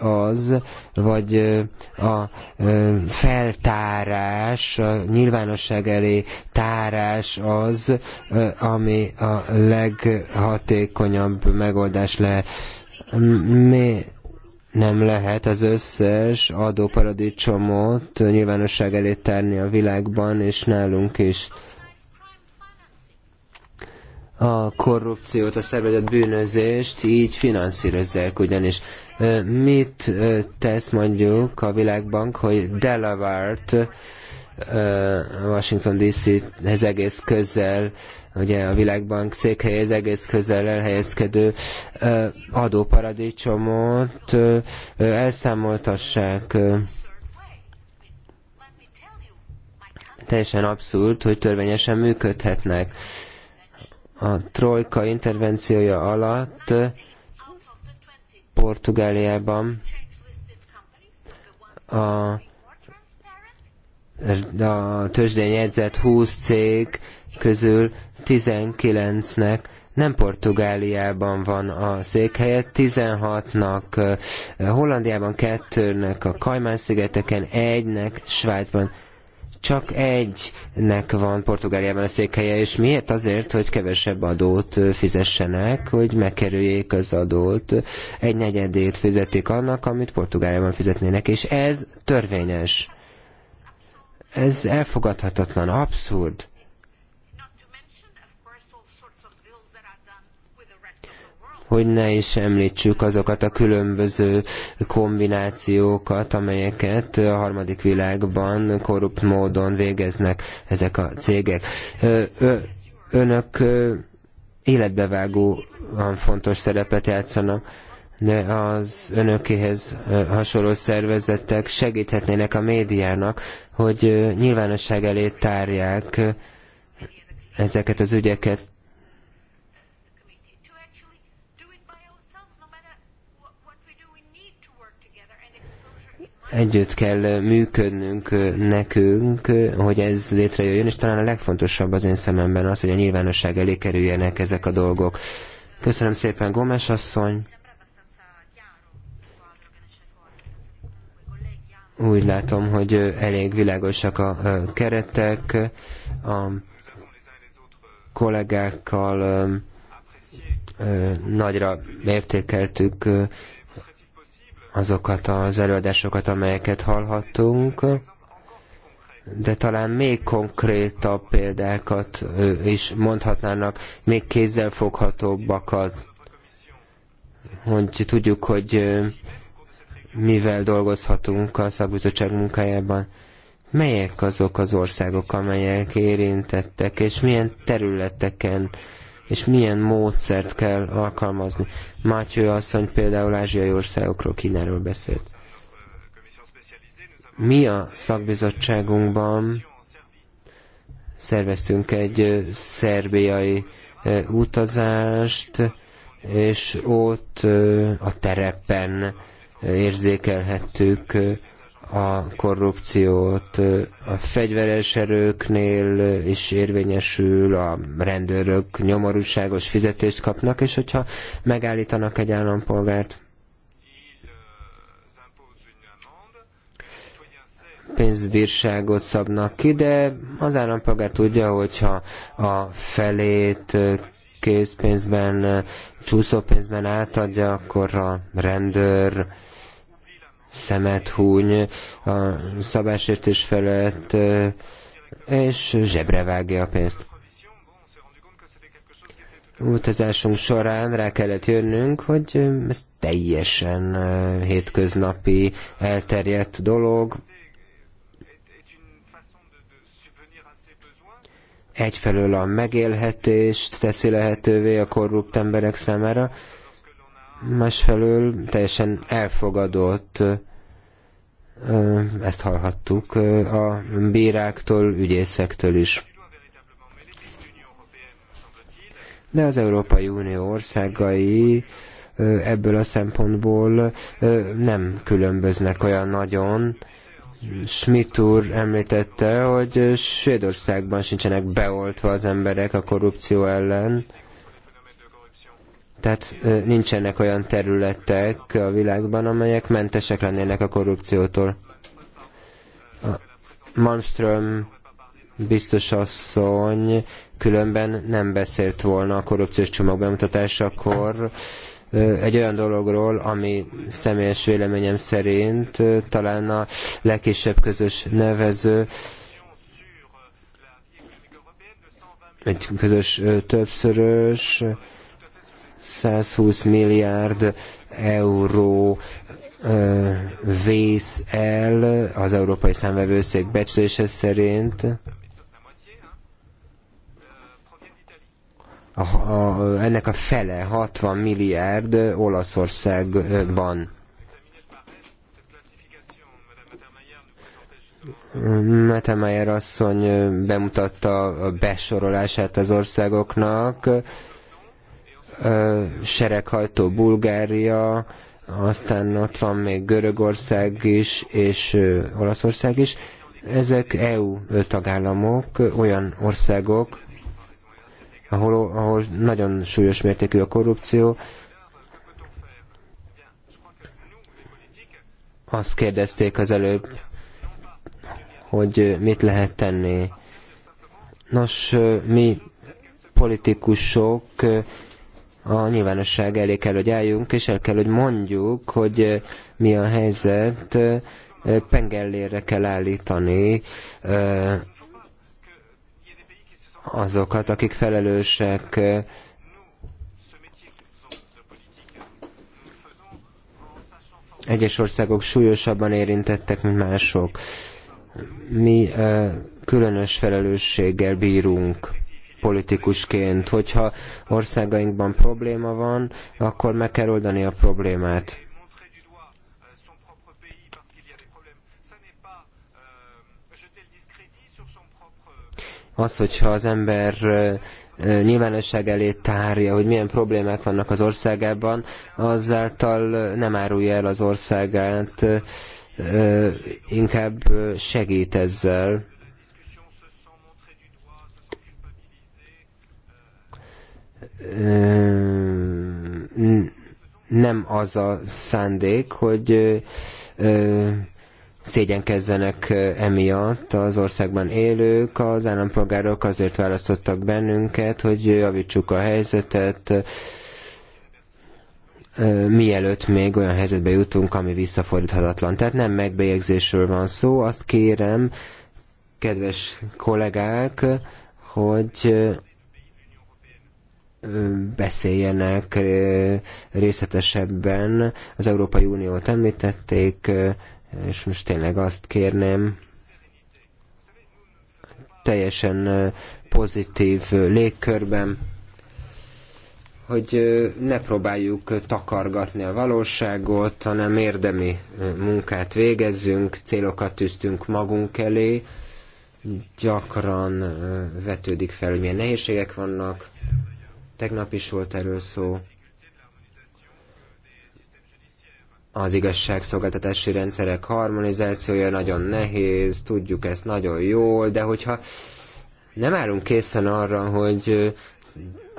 az, vagy a feltárás, a nyilvánosság elé tárás az, ami a leghatékonyabb megoldás lehet. Mi nem lehet az összes adóparadicsomot nyilvánosság elé tárni a világban, és nálunk is. A korrupciót, a szervezett bűnözést így finanszírozzák ugyanis. Mit tesz mondjuk a világbank, hogy Delaware-t Washington DC-hez egész közel ugye a világbank az egész közel elhelyezkedő adóparadicsomot elszámoltassák. Teljesen abszurd, hogy törvényesen működhetnek. A trojka intervenciója alatt Portugáliában a, a tőzsdén jegyzett 20 cég közül 19-nek nem Portugáliában van a székhelye, 16-nak Hollandiában, 2-nek a Kajmán-szigeteken, 1-nek Svájcban. Csak egynek van Portugáliában a székhelye, és miért? Azért, hogy kevesebb adót fizessenek, hogy megkerüljék az adót. Egy negyedét fizetik annak, amit Portugáliában fizetnének, és ez törvényes. Ez elfogadhatatlan, abszurd. hogy ne is említsük azokat a különböző kombinációkat, amelyeket a harmadik világban korrupt módon végeznek ezek a cégek. Önök életbevágóan fontos szerepet játszanak, de az önökéhez hasonló szervezetek segíthetnének a médiának, hogy nyilvánosság elé tárják ezeket az ügyeket együtt kell működnünk nekünk, hogy ez létrejöjjön, és talán a legfontosabb az én szememben az, hogy a nyilvánosság elé kerüljenek ezek a dolgok. Köszönöm szépen, Gómez asszony! Úgy látom, hogy elég világosak a keretek, a kollégákkal nagyra értékeltük azokat az előadásokat, amelyeket hallhattunk, de talán még konkrétabb példákat is mondhatnának, még kézzelfoghatóbbakat, hogy tudjuk, hogy mivel dolgozhatunk a szakbizottság munkájában. Melyek azok az országok, amelyek érintettek, és milyen területeken és milyen módszert kell alkalmazni. Mátyő asszony például ázsiai országokról, Kínáról beszélt. Mi a szakbizottságunkban szerveztünk egy szerbiai utazást, és ott a terepen érzékelhettük a korrupciót a fegyveres erőknél is érvényesül, a rendőrök nyomorúságos fizetést kapnak, és hogyha megállítanak egy állampolgárt, pénzbírságot szabnak ki, de az állampolgár tudja, hogyha a felét készpénzben, csúszópénzben átadja, akkor a rendőr szemet húny a szabásértés felett, és zsebre vágja a pénzt. Utazásunk során rá kellett jönnünk, hogy ez teljesen hétköznapi, elterjedt dolog, egyfelől a megélhetést teszi lehetővé a korrupt emberek számára, másfelől teljesen elfogadott, ezt hallhattuk a bíráktól, ügyészektől is. De az Európai Unió országai ebből a szempontból nem különböznek olyan nagyon. Schmidt úr említette, hogy Svédországban sincsenek beoltva az emberek a korrupció ellen tehát nincsenek olyan területek a világban, amelyek mentesek lennének a korrupciótól. A Malmström biztos asszony különben nem beszélt volna a korrupciós csomag bemutatásakor egy olyan dologról, ami személyes véleményem szerint talán a legkisebb közös nevező, egy közös többszörös, 120 milliárd euró vész el az Európai Számvevőszék becslése szerint. A, a, ennek a fele, 60 milliárd Olaszországban. Metemeyer asszony bemutatta a besorolását az országoknak sereghajtó Bulgária, aztán ott van még Görögország is, és Olaszország is. Ezek EU tagállamok, olyan országok, ahol, ahol nagyon súlyos mértékű a korrupció. Azt kérdezték az előbb, hogy mit lehet tenni. Nos, mi politikusok a nyilvánosság elé kell, hogy álljunk, és el kell, hogy mondjuk, hogy eh, mi a helyzet, eh, pengellére kell állítani eh, azokat, akik felelősek egyes országok súlyosabban érintettek, mint mások. Mi különös felelősséggel bírunk politikusként. Hogyha országainkban probléma van, akkor meg kell oldani a problémát. Az, hogyha az ember nyilvánosság elé tárja, hogy milyen problémák vannak az országában, azáltal nem árulja el az országát, inkább segít ezzel. nem az a szándék, hogy szégyenkezzenek emiatt az országban élők, az állampolgárok azért választottak bennünket, hogy javítsuk a helyzetet, mielőtt még olyan helyzetbe jutunk, ami visszafordíthatatlan. Tehát nem megbejegyzésről van szó, azt kérem, kedves kollégák, hogy beszéljenek részletesebben. Az Európai Uniót említették, és most tényleg azt kérném, teljesen pozitív légkörben, hogy ne próbáljuk takargatni a valóságot, hanem érdemi munkát végezzünk, célokat tűztünk magunk elé, gyakran vetődik fel, hogy milyen nehézségek vannak, Tegnap is volt erről szó. Az igazságszolgáltatási rendszerek harmonizációja nagyon nehéz, tudjuk ezt nagyon jól, de hogyha nem állunk készen arra, hogy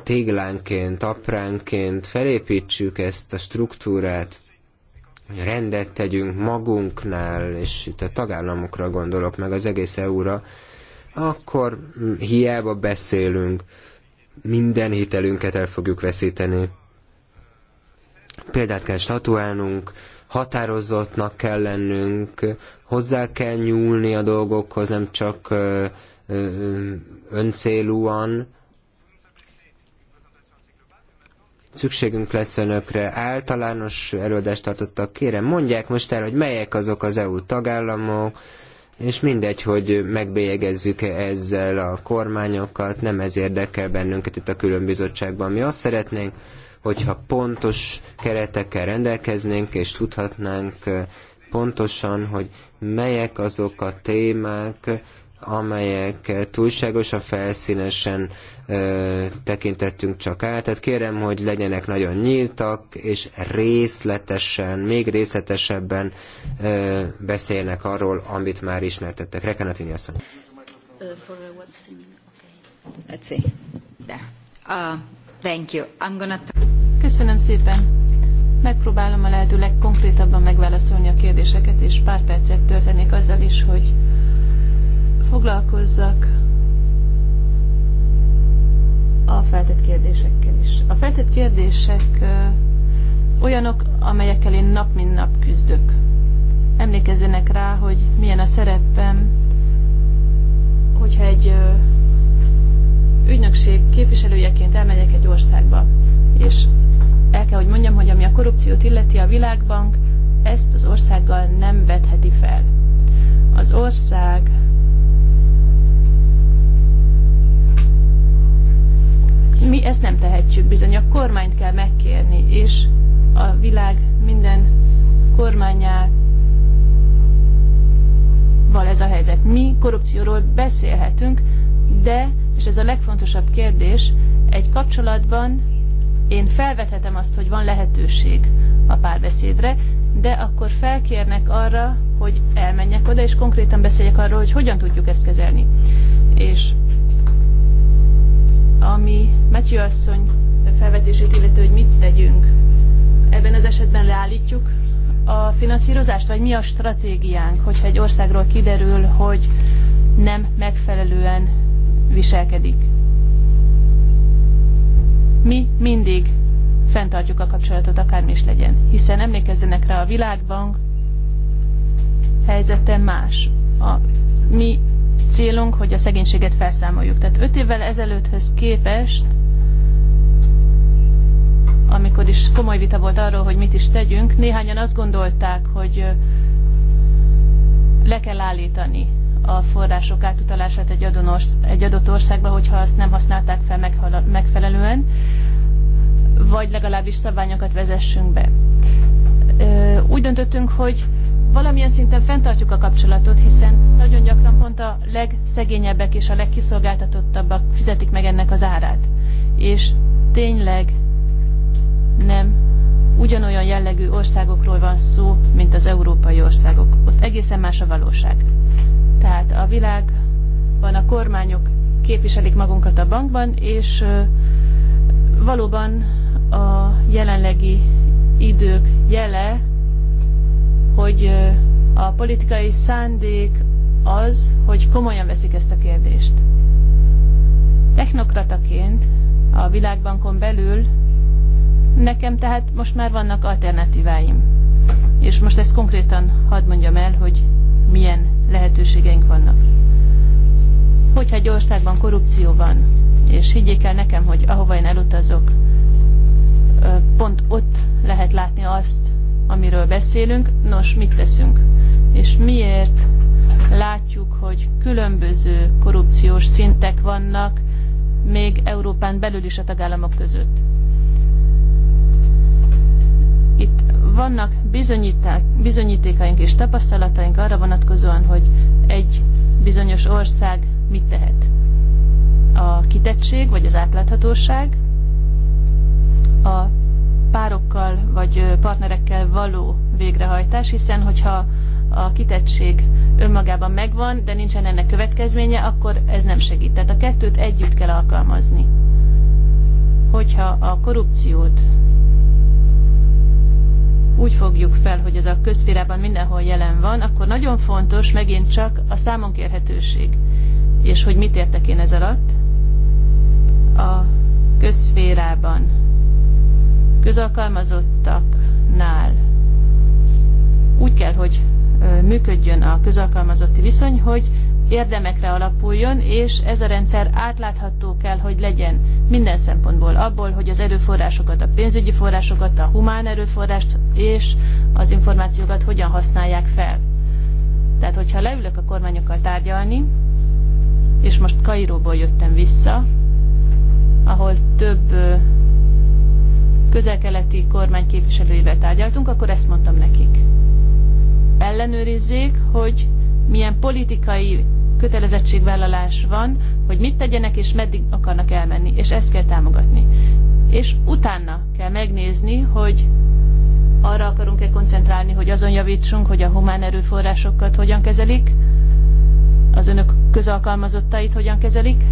téglánként, apránként felépítsük ezt a struktúrát, rendet tegyünk magunknál, és itt a tagállamokra gondolok, meg az egész EU-ra, akkor hiába beszélünk, minden hitelünket el fogjuk veszíteni. Példát kell statuálnunk, határozottnak kell lennünk, hozzá kell nyúlni a dolgokhoz, nem csak öncélúan. Szükségünk lesz önökre. Általános előadást tartottak, kérem, mondják most el, hogy melyek azok az EU tagállamok, és mindegy, hogy megbélyegezzük -e ezzel a kormányokat, nem ez érdekel bennünket itt a különbizottságban. Mi azt szeretnénk, hogyha pontos keretekkel rendelkeznénk, és tudhatnánk eh, pontosan, hogy melyek azok a témák, amelyek túlságosan felszínesen ö, tekintettünk csak át. Tehát kérem, hogy legyenek nagyon nyíltak, és részletesen, még részletesebben ö, beszéljenek arról, amit már ismertettek. Rekenatini asszony. Uh, Köszönöm szépen. Megpróbálom a lehető legkonkrétabban megválaszolni a kérdéseket, és pár percet töltenék azzal is, hogy foglalkozzak a feltett kérdésekkel is. A feltett kérdések olyanok, amelyekkel én nap mint nap küzdök. Emlékezzenek rá, hogy milyen a szerepem, hogyha egy ügynökség képviselőjeként elmegyek egy országba, és el kell, hogy mondjam, hogy ami a korrupciót illeti, a Világbank ezt az országgal nem vetheti fel. Az ország Mi ezt nem tehetjük bizony, a kormányt kell megkérni, és a világ minden kormányát val ez a helyzet. Mi korrupcióról beszélhetünk, de, és ez a legfontosabb kérdés, egy kapcsolatban én felvethetem azt, hogy van lehetőség a párbeszédre, de akkor felkérnek arra, hogy elmenjek oda, és konkrétan beszéljek arról, hogy hogyan tudjuk ezt kezelni. És ami Matyi asszony felvetését illető, hogy mit tegyünk. Ebben az esetben leállítjuk a finanszírozást, vagy mi a stratégiánk, hogyha egy országról kiderül, hogy nem megfelelően viselkedik. Mi mindig fenntartjuk a kapcsolatot, akármi is legyen, hiszen emlékezzenek rá a világbank helyzete más. A mi célunk, hogy a szegénységet felszámoljuk. Tehát öt évvel ezelőtthöz képest, amikor is komoly vita volt arról, hogy mit is tegyünk, néhányan azt gondolták, hogy le kell állítani a források átutalását egy, adonors, egy adott országba, hogyha azt nem használták fel megfelelően, vagy legalábbis szabványokat vezessünk be. Úgy döntöttünk, hogy valamilyen szinten fenntartjuk a kapcsolatot, hiszen nagyon gyakran pont a legszegényebbek és a legkiszolgáltatottabbak fizetik meg ennek az árát. És tényleg nem ugyanolyan jellegű országokról van szó, mint az európai országok. Ott egészen más a valóság. Tehát a világban a kormányok képviselik magunkat a bankban, és valóban a jelenlegi idők jele, hogy a politikai szándék az, hogy komolyan veszik ezt a kérdést. Technokrataként a világbankon belül nekem tehát most már vannak alternatíváim. És most ezt konkrétan hadd mondjam el, hogy milyen lehetőségeink vannak. Hogyha egy országban korrupció van, és higgyék el nekem, hogy ahova én elutazok, pont ott lehet látni azt, amiről beszélünk, nos, mit teszünk? És miért látjuk, hogy különböző korrupciós szintek vannak, még Európán belül is a tagállamok között. Itt vannak bizonyítékaink és tapasztalataink arra vonatkozóan, hogy egy bizonyos ország mit tehet. A kitettség, vagy az átláthatóság, a párokkal vagy partnerekkel való végrehajtás, hiszen hogyha a kitettség önmagában megvan, de nincsen ennek következménye, akkor ez nem segít. Tehát a kettőt együtt kell alkalmazni. Hogyha a korrupciót úgy fogjuk fel, hogy ez a közférában mindenhol jelen van, akkor nagyon fontos megint csak a számonkérhetőség. És hogy mit értek én ez alatt? A közférában közalkalmazottaknál úgy kell, hogy működjön a közalkalmazotti viszony, hogy érdemekre alapuljon, és ez a rendszer átlátható kell, hogy legyen minden szempontból abból, hogy az erőforrásokat, a pénzügyi forrásokat, a humán erőforrást és az információkat hogyan használják fel. Tehát, hogyha leülök a kormányokkal tárgyalni, és most Kairóból jöttem vissza, ahol több közelkeleti keleti kormány képviselőivel tárgyaltunk, akkor ezt mondtam nekik. Ellenőrizzék, hogy milyen politikai kötelezettségvállalás van, hogy mit tegyenek és meddig akarnak elmenni, és ezt kell támogatni. És utána kell megnézni, hogy arra akarunk-e koncentrálni, hogy azon javítsunk, hogy a humán erőforrásokat hogyan kezelik, az önök közalkalmazottait hogyan kezelik,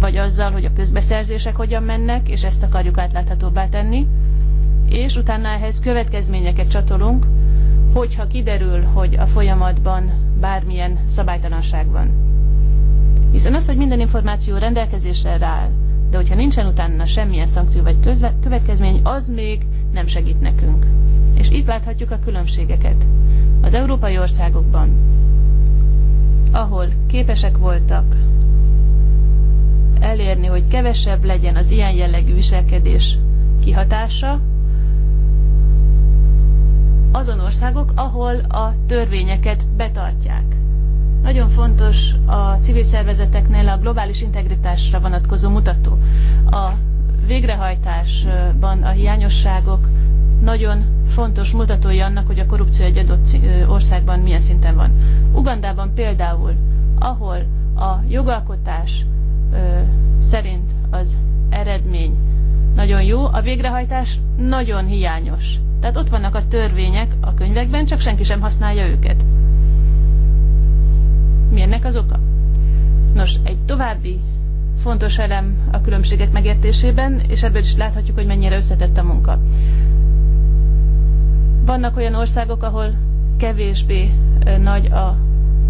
vagy azzal, hogy a közbeszerzések hogyan mennek, és ezt akarjuk átláthatóbbá tenni, és utána ehhez következményeket csatolunk, hogyha kiderül, hogy a folyamatban bármilyen szabálytalanság van. Hiszen az, hogy minden információ rendelkezésre áll, de hogyha nincsen utána semmilyen szankció vagy közve, következmény, az még nem segít nekünk. És itt láthatjuk a különbségeket. Az európai országokban, ahol képesek voltak elérni, hogy kevesebb legyen az ilyen jellegű viselkedés kihatása azon országok, ahol a törvényeket betartják. Nagyon fontos a civil szervezeteknél a globális integritásra vonatkozó mutató. A végrehajtásban a hiányosságok nagyon fontos mutatója annak, hogy a korrupció egy adott országban milyen szinten van. Ugandában például, ahol a jogalkotás szerint az eredmény nagyon jó, a végrehajtás nagyon hiányos. Tehát ott vannak a törvények a könyvekben, csak senki sem használja őket. Mi ennek az oka? Nos, egy további fontos elem a különbségek megértésében, és ebből is láthatjuk, hogy mennyire összetett a munka. Vannak olyan országok, ahol kevésbé nagy a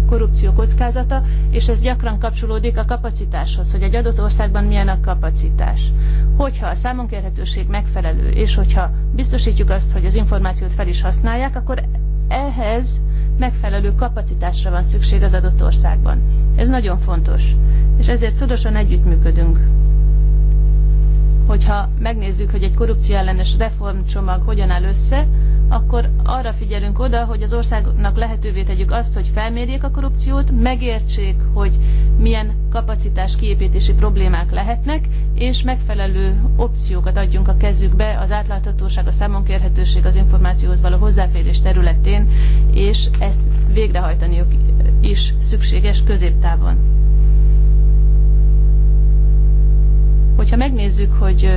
korrupció kockázata, és ez gyakran kapcsolódik a kapacitáshoz, hogy egy adott országban milyen a kapacitás. Hogyha a számonkérhetőség megfelelő, és hogyha biztosítjuk azt, hogy az információt fel is használják, akkor ehhez megfelelő kapacitásra van szükség az adott országban. Ez nagyon fontos, és ezért szorosan együttműködünk. Hogyha megnézzük, hogy egy korrupcióellenes reformcsomag hogyan áll össze, akkor arra figyelünk oda, hogy az országnak lehetővé tegyük azt, hogy felmérjék a korrupciót, megértsék, hogy milyen kapacitás kiépítési problémák lehetnek, és megfelelő opciókat adjunk a kezükbe az átláthatóság, a számonkérhetőség, az információhoz való hozzáférés területén, és ezt végrehajtaniuk is szükséges középtávon. Hogyha megnézzük, hogy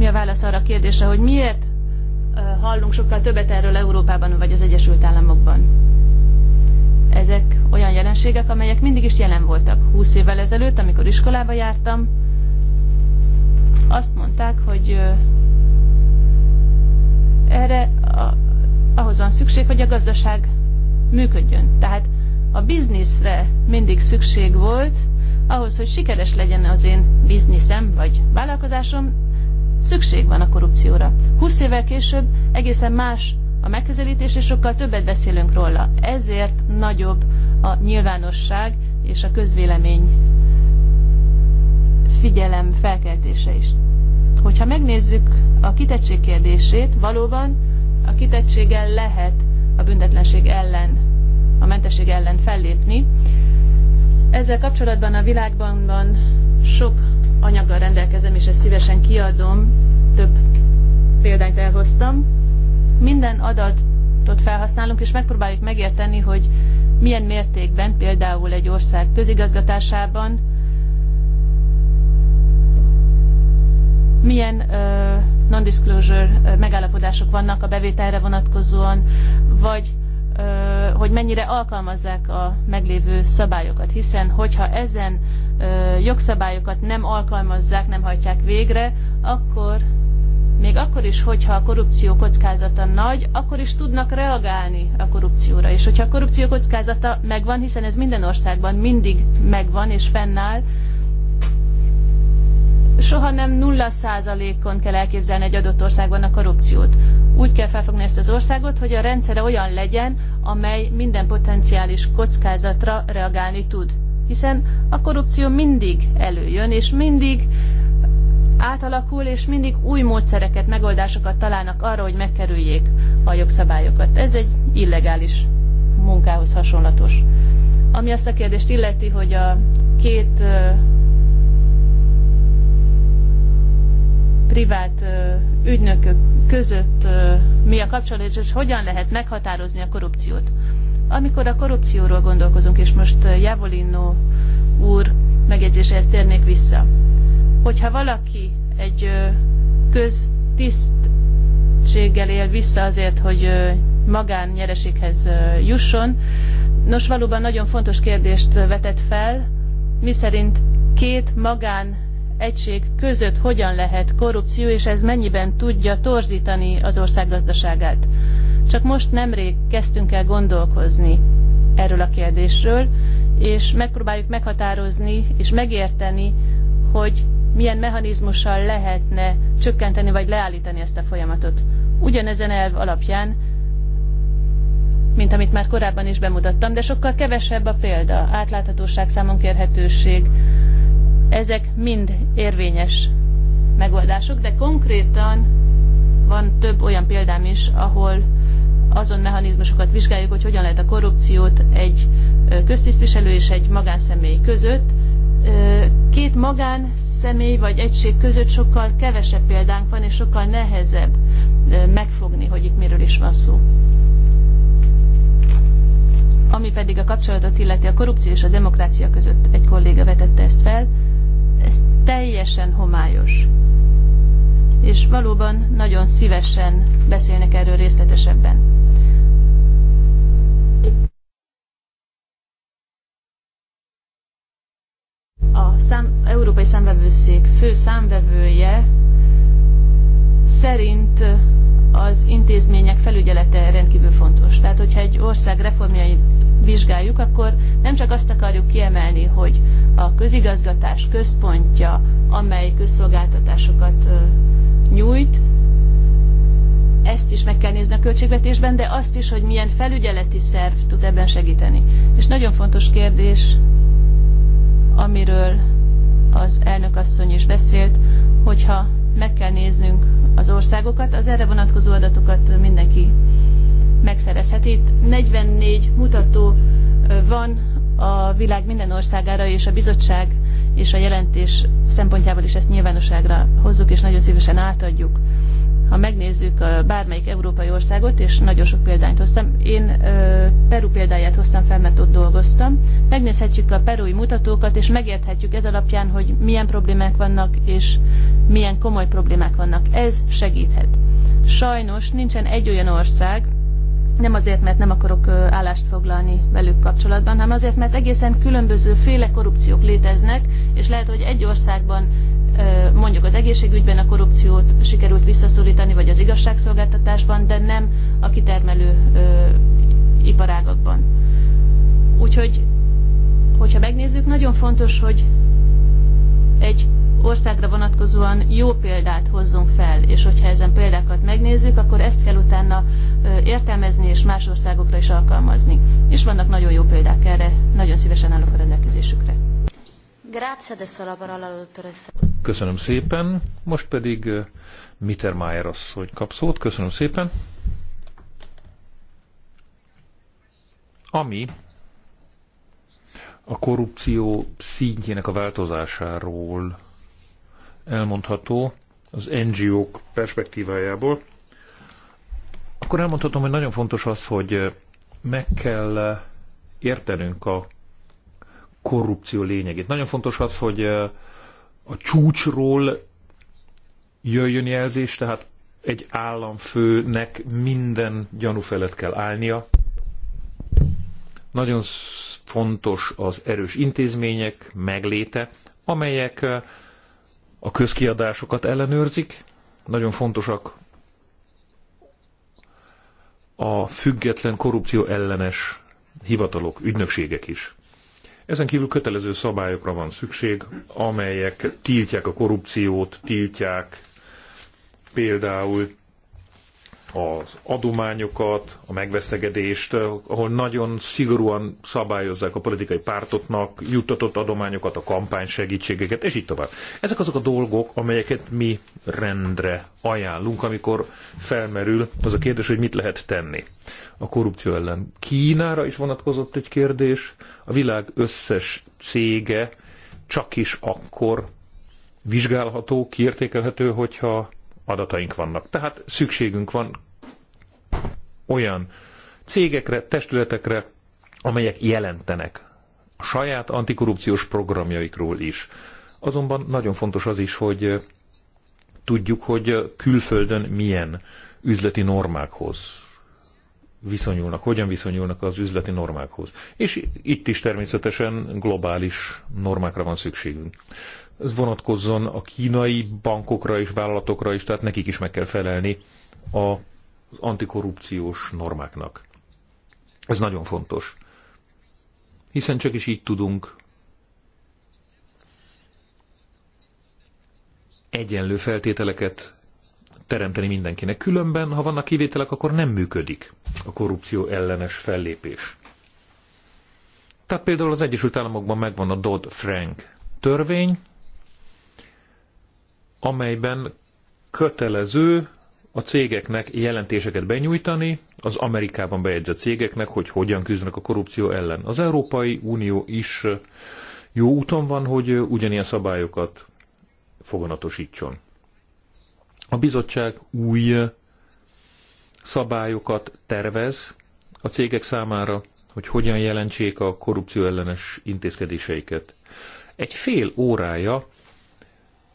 mi a válasz arra a kérdésre, hogy miért hallunk sokkal többet erről Európában vagy az Egyesült Államokban. Ezek olyan jelenségek, amelyek mindig is jelen voltak. 20 évvel ezelőtt, amikor iskolába jártam, azt mondták, hogy erre a, ahhoz van szükség, hogy a gazdaság működjön. Tehát a bizniszre mindig szükség volt, ahhoz, hogy sikeres legyen az én bizniszem vagy vállalkozásom, Szükség van a korrupcióra. Húsz évvel később egészen más a megközelítés, és sokkal többet beszélünk róla. Ezért nagyobb a nyilvánosság és a közvélemény figyelem felkeltése is. Hogyha megnézzük a kitettség kérdését, valóban a kitettséggel lehet a büntetlenség ellen, a mentesség ellen fellépni. Ezzel kapcsolatban a világban van sok anyaggal rendelkezem, és ezt szívesen kiadom, több példányt elhoztam. Minden adatot felhasználunk, és megpróbáljuk megérteni, hogy milyen mértékben például egy ország közigazgatásában milyen uh, non-disclosure megállapodások vannak a bevételre vonatkozóan, vagy uh, hogy mennyire alkalmazzák a meglévő szabályokat. Hiszen, hogyha ezen jogszabályokat nem alkalmazzák, nem hajtják végre, akkor még akkor is, hogyha a korrupció kockázata nagy, akkor is tudnak reagálni a korrupcióra. És hogyha a korrupció kockázata megvan, hiszen ez minden országban mindig megvan és fennáll, soha nem nulla százalékon kell elképzelni egy adott országban a korrupciót. Úgy kell felfogni ezt az országot, hogy a rendszere olyan legyen, amely minden potenciális kockázatra reagálni tud hiszen a korrupció mindig előjön, és mindig átalakul, és mindig új módszereket, megoldásokat találnak arra, hogy megkerüljék a jogszabályokat. Ez egy illegális munkához hasonlatos. Ami azt a kérdést illeti, hogy a két privát ügynökök között mi a kapcsolat, és hogyan lehet meghatározni a korrupciót. Amikor a korrupcióról gondolkozunk, és most eh, Javolino úr megjegyzéséhez térnék vissza, hogyha valaki egy köztisztséggel él vissza azért, hogy magán nyereséghez jusson, nos valóban nagyon fontos kérdést vetett fel, miszerint két magán egység között hogyan lehet korrupció, és ez mennyiben tudja torzítani az ország gazdaságát. Csak most nemrég kezdtünk el gondolkozni erről a kérdésről, és megpróbáljuk meghatározni és megérteni, hogy milyen mechanizmussal lehetne csökkenteni vagy leállítani ezt a folyamatot. Ugyanezen elv alapján, mint amit már korábban is bemutattam, de sokkal kevesebb a példa. Átláthatóság, számonkérhetőség, ezek mind érvényes megoldások, de konkrétan van több olyan példám is, ahol azon mechanizmusokat vizsgáljuk, hogy hogyan lehet a korrupciót egy köztisztviselő és egy magánszemély között. Két magánszemély vagy egység között sokkal kevesebb példánk van, és sokkal nehezebb megfogni, hogy itt miről is van szó. Ami pedig a kapcsolatot illeti a korrupció és a demokrácia között, egy kolléga vetette ezt fel, ez teljesen homályos. És valóban nagyon szívesen beszélnek erről részletesebben. A szám, Európai Számvevőszék fő számvevője szerint az intézmények felügyelete rendkívül fontos. Tehát, hogyha egy ország reformjai vizsgáljuk, akkor nem csak azt akarjuk kiemelni, hogy a közigazgatás központja, amely közszolgáltatásokat nyújt, ezt is meg kell nézni a költségvetésben, de azt is, hogy milyen felügyeleti szerv tud ebben segíteni. És nagyon fontos kérdés, amiről az elnök asszony is beszélt, hogyha meg kell néznünk az országokat, az erre vonatkozó adatokat mindenki megszerezheti. Itt 44 mutató van a világ minden országára, és a bizottság és a jelentés szempontjából is ezt nyilvánosságra hozzuk, és nagyon szívesen átadjuk. Ha megnézzük bármelyik európai országot, és nagyon sok példányt hoztam, én Peru példáját hoztam fel, mert ott dolgoztam, megnézhetjük a perui mutatókat, és megérthetjük ez alapján, hogy milyen problémák vannak, és milyen komoly problémák vannak. Ez segíthet. Sajnos nincsen egy olyan ország, nem azért, mert nem akarok állást foglalni velük kapcsolatban, hanem azért, mert egészen különböző féle korrupciók léteznek, és lehet, hogy egy országban mondjuk az egészségügyben a korrupciót sikerült visszaszorítani, vagy az igazságszolgáltatásban, de nem a kitermelő iparágakban. Úgyhogy, hogyha megnézzük, nagyon fontos, hogy egy országra vonatkozóan jó példát hozzunk fel, és hogyha ezen példákat megnézzük, akkor ezt kell utána értelmezni és más országokra is alkalmazni. És vannak nagyon jó példák erre, nagyon szívesen állok a rendelkezésükre. Köszönöm szépen, most pedig Mittermeier asszony kap szót. Köszönöm szépen. Ami a korrupció szintjének a változásáról elmondható az NGO-k perspektívájából, akkor elmondhatom, hogy nagyon fontos az, hogy meg kell értenünk a korrupció lényegét. Nagyon fontos az, hogy a csúcsról jöjjön jelzés, tehát egy államfőnek minden gyanú felett kell állnia. Nagyon fontos az erős intézmények megléte, amelyek a közkiadásokat ellenőrzik, nagyon fontosak a független korrupció ellenes hivatalok, ügynökségek is. Ezen kívül kötelező szabályokra van szükség, amelyek tiltják a korrupciót, tiltják például az adományokat, a megveszegedést, ahol nagyon szigorúan szabályozzák a politikai pártoknak juttatott adományokat, a kampány segítségeket, és így tovább. Ezek azok a dolgok, amelyeket mi rendre ajánlunk, amikor felmerül az a kérdés, hogy mit lehet tenni a korrupció ellen. Kínára is vonatkozott egy kérdés, a világ összes cége csak is akkor vizsgálható, kiértékelhető, hogyha adataink vannak. Tehát szükségünk van olyan cégekre, testületekre, amelyek jelentenek a saját antikorrupciós programjaikról is. Azonban nagyon fontos az is, hogy tudjuk, hogy külföldön milyen üzleti normákhoz viszonyulnak, hogyan viszonyulnak az üzleti normákhoz. És itt is természetesen globális normákra van szükségünk ez vonatkozzon a kínai bankokra és vállalatokra is, tehát nekik is meg kell felelni az antikorrupciós normáknak. Ez nagyon fontos. Hiszen csak is így tudunk egyenlő feltételeket teremteni mindenkinek. Különben, ha vannak kivételek, akkor nem működik a korrupció ellenes fellépés. Tehát például az Egyesült Államokban megvan a Dodd-Frank törvény, amelyben kötelező a cégeknek jelentéseket benyújtani, az Amerikában bejegyzett cégeknek, hogy hogyan küzdenek a korrupció ellen. Az Európai Unió is jó úton van, hogy ugyanilyen szabályokat foganatosítson. A bizottság új szabályokat tervez a cégek számára, hogy hogyan jelentsék a korrupció ellenes intézkedéseiket. Egy fél órája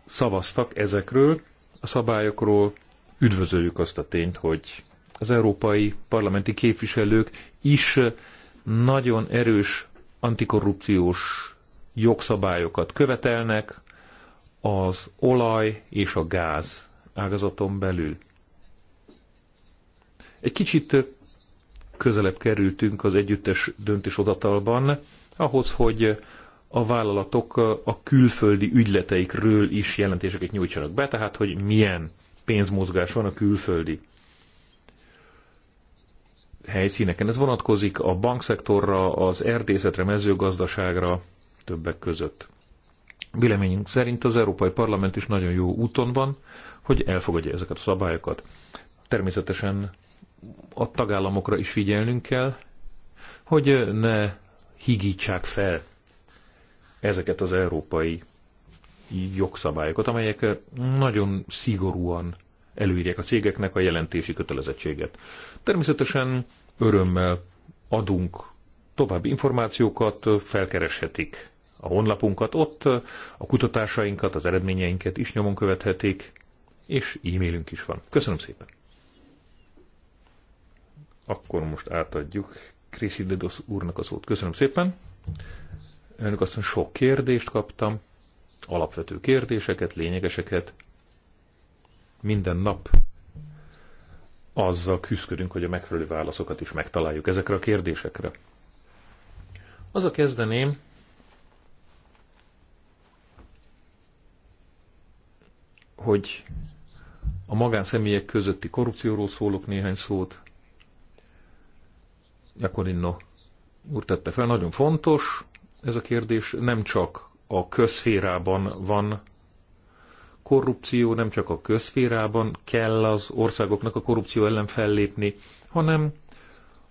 szavaztak ezekről a szabályokról. Üdvözöljük azt a tényt, hogy az európai parlamenti képviselők is nagyon erős antikorrupciós jogszabályokat követelnek az olaj és a gáz ágazaton belül. Egy kicsit közelebb kerültünk az együttes döntéshozatalban ahhoz, hogy a vállalatok a külföldi ügyleteikről is jelentéseket nyújtsanak be, tehát hogy milyen pénzmozgás van a külföldi helyszíneken. Ez vonatkozik a bankszektorra, az erdészetre, mezőgazdaságra többek között. Véleményünk szerint az Európai Parlament is nagyon jó úton van, hogy elfogadja ezeket a szabályokat. Természetesen a tagállamokra is figyelnünk kell, hogy ne higítsák fel ezeket az európai jogszabályokat, amelyek nagyon szigorúan előírják a cégeknek a jelentési kötelezettséget. Természetesen örömmel adunk további információkat, felkereshetik a honlapunkat, ott a kutatásainkat, az eredményeinket is nyomon követhetik, és e-mailünk is van. Köszönöm szépen! Akkor most átadjuk Dedos úrnak a szót. Köszönöm szépen! Önök azt mondja, sok kérdést kaptam, alapvető kérdéseket, lényegeseket. Minden nap azzal küzdködünk, hogy a megfelelő válaszokat is megtaláljuk ezekre a kérdésekre. Az a kezdeném, hogy a magánszemélyek közötti korrupcióról szólok néhány szót. Jakorinno úr tette fel, nagyon fontos, ez a kérdés nem csak a közférában van korrupció, nem csak a közférában kell az országoknak a korrupció ellen fellépni, hanem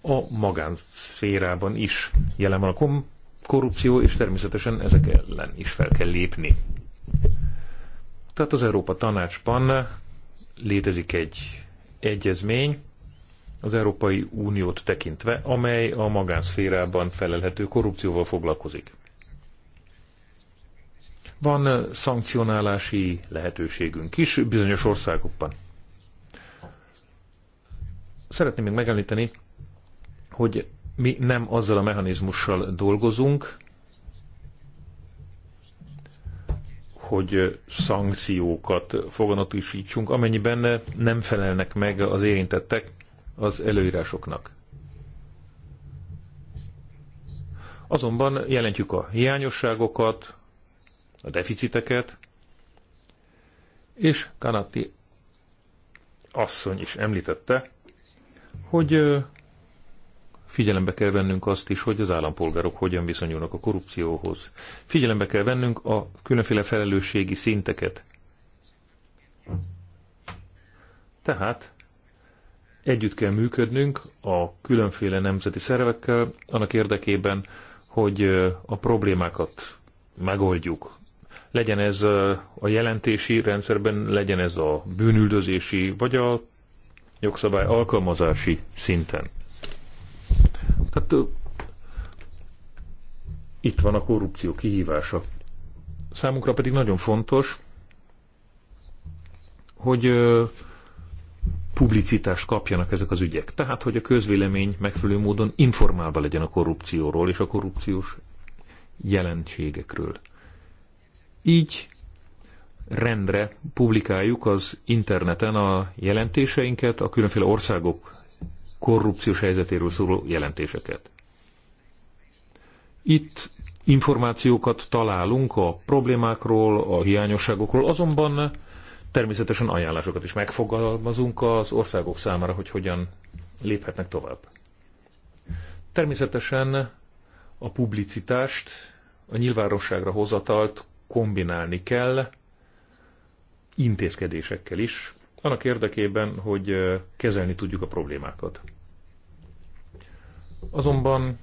a magánszférában is jelen van a korrupció, és természetesen ezek ellen is fel kell lépni. Tehát az Európa Tanácsban létezik egy egyezmény, az Európai Uniót tekintve, amely a magánszférában felelhető korrupcióval foglalkozik. Van eh, szankcionálási lehetőségünk is bizonyos országokban. Szeretném még megemlíteni, hogy mi nem azzal a mechanizmussal dolgozunk, hogy eh, szankciókat foganatosítsunk, amennyiben eh, nem felelnek meg az érintettek az előírásoknak. Azonban jelentjük a hiányosságokat, a deficiteket, és Kanati asszony is említette, hogy figyelembe kell vennünk azt is, hogy az állampolgárok hogyan viszonyulnak a korrupcióhoz. Figyelembe kell vennünk a különféle felelősségi szinteket. Tehát Együtt kell működnünk a különféle nemzeti szervekkel, annak érdekében, hogy a problémákat megoldjuk. Legyen ez a jelentési rendszerben, legyen ez a bűnüldözési, vagy a jogszabály alkalmazási szinten. Tehát itt van a korrupció kihívása. Számunkra pedig nagyon fontos, hogy publicitást kapjanak ezek az ügyek. Tehát, hogy a közvélemény megfelelő módon informálva legyen a korrupcióról és a korrupciós jelenségekről. Így rendre publikáljuk az interneten a jelentéseinket, a különféle országok korrupciós helyzetéről szóló jelentéseket. Itt információkat találunk a problémákról, a hiányosságokról, azonban természetesen ajánlásokat is megfogalmazunk az országok számára, hogy hogyan léphetnek tovább. Természetesen a publicitást, a nyilvánosságra hozatalt kombinálni kell intézkedésekkel is, annak érdekében, hogy kezelni tudjuk a problémákat. Azonban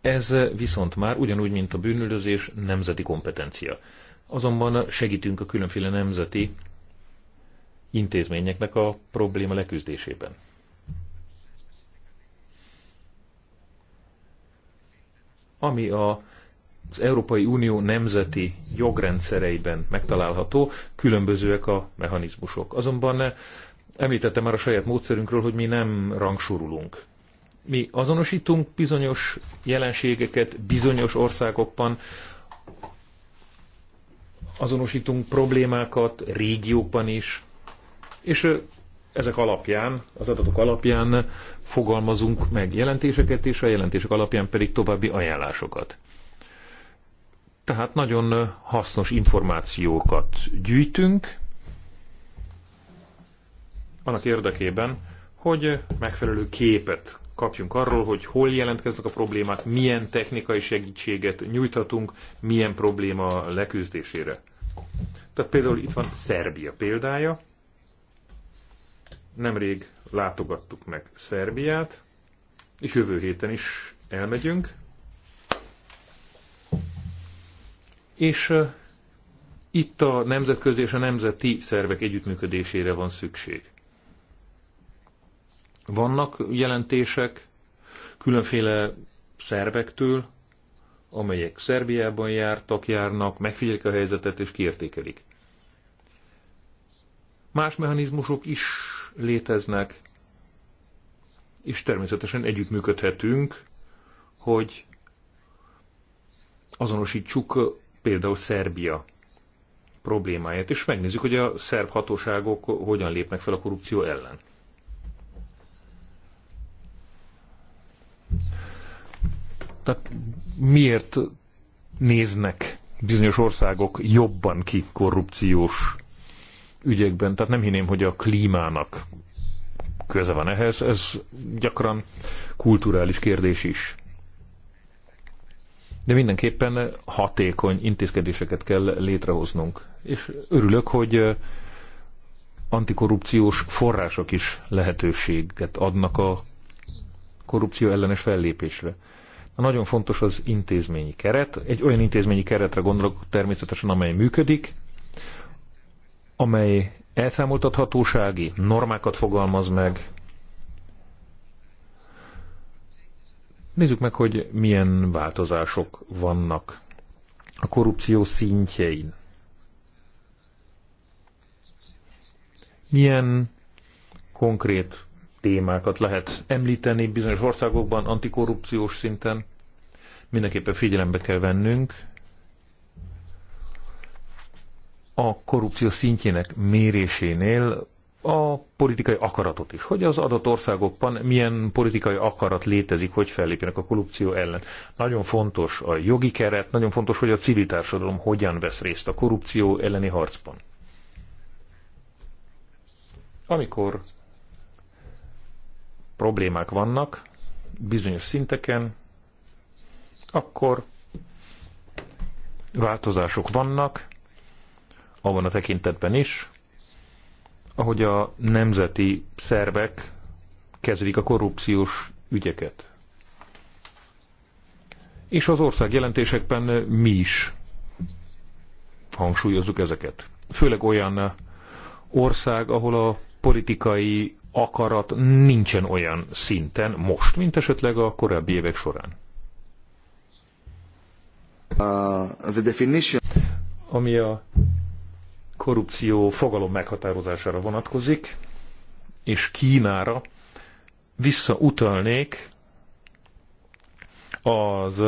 ez viszont már ugyanúgy, mint a bűnüldözés, nemzeti kompetencia azonban segítünk a különféle nemzeti intézményeknek a probléma leküzdésében. Ami a az Európai Unió nemzeti jogrendszereiben megtalálható, különbözőek a mechanizmusok. Azonban említettem már a saját módszerünkről, hogy mi nem rangsorulunk. Mi azonosítunk bizonyos jelenségeket bizonyos országokban, azonosítunk problémákat régiókban is, és ezek alapján, az adatok alapján fogalmazunk meg jelentéseket, és a jelentések alapján pedig további ajánlásokat. Tehát nagyon hasznos információkat gyűjtünk, annak érdekében, hogy megfelelő képet kapjunk arról, hogy hol jelentkeznek a problémák, milyen technikai segítséget nyújthatunk, milyen probléma leküzdésére. Tehát például itt van Szerbia példája. Nemrég látogattuk meg Szerbiát, és jövő héten is elmegyünk. És itt a nemzetközi és a nemzeti szervek együttműködésére van szükség. Vannak jelentések különféle szervektől, amelyek Szerbiában jártak, járnak, megfigyelik a helyzetet és kiértékelik. Más mechanizmusok is léteznek, és természetesen együttműködhetünk, hogy azonosítsuk például Szerbia problémáját, és megnézzük, hogy a szerb hatóságok hogyan lépnek fel a korrupció ellen. Tehát miért néznek bizonyos országok jobban ki korrupciós ügyekben? Tehát nem hinném, hogy a klímának köze van ehhez, ez gyakran kulturális kérdés is. De mindenképpen hatékony intézkedéseket kell létrehoznunk. És örülök, hogy antikorrupciós források is lehetőséget adnak a korrupció ellenes fellépésre. Nagyon fontos az intézményi keret. Egy olyan intézményi keretre gondolok természetesen, amely működik, amely elszámoltathatósági normákat fogalmaz meg. Nézzük meg, hogy milyen változások vannak a korrupció szintjein. Milyen konkrét témákat lehet említeni bizonyos országokban, antikorrupciós szinten. Mindenképpen figyelembe kell vennünk a korrupció szintjének mérésénél a politikai akaratot is. Hogy az adott országokban milyen politikai akarat létezik, hogy fellépjenek a korrupció ellen. Nagyon fontos a jogi keret, nagyon fontos, hogy a civil társadalom hogyan vesz részt a korrupció elleni harcban. Amikor problémák vannak bizonyos szinteken, akkor változások vannak, abban a tekintetben is, ahogy a nemzeti szervek kezelik a korrupciós ügyeket. És az ország jelentésekben mi is hangsúlyozzuk ezeket. Főleg olyan ország, ahol a politikai akarat nincsen olyan szinten most, mint esetleg a korábbi évek során. Uh, the definition... Ami a korrupció fogalom meghatározására vonatkozik, és Kínára visszautalnék az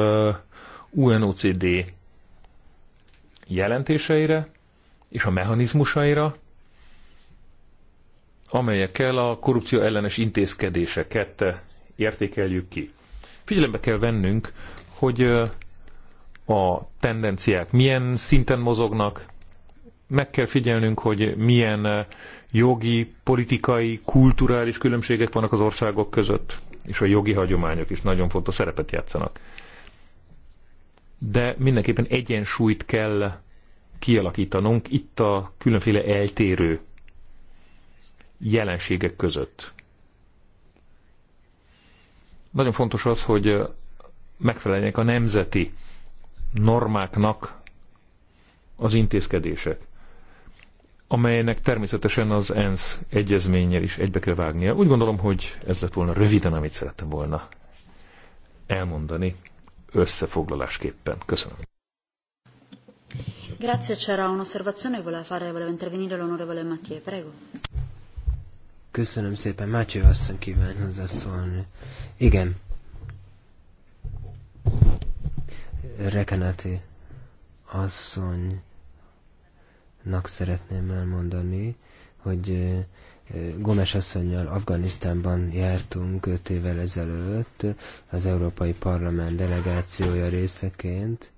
UNOCD uh, jelentéseire és a mechanizmusaira, amelyekkel a korrupció ellenes intézkedéseket értékeljük ki. Figyelembe kell vennünk, hogy a tendenciák milyen szinten mozognak, meg kell figyelnünk, hogy milyen jogi, politikai, kulturális különbségek vannak az országok között, és a jogi hagyományok is nagyon fontos szerepet játszanak. De mindenképpen egyensúlyt kell kialakítanunk itt a különféle eltérő jelenségek között. Nagyon fontos az, hogy megfeleljenek a nemzeti normáknak az intézkedések, amelynek természetesen az ENSZ egyezménnyel is egybe kell vágnia. Úgy gondolom, hogy ez lett volna röviden, amit szerettem volna elmondani összefoglalásképpen. Köszönöm. Grazie, c'era un'osservazione, voleva fare, voleva intervenire l'onorevole Mattie, prego. Köszönöm szépen. Mátyő asszony kíván hozzászólni. Igen. Rekenati asszonynak szeretném elmondani, hogy Gomes asszonynal Afganisztánban jártunk 5 évvel ezelőtt az Európai Parlament delegációja részeként,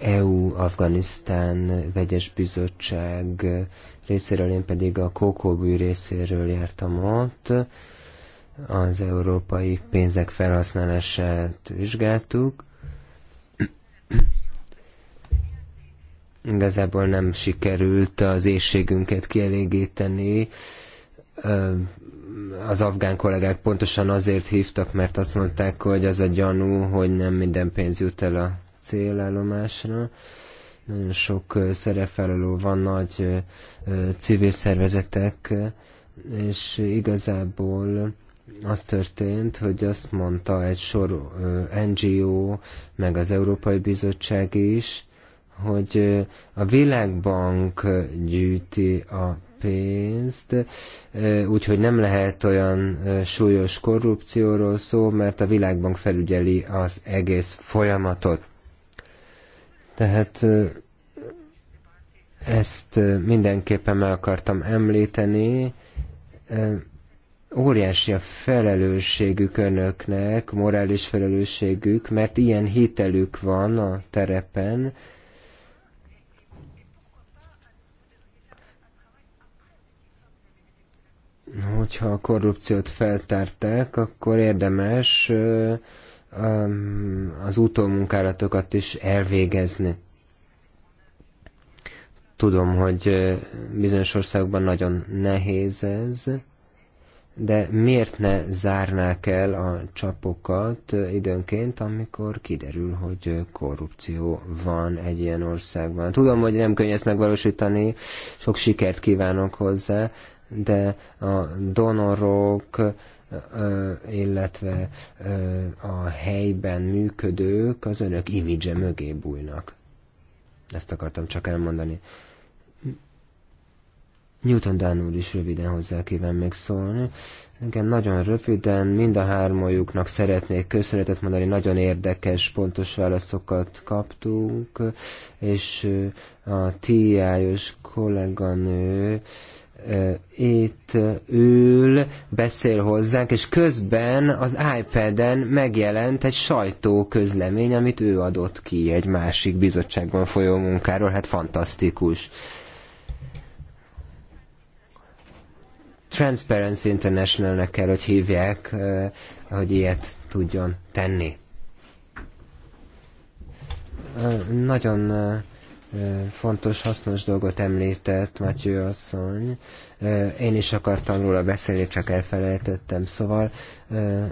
EU-Afganisztán vegyes bizottság részéről, én pedig a Kókóbű részéről jártam ott. Az európai pénzek felhasználását vizsgáltuk. Igazából nem sikerült az éjségünket kielégíteni. Az afgán kollégák pontosan azért hívtak, mert azt mondták, hogy az a gyanú, hogy nem minden pénz jut el a célállomásra. Nagyon sok szerepvállaló van, nagy civil szervezetek, és igazából az történt, hogy azt mondta egy sor NGO, meg az Európai Bizottság is, hogy a Világbank gyűjti a pénzt, úgyhogy nem lehet olyan súlyos korrupcióról szó, mert a Világbank felügyeli az egész folyamatot. Tehát ezt mindenképpen meg akartam említeni. Óriási a felelősségük önöknek, morális felelősségük, mert ilyen hitelük van a terepen, hogyha a korrupciót feltárták, akkor érdemes Um, az utómunkálatokat is elvégezni. Tudom, hogy bizonyos országokban nagyon nehéz ez, de miért ne zárnák el a csapokat időnként, amikor kiderül, hogy korrupció van egy ilyen országban? Tudom, hogy nem könnyű ezt megvalósítani, sok sikert kívánok hozzá, de a donorok, illetve a helyben működők az önök imidzse mögé bújnak. Ezt akartam csak elmondani. Newton Dan úr is röviden hozzá kíván még szólni. Igen, nagyon röviden mind a hármójuknak szeretnék köszönetet mondani, nagyon érdekes, pontos válaszokat kaptunk, és a ti kolléganő itt ül, beszél hozzánk, és közben az iPad-en megjelent egy sajtóközlemény, amit ő adott ki egy másik bizottságban folyó munkáról. Hát fantasztikus. Transparency International-nek kell, hogy hívják, eh, hogy ilyet tudjon tenni. Eh, nagyon eh, fontos, hasznos dolgot említett Matyő asszony. Én is akartam róla beszélni, csak elfelejtettem. Szóval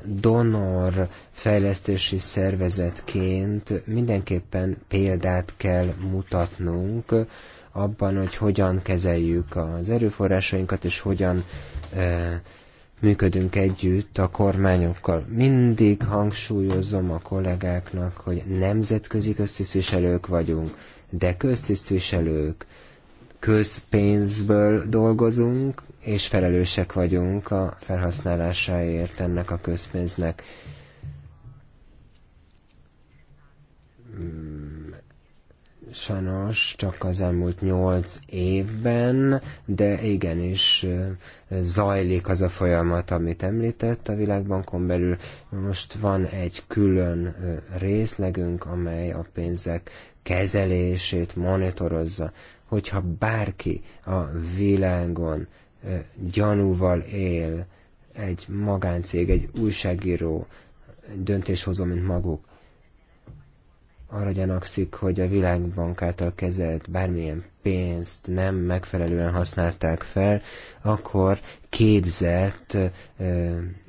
donor fejlesztési szervezetként mindenképpen példát kell mutatnunk abban, hogy hogyan kezeljük az erőforrásainkat, és hogyan működünk együtt a kormányokkal. Mindig hangsúlyozom a kollégáknak, hogy nemzetközi köztisztviselők vagyunk de köztisztviselők, közpénzből dolgozunk, és felelősek vagyunk a felhasználásáért ennek a közpénznek. Hmm, sajnos csak az elmúlt nyolc évben, de igenis zajlik az a folyamat, amit említett a Világbankon belül. Most van egy külön részlegünk, amely a pénzek kezelését monitorozza. Hogyha bárki a világon gyanúval él, egy magáncég, egy újságíró, egy döntéshozó, mint maguk, arra gyanakszik, hogy a világbank által kezelt bármilyen pénzt nem megfelelően használták fel, akkor képzett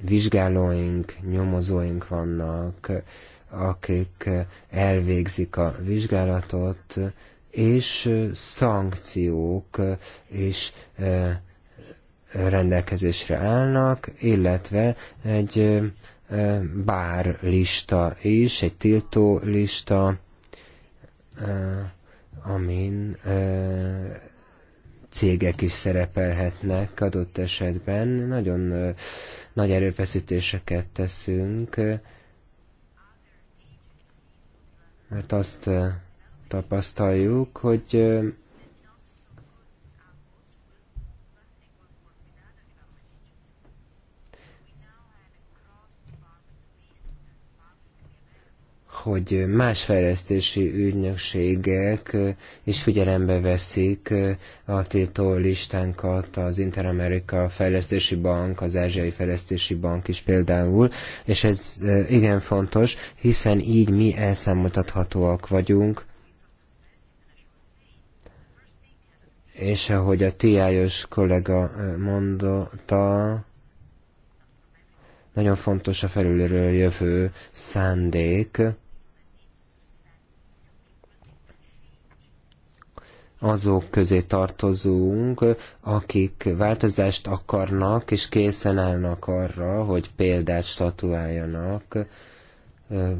vizsgálóink, nyomozóink vannak, akik eh, elvégzik a vizsgálatot, és eh, szankciók eh, is rendelkezésre állnak, illetve egy bár lista is, egy tiltó lista, amin cégek is szerepelhetnek adott esetben. Nagyon nagy erőfeszítéseket teszünk mert azt eh, tapasztaljuk, hogy eh, hogy más fejlesztési ügynökségek is figyelembe veszik a tiltó listánkat, az Interamerica Fejlesztési Bank, az Ázsiai Fejlesztési Bank is például, és ez igen fontos, hiszen így mi elszámoltathatóak vagyunk, és ahogy a tiájos kollega mondta nagyon fontos a felülről jövő szándék, azok közé tartozunk, akik változást akarnak és készen állnak arra, hogy példát statuáljanak,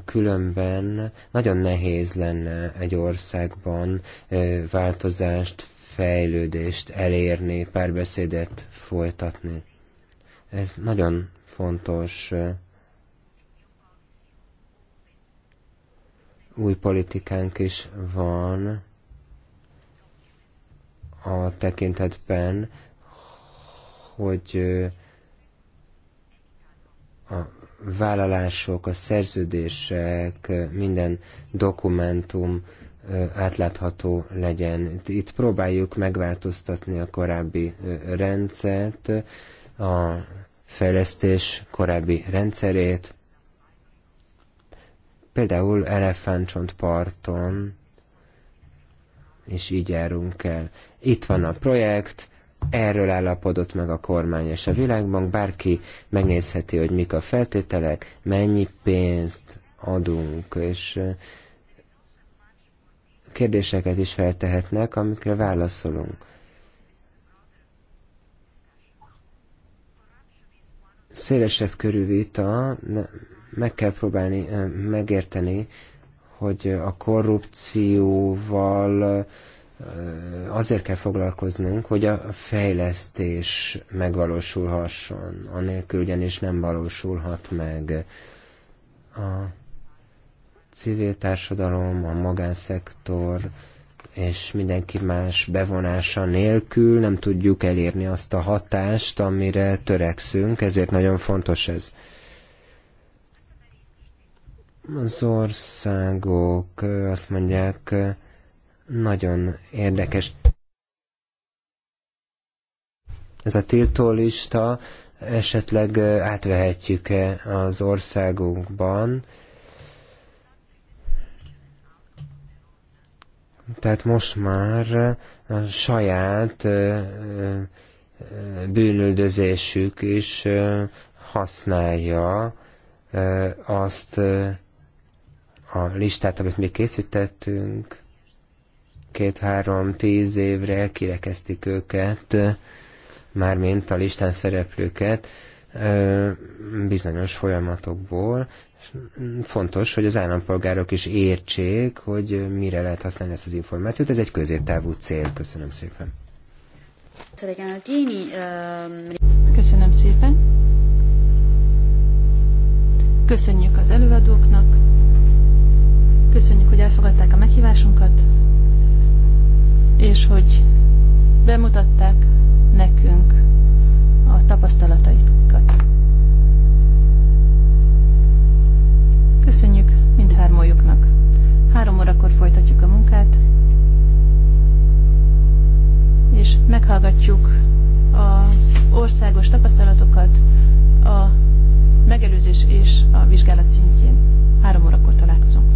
különben nagyon nehéz lenne egy országban változást, fejlődést elérni, párbeszédet folytatni. Ez nagyon fontos új politikánk is van, a tekintetben, hogy a vállalások, a szerződések, minden dokumentum átlátható legyen. Itt próbáljuk megváltoztatni a korábbi rendszert, a fejlesztés korábbi rendszerét. Például Elefántcsontparton és így járunk el. Itt van a projekt, erről állapodott meg a kormány és a világbank, bárki megnézheti, hogy mik a feltételek, mennyi pénzt adunk, és kérdéseket is feltehetnek, amikre válaszolunk. Szélesebb körű vita, meg kell próbálni megérteni, hogy a korrupcióval eh, azért kell foglalkoznunk, hogy a fejlesztés megvalósulhasson, anélkül ugyanis nem valósulhat meg a civil társadalom, a magánszektor és mindenki más bevonása nélkül nem tudjuk elérni azt a hatást, amire törekszünk, ezért nagyon fontos ez. Az országok azt mondják, nagyon érdekes. Ez a tiltó lista esetleg átvehetjük-e az országunkban? Tehát most már a saját bűnüldözésük is használja azt, a listát, amit mi készítettünk, két-három-tíz évre kirekeztik őket, mármint a listán szereplőket, bizonyos folyamatokból. Fontos, hogy az állampolgárok is értsék, hogy mire lehet használni ezt az információt. Ez egy középtávú cél. Köszönöm szépen. Köszönöm szépen. Köszönjük az előadóknak. Köszönjük, hogy elfogadták a meghívásunkat, és hogy bemutatták nekünk a tapasztalataikat. Köszönjük mindhármójuknak. Három órakor folytatjuk a munkát, és meghallgatjuk az országos tapasztalatokat a megelőzés és a vizsgálat szintjén. Három órakor találkozunk.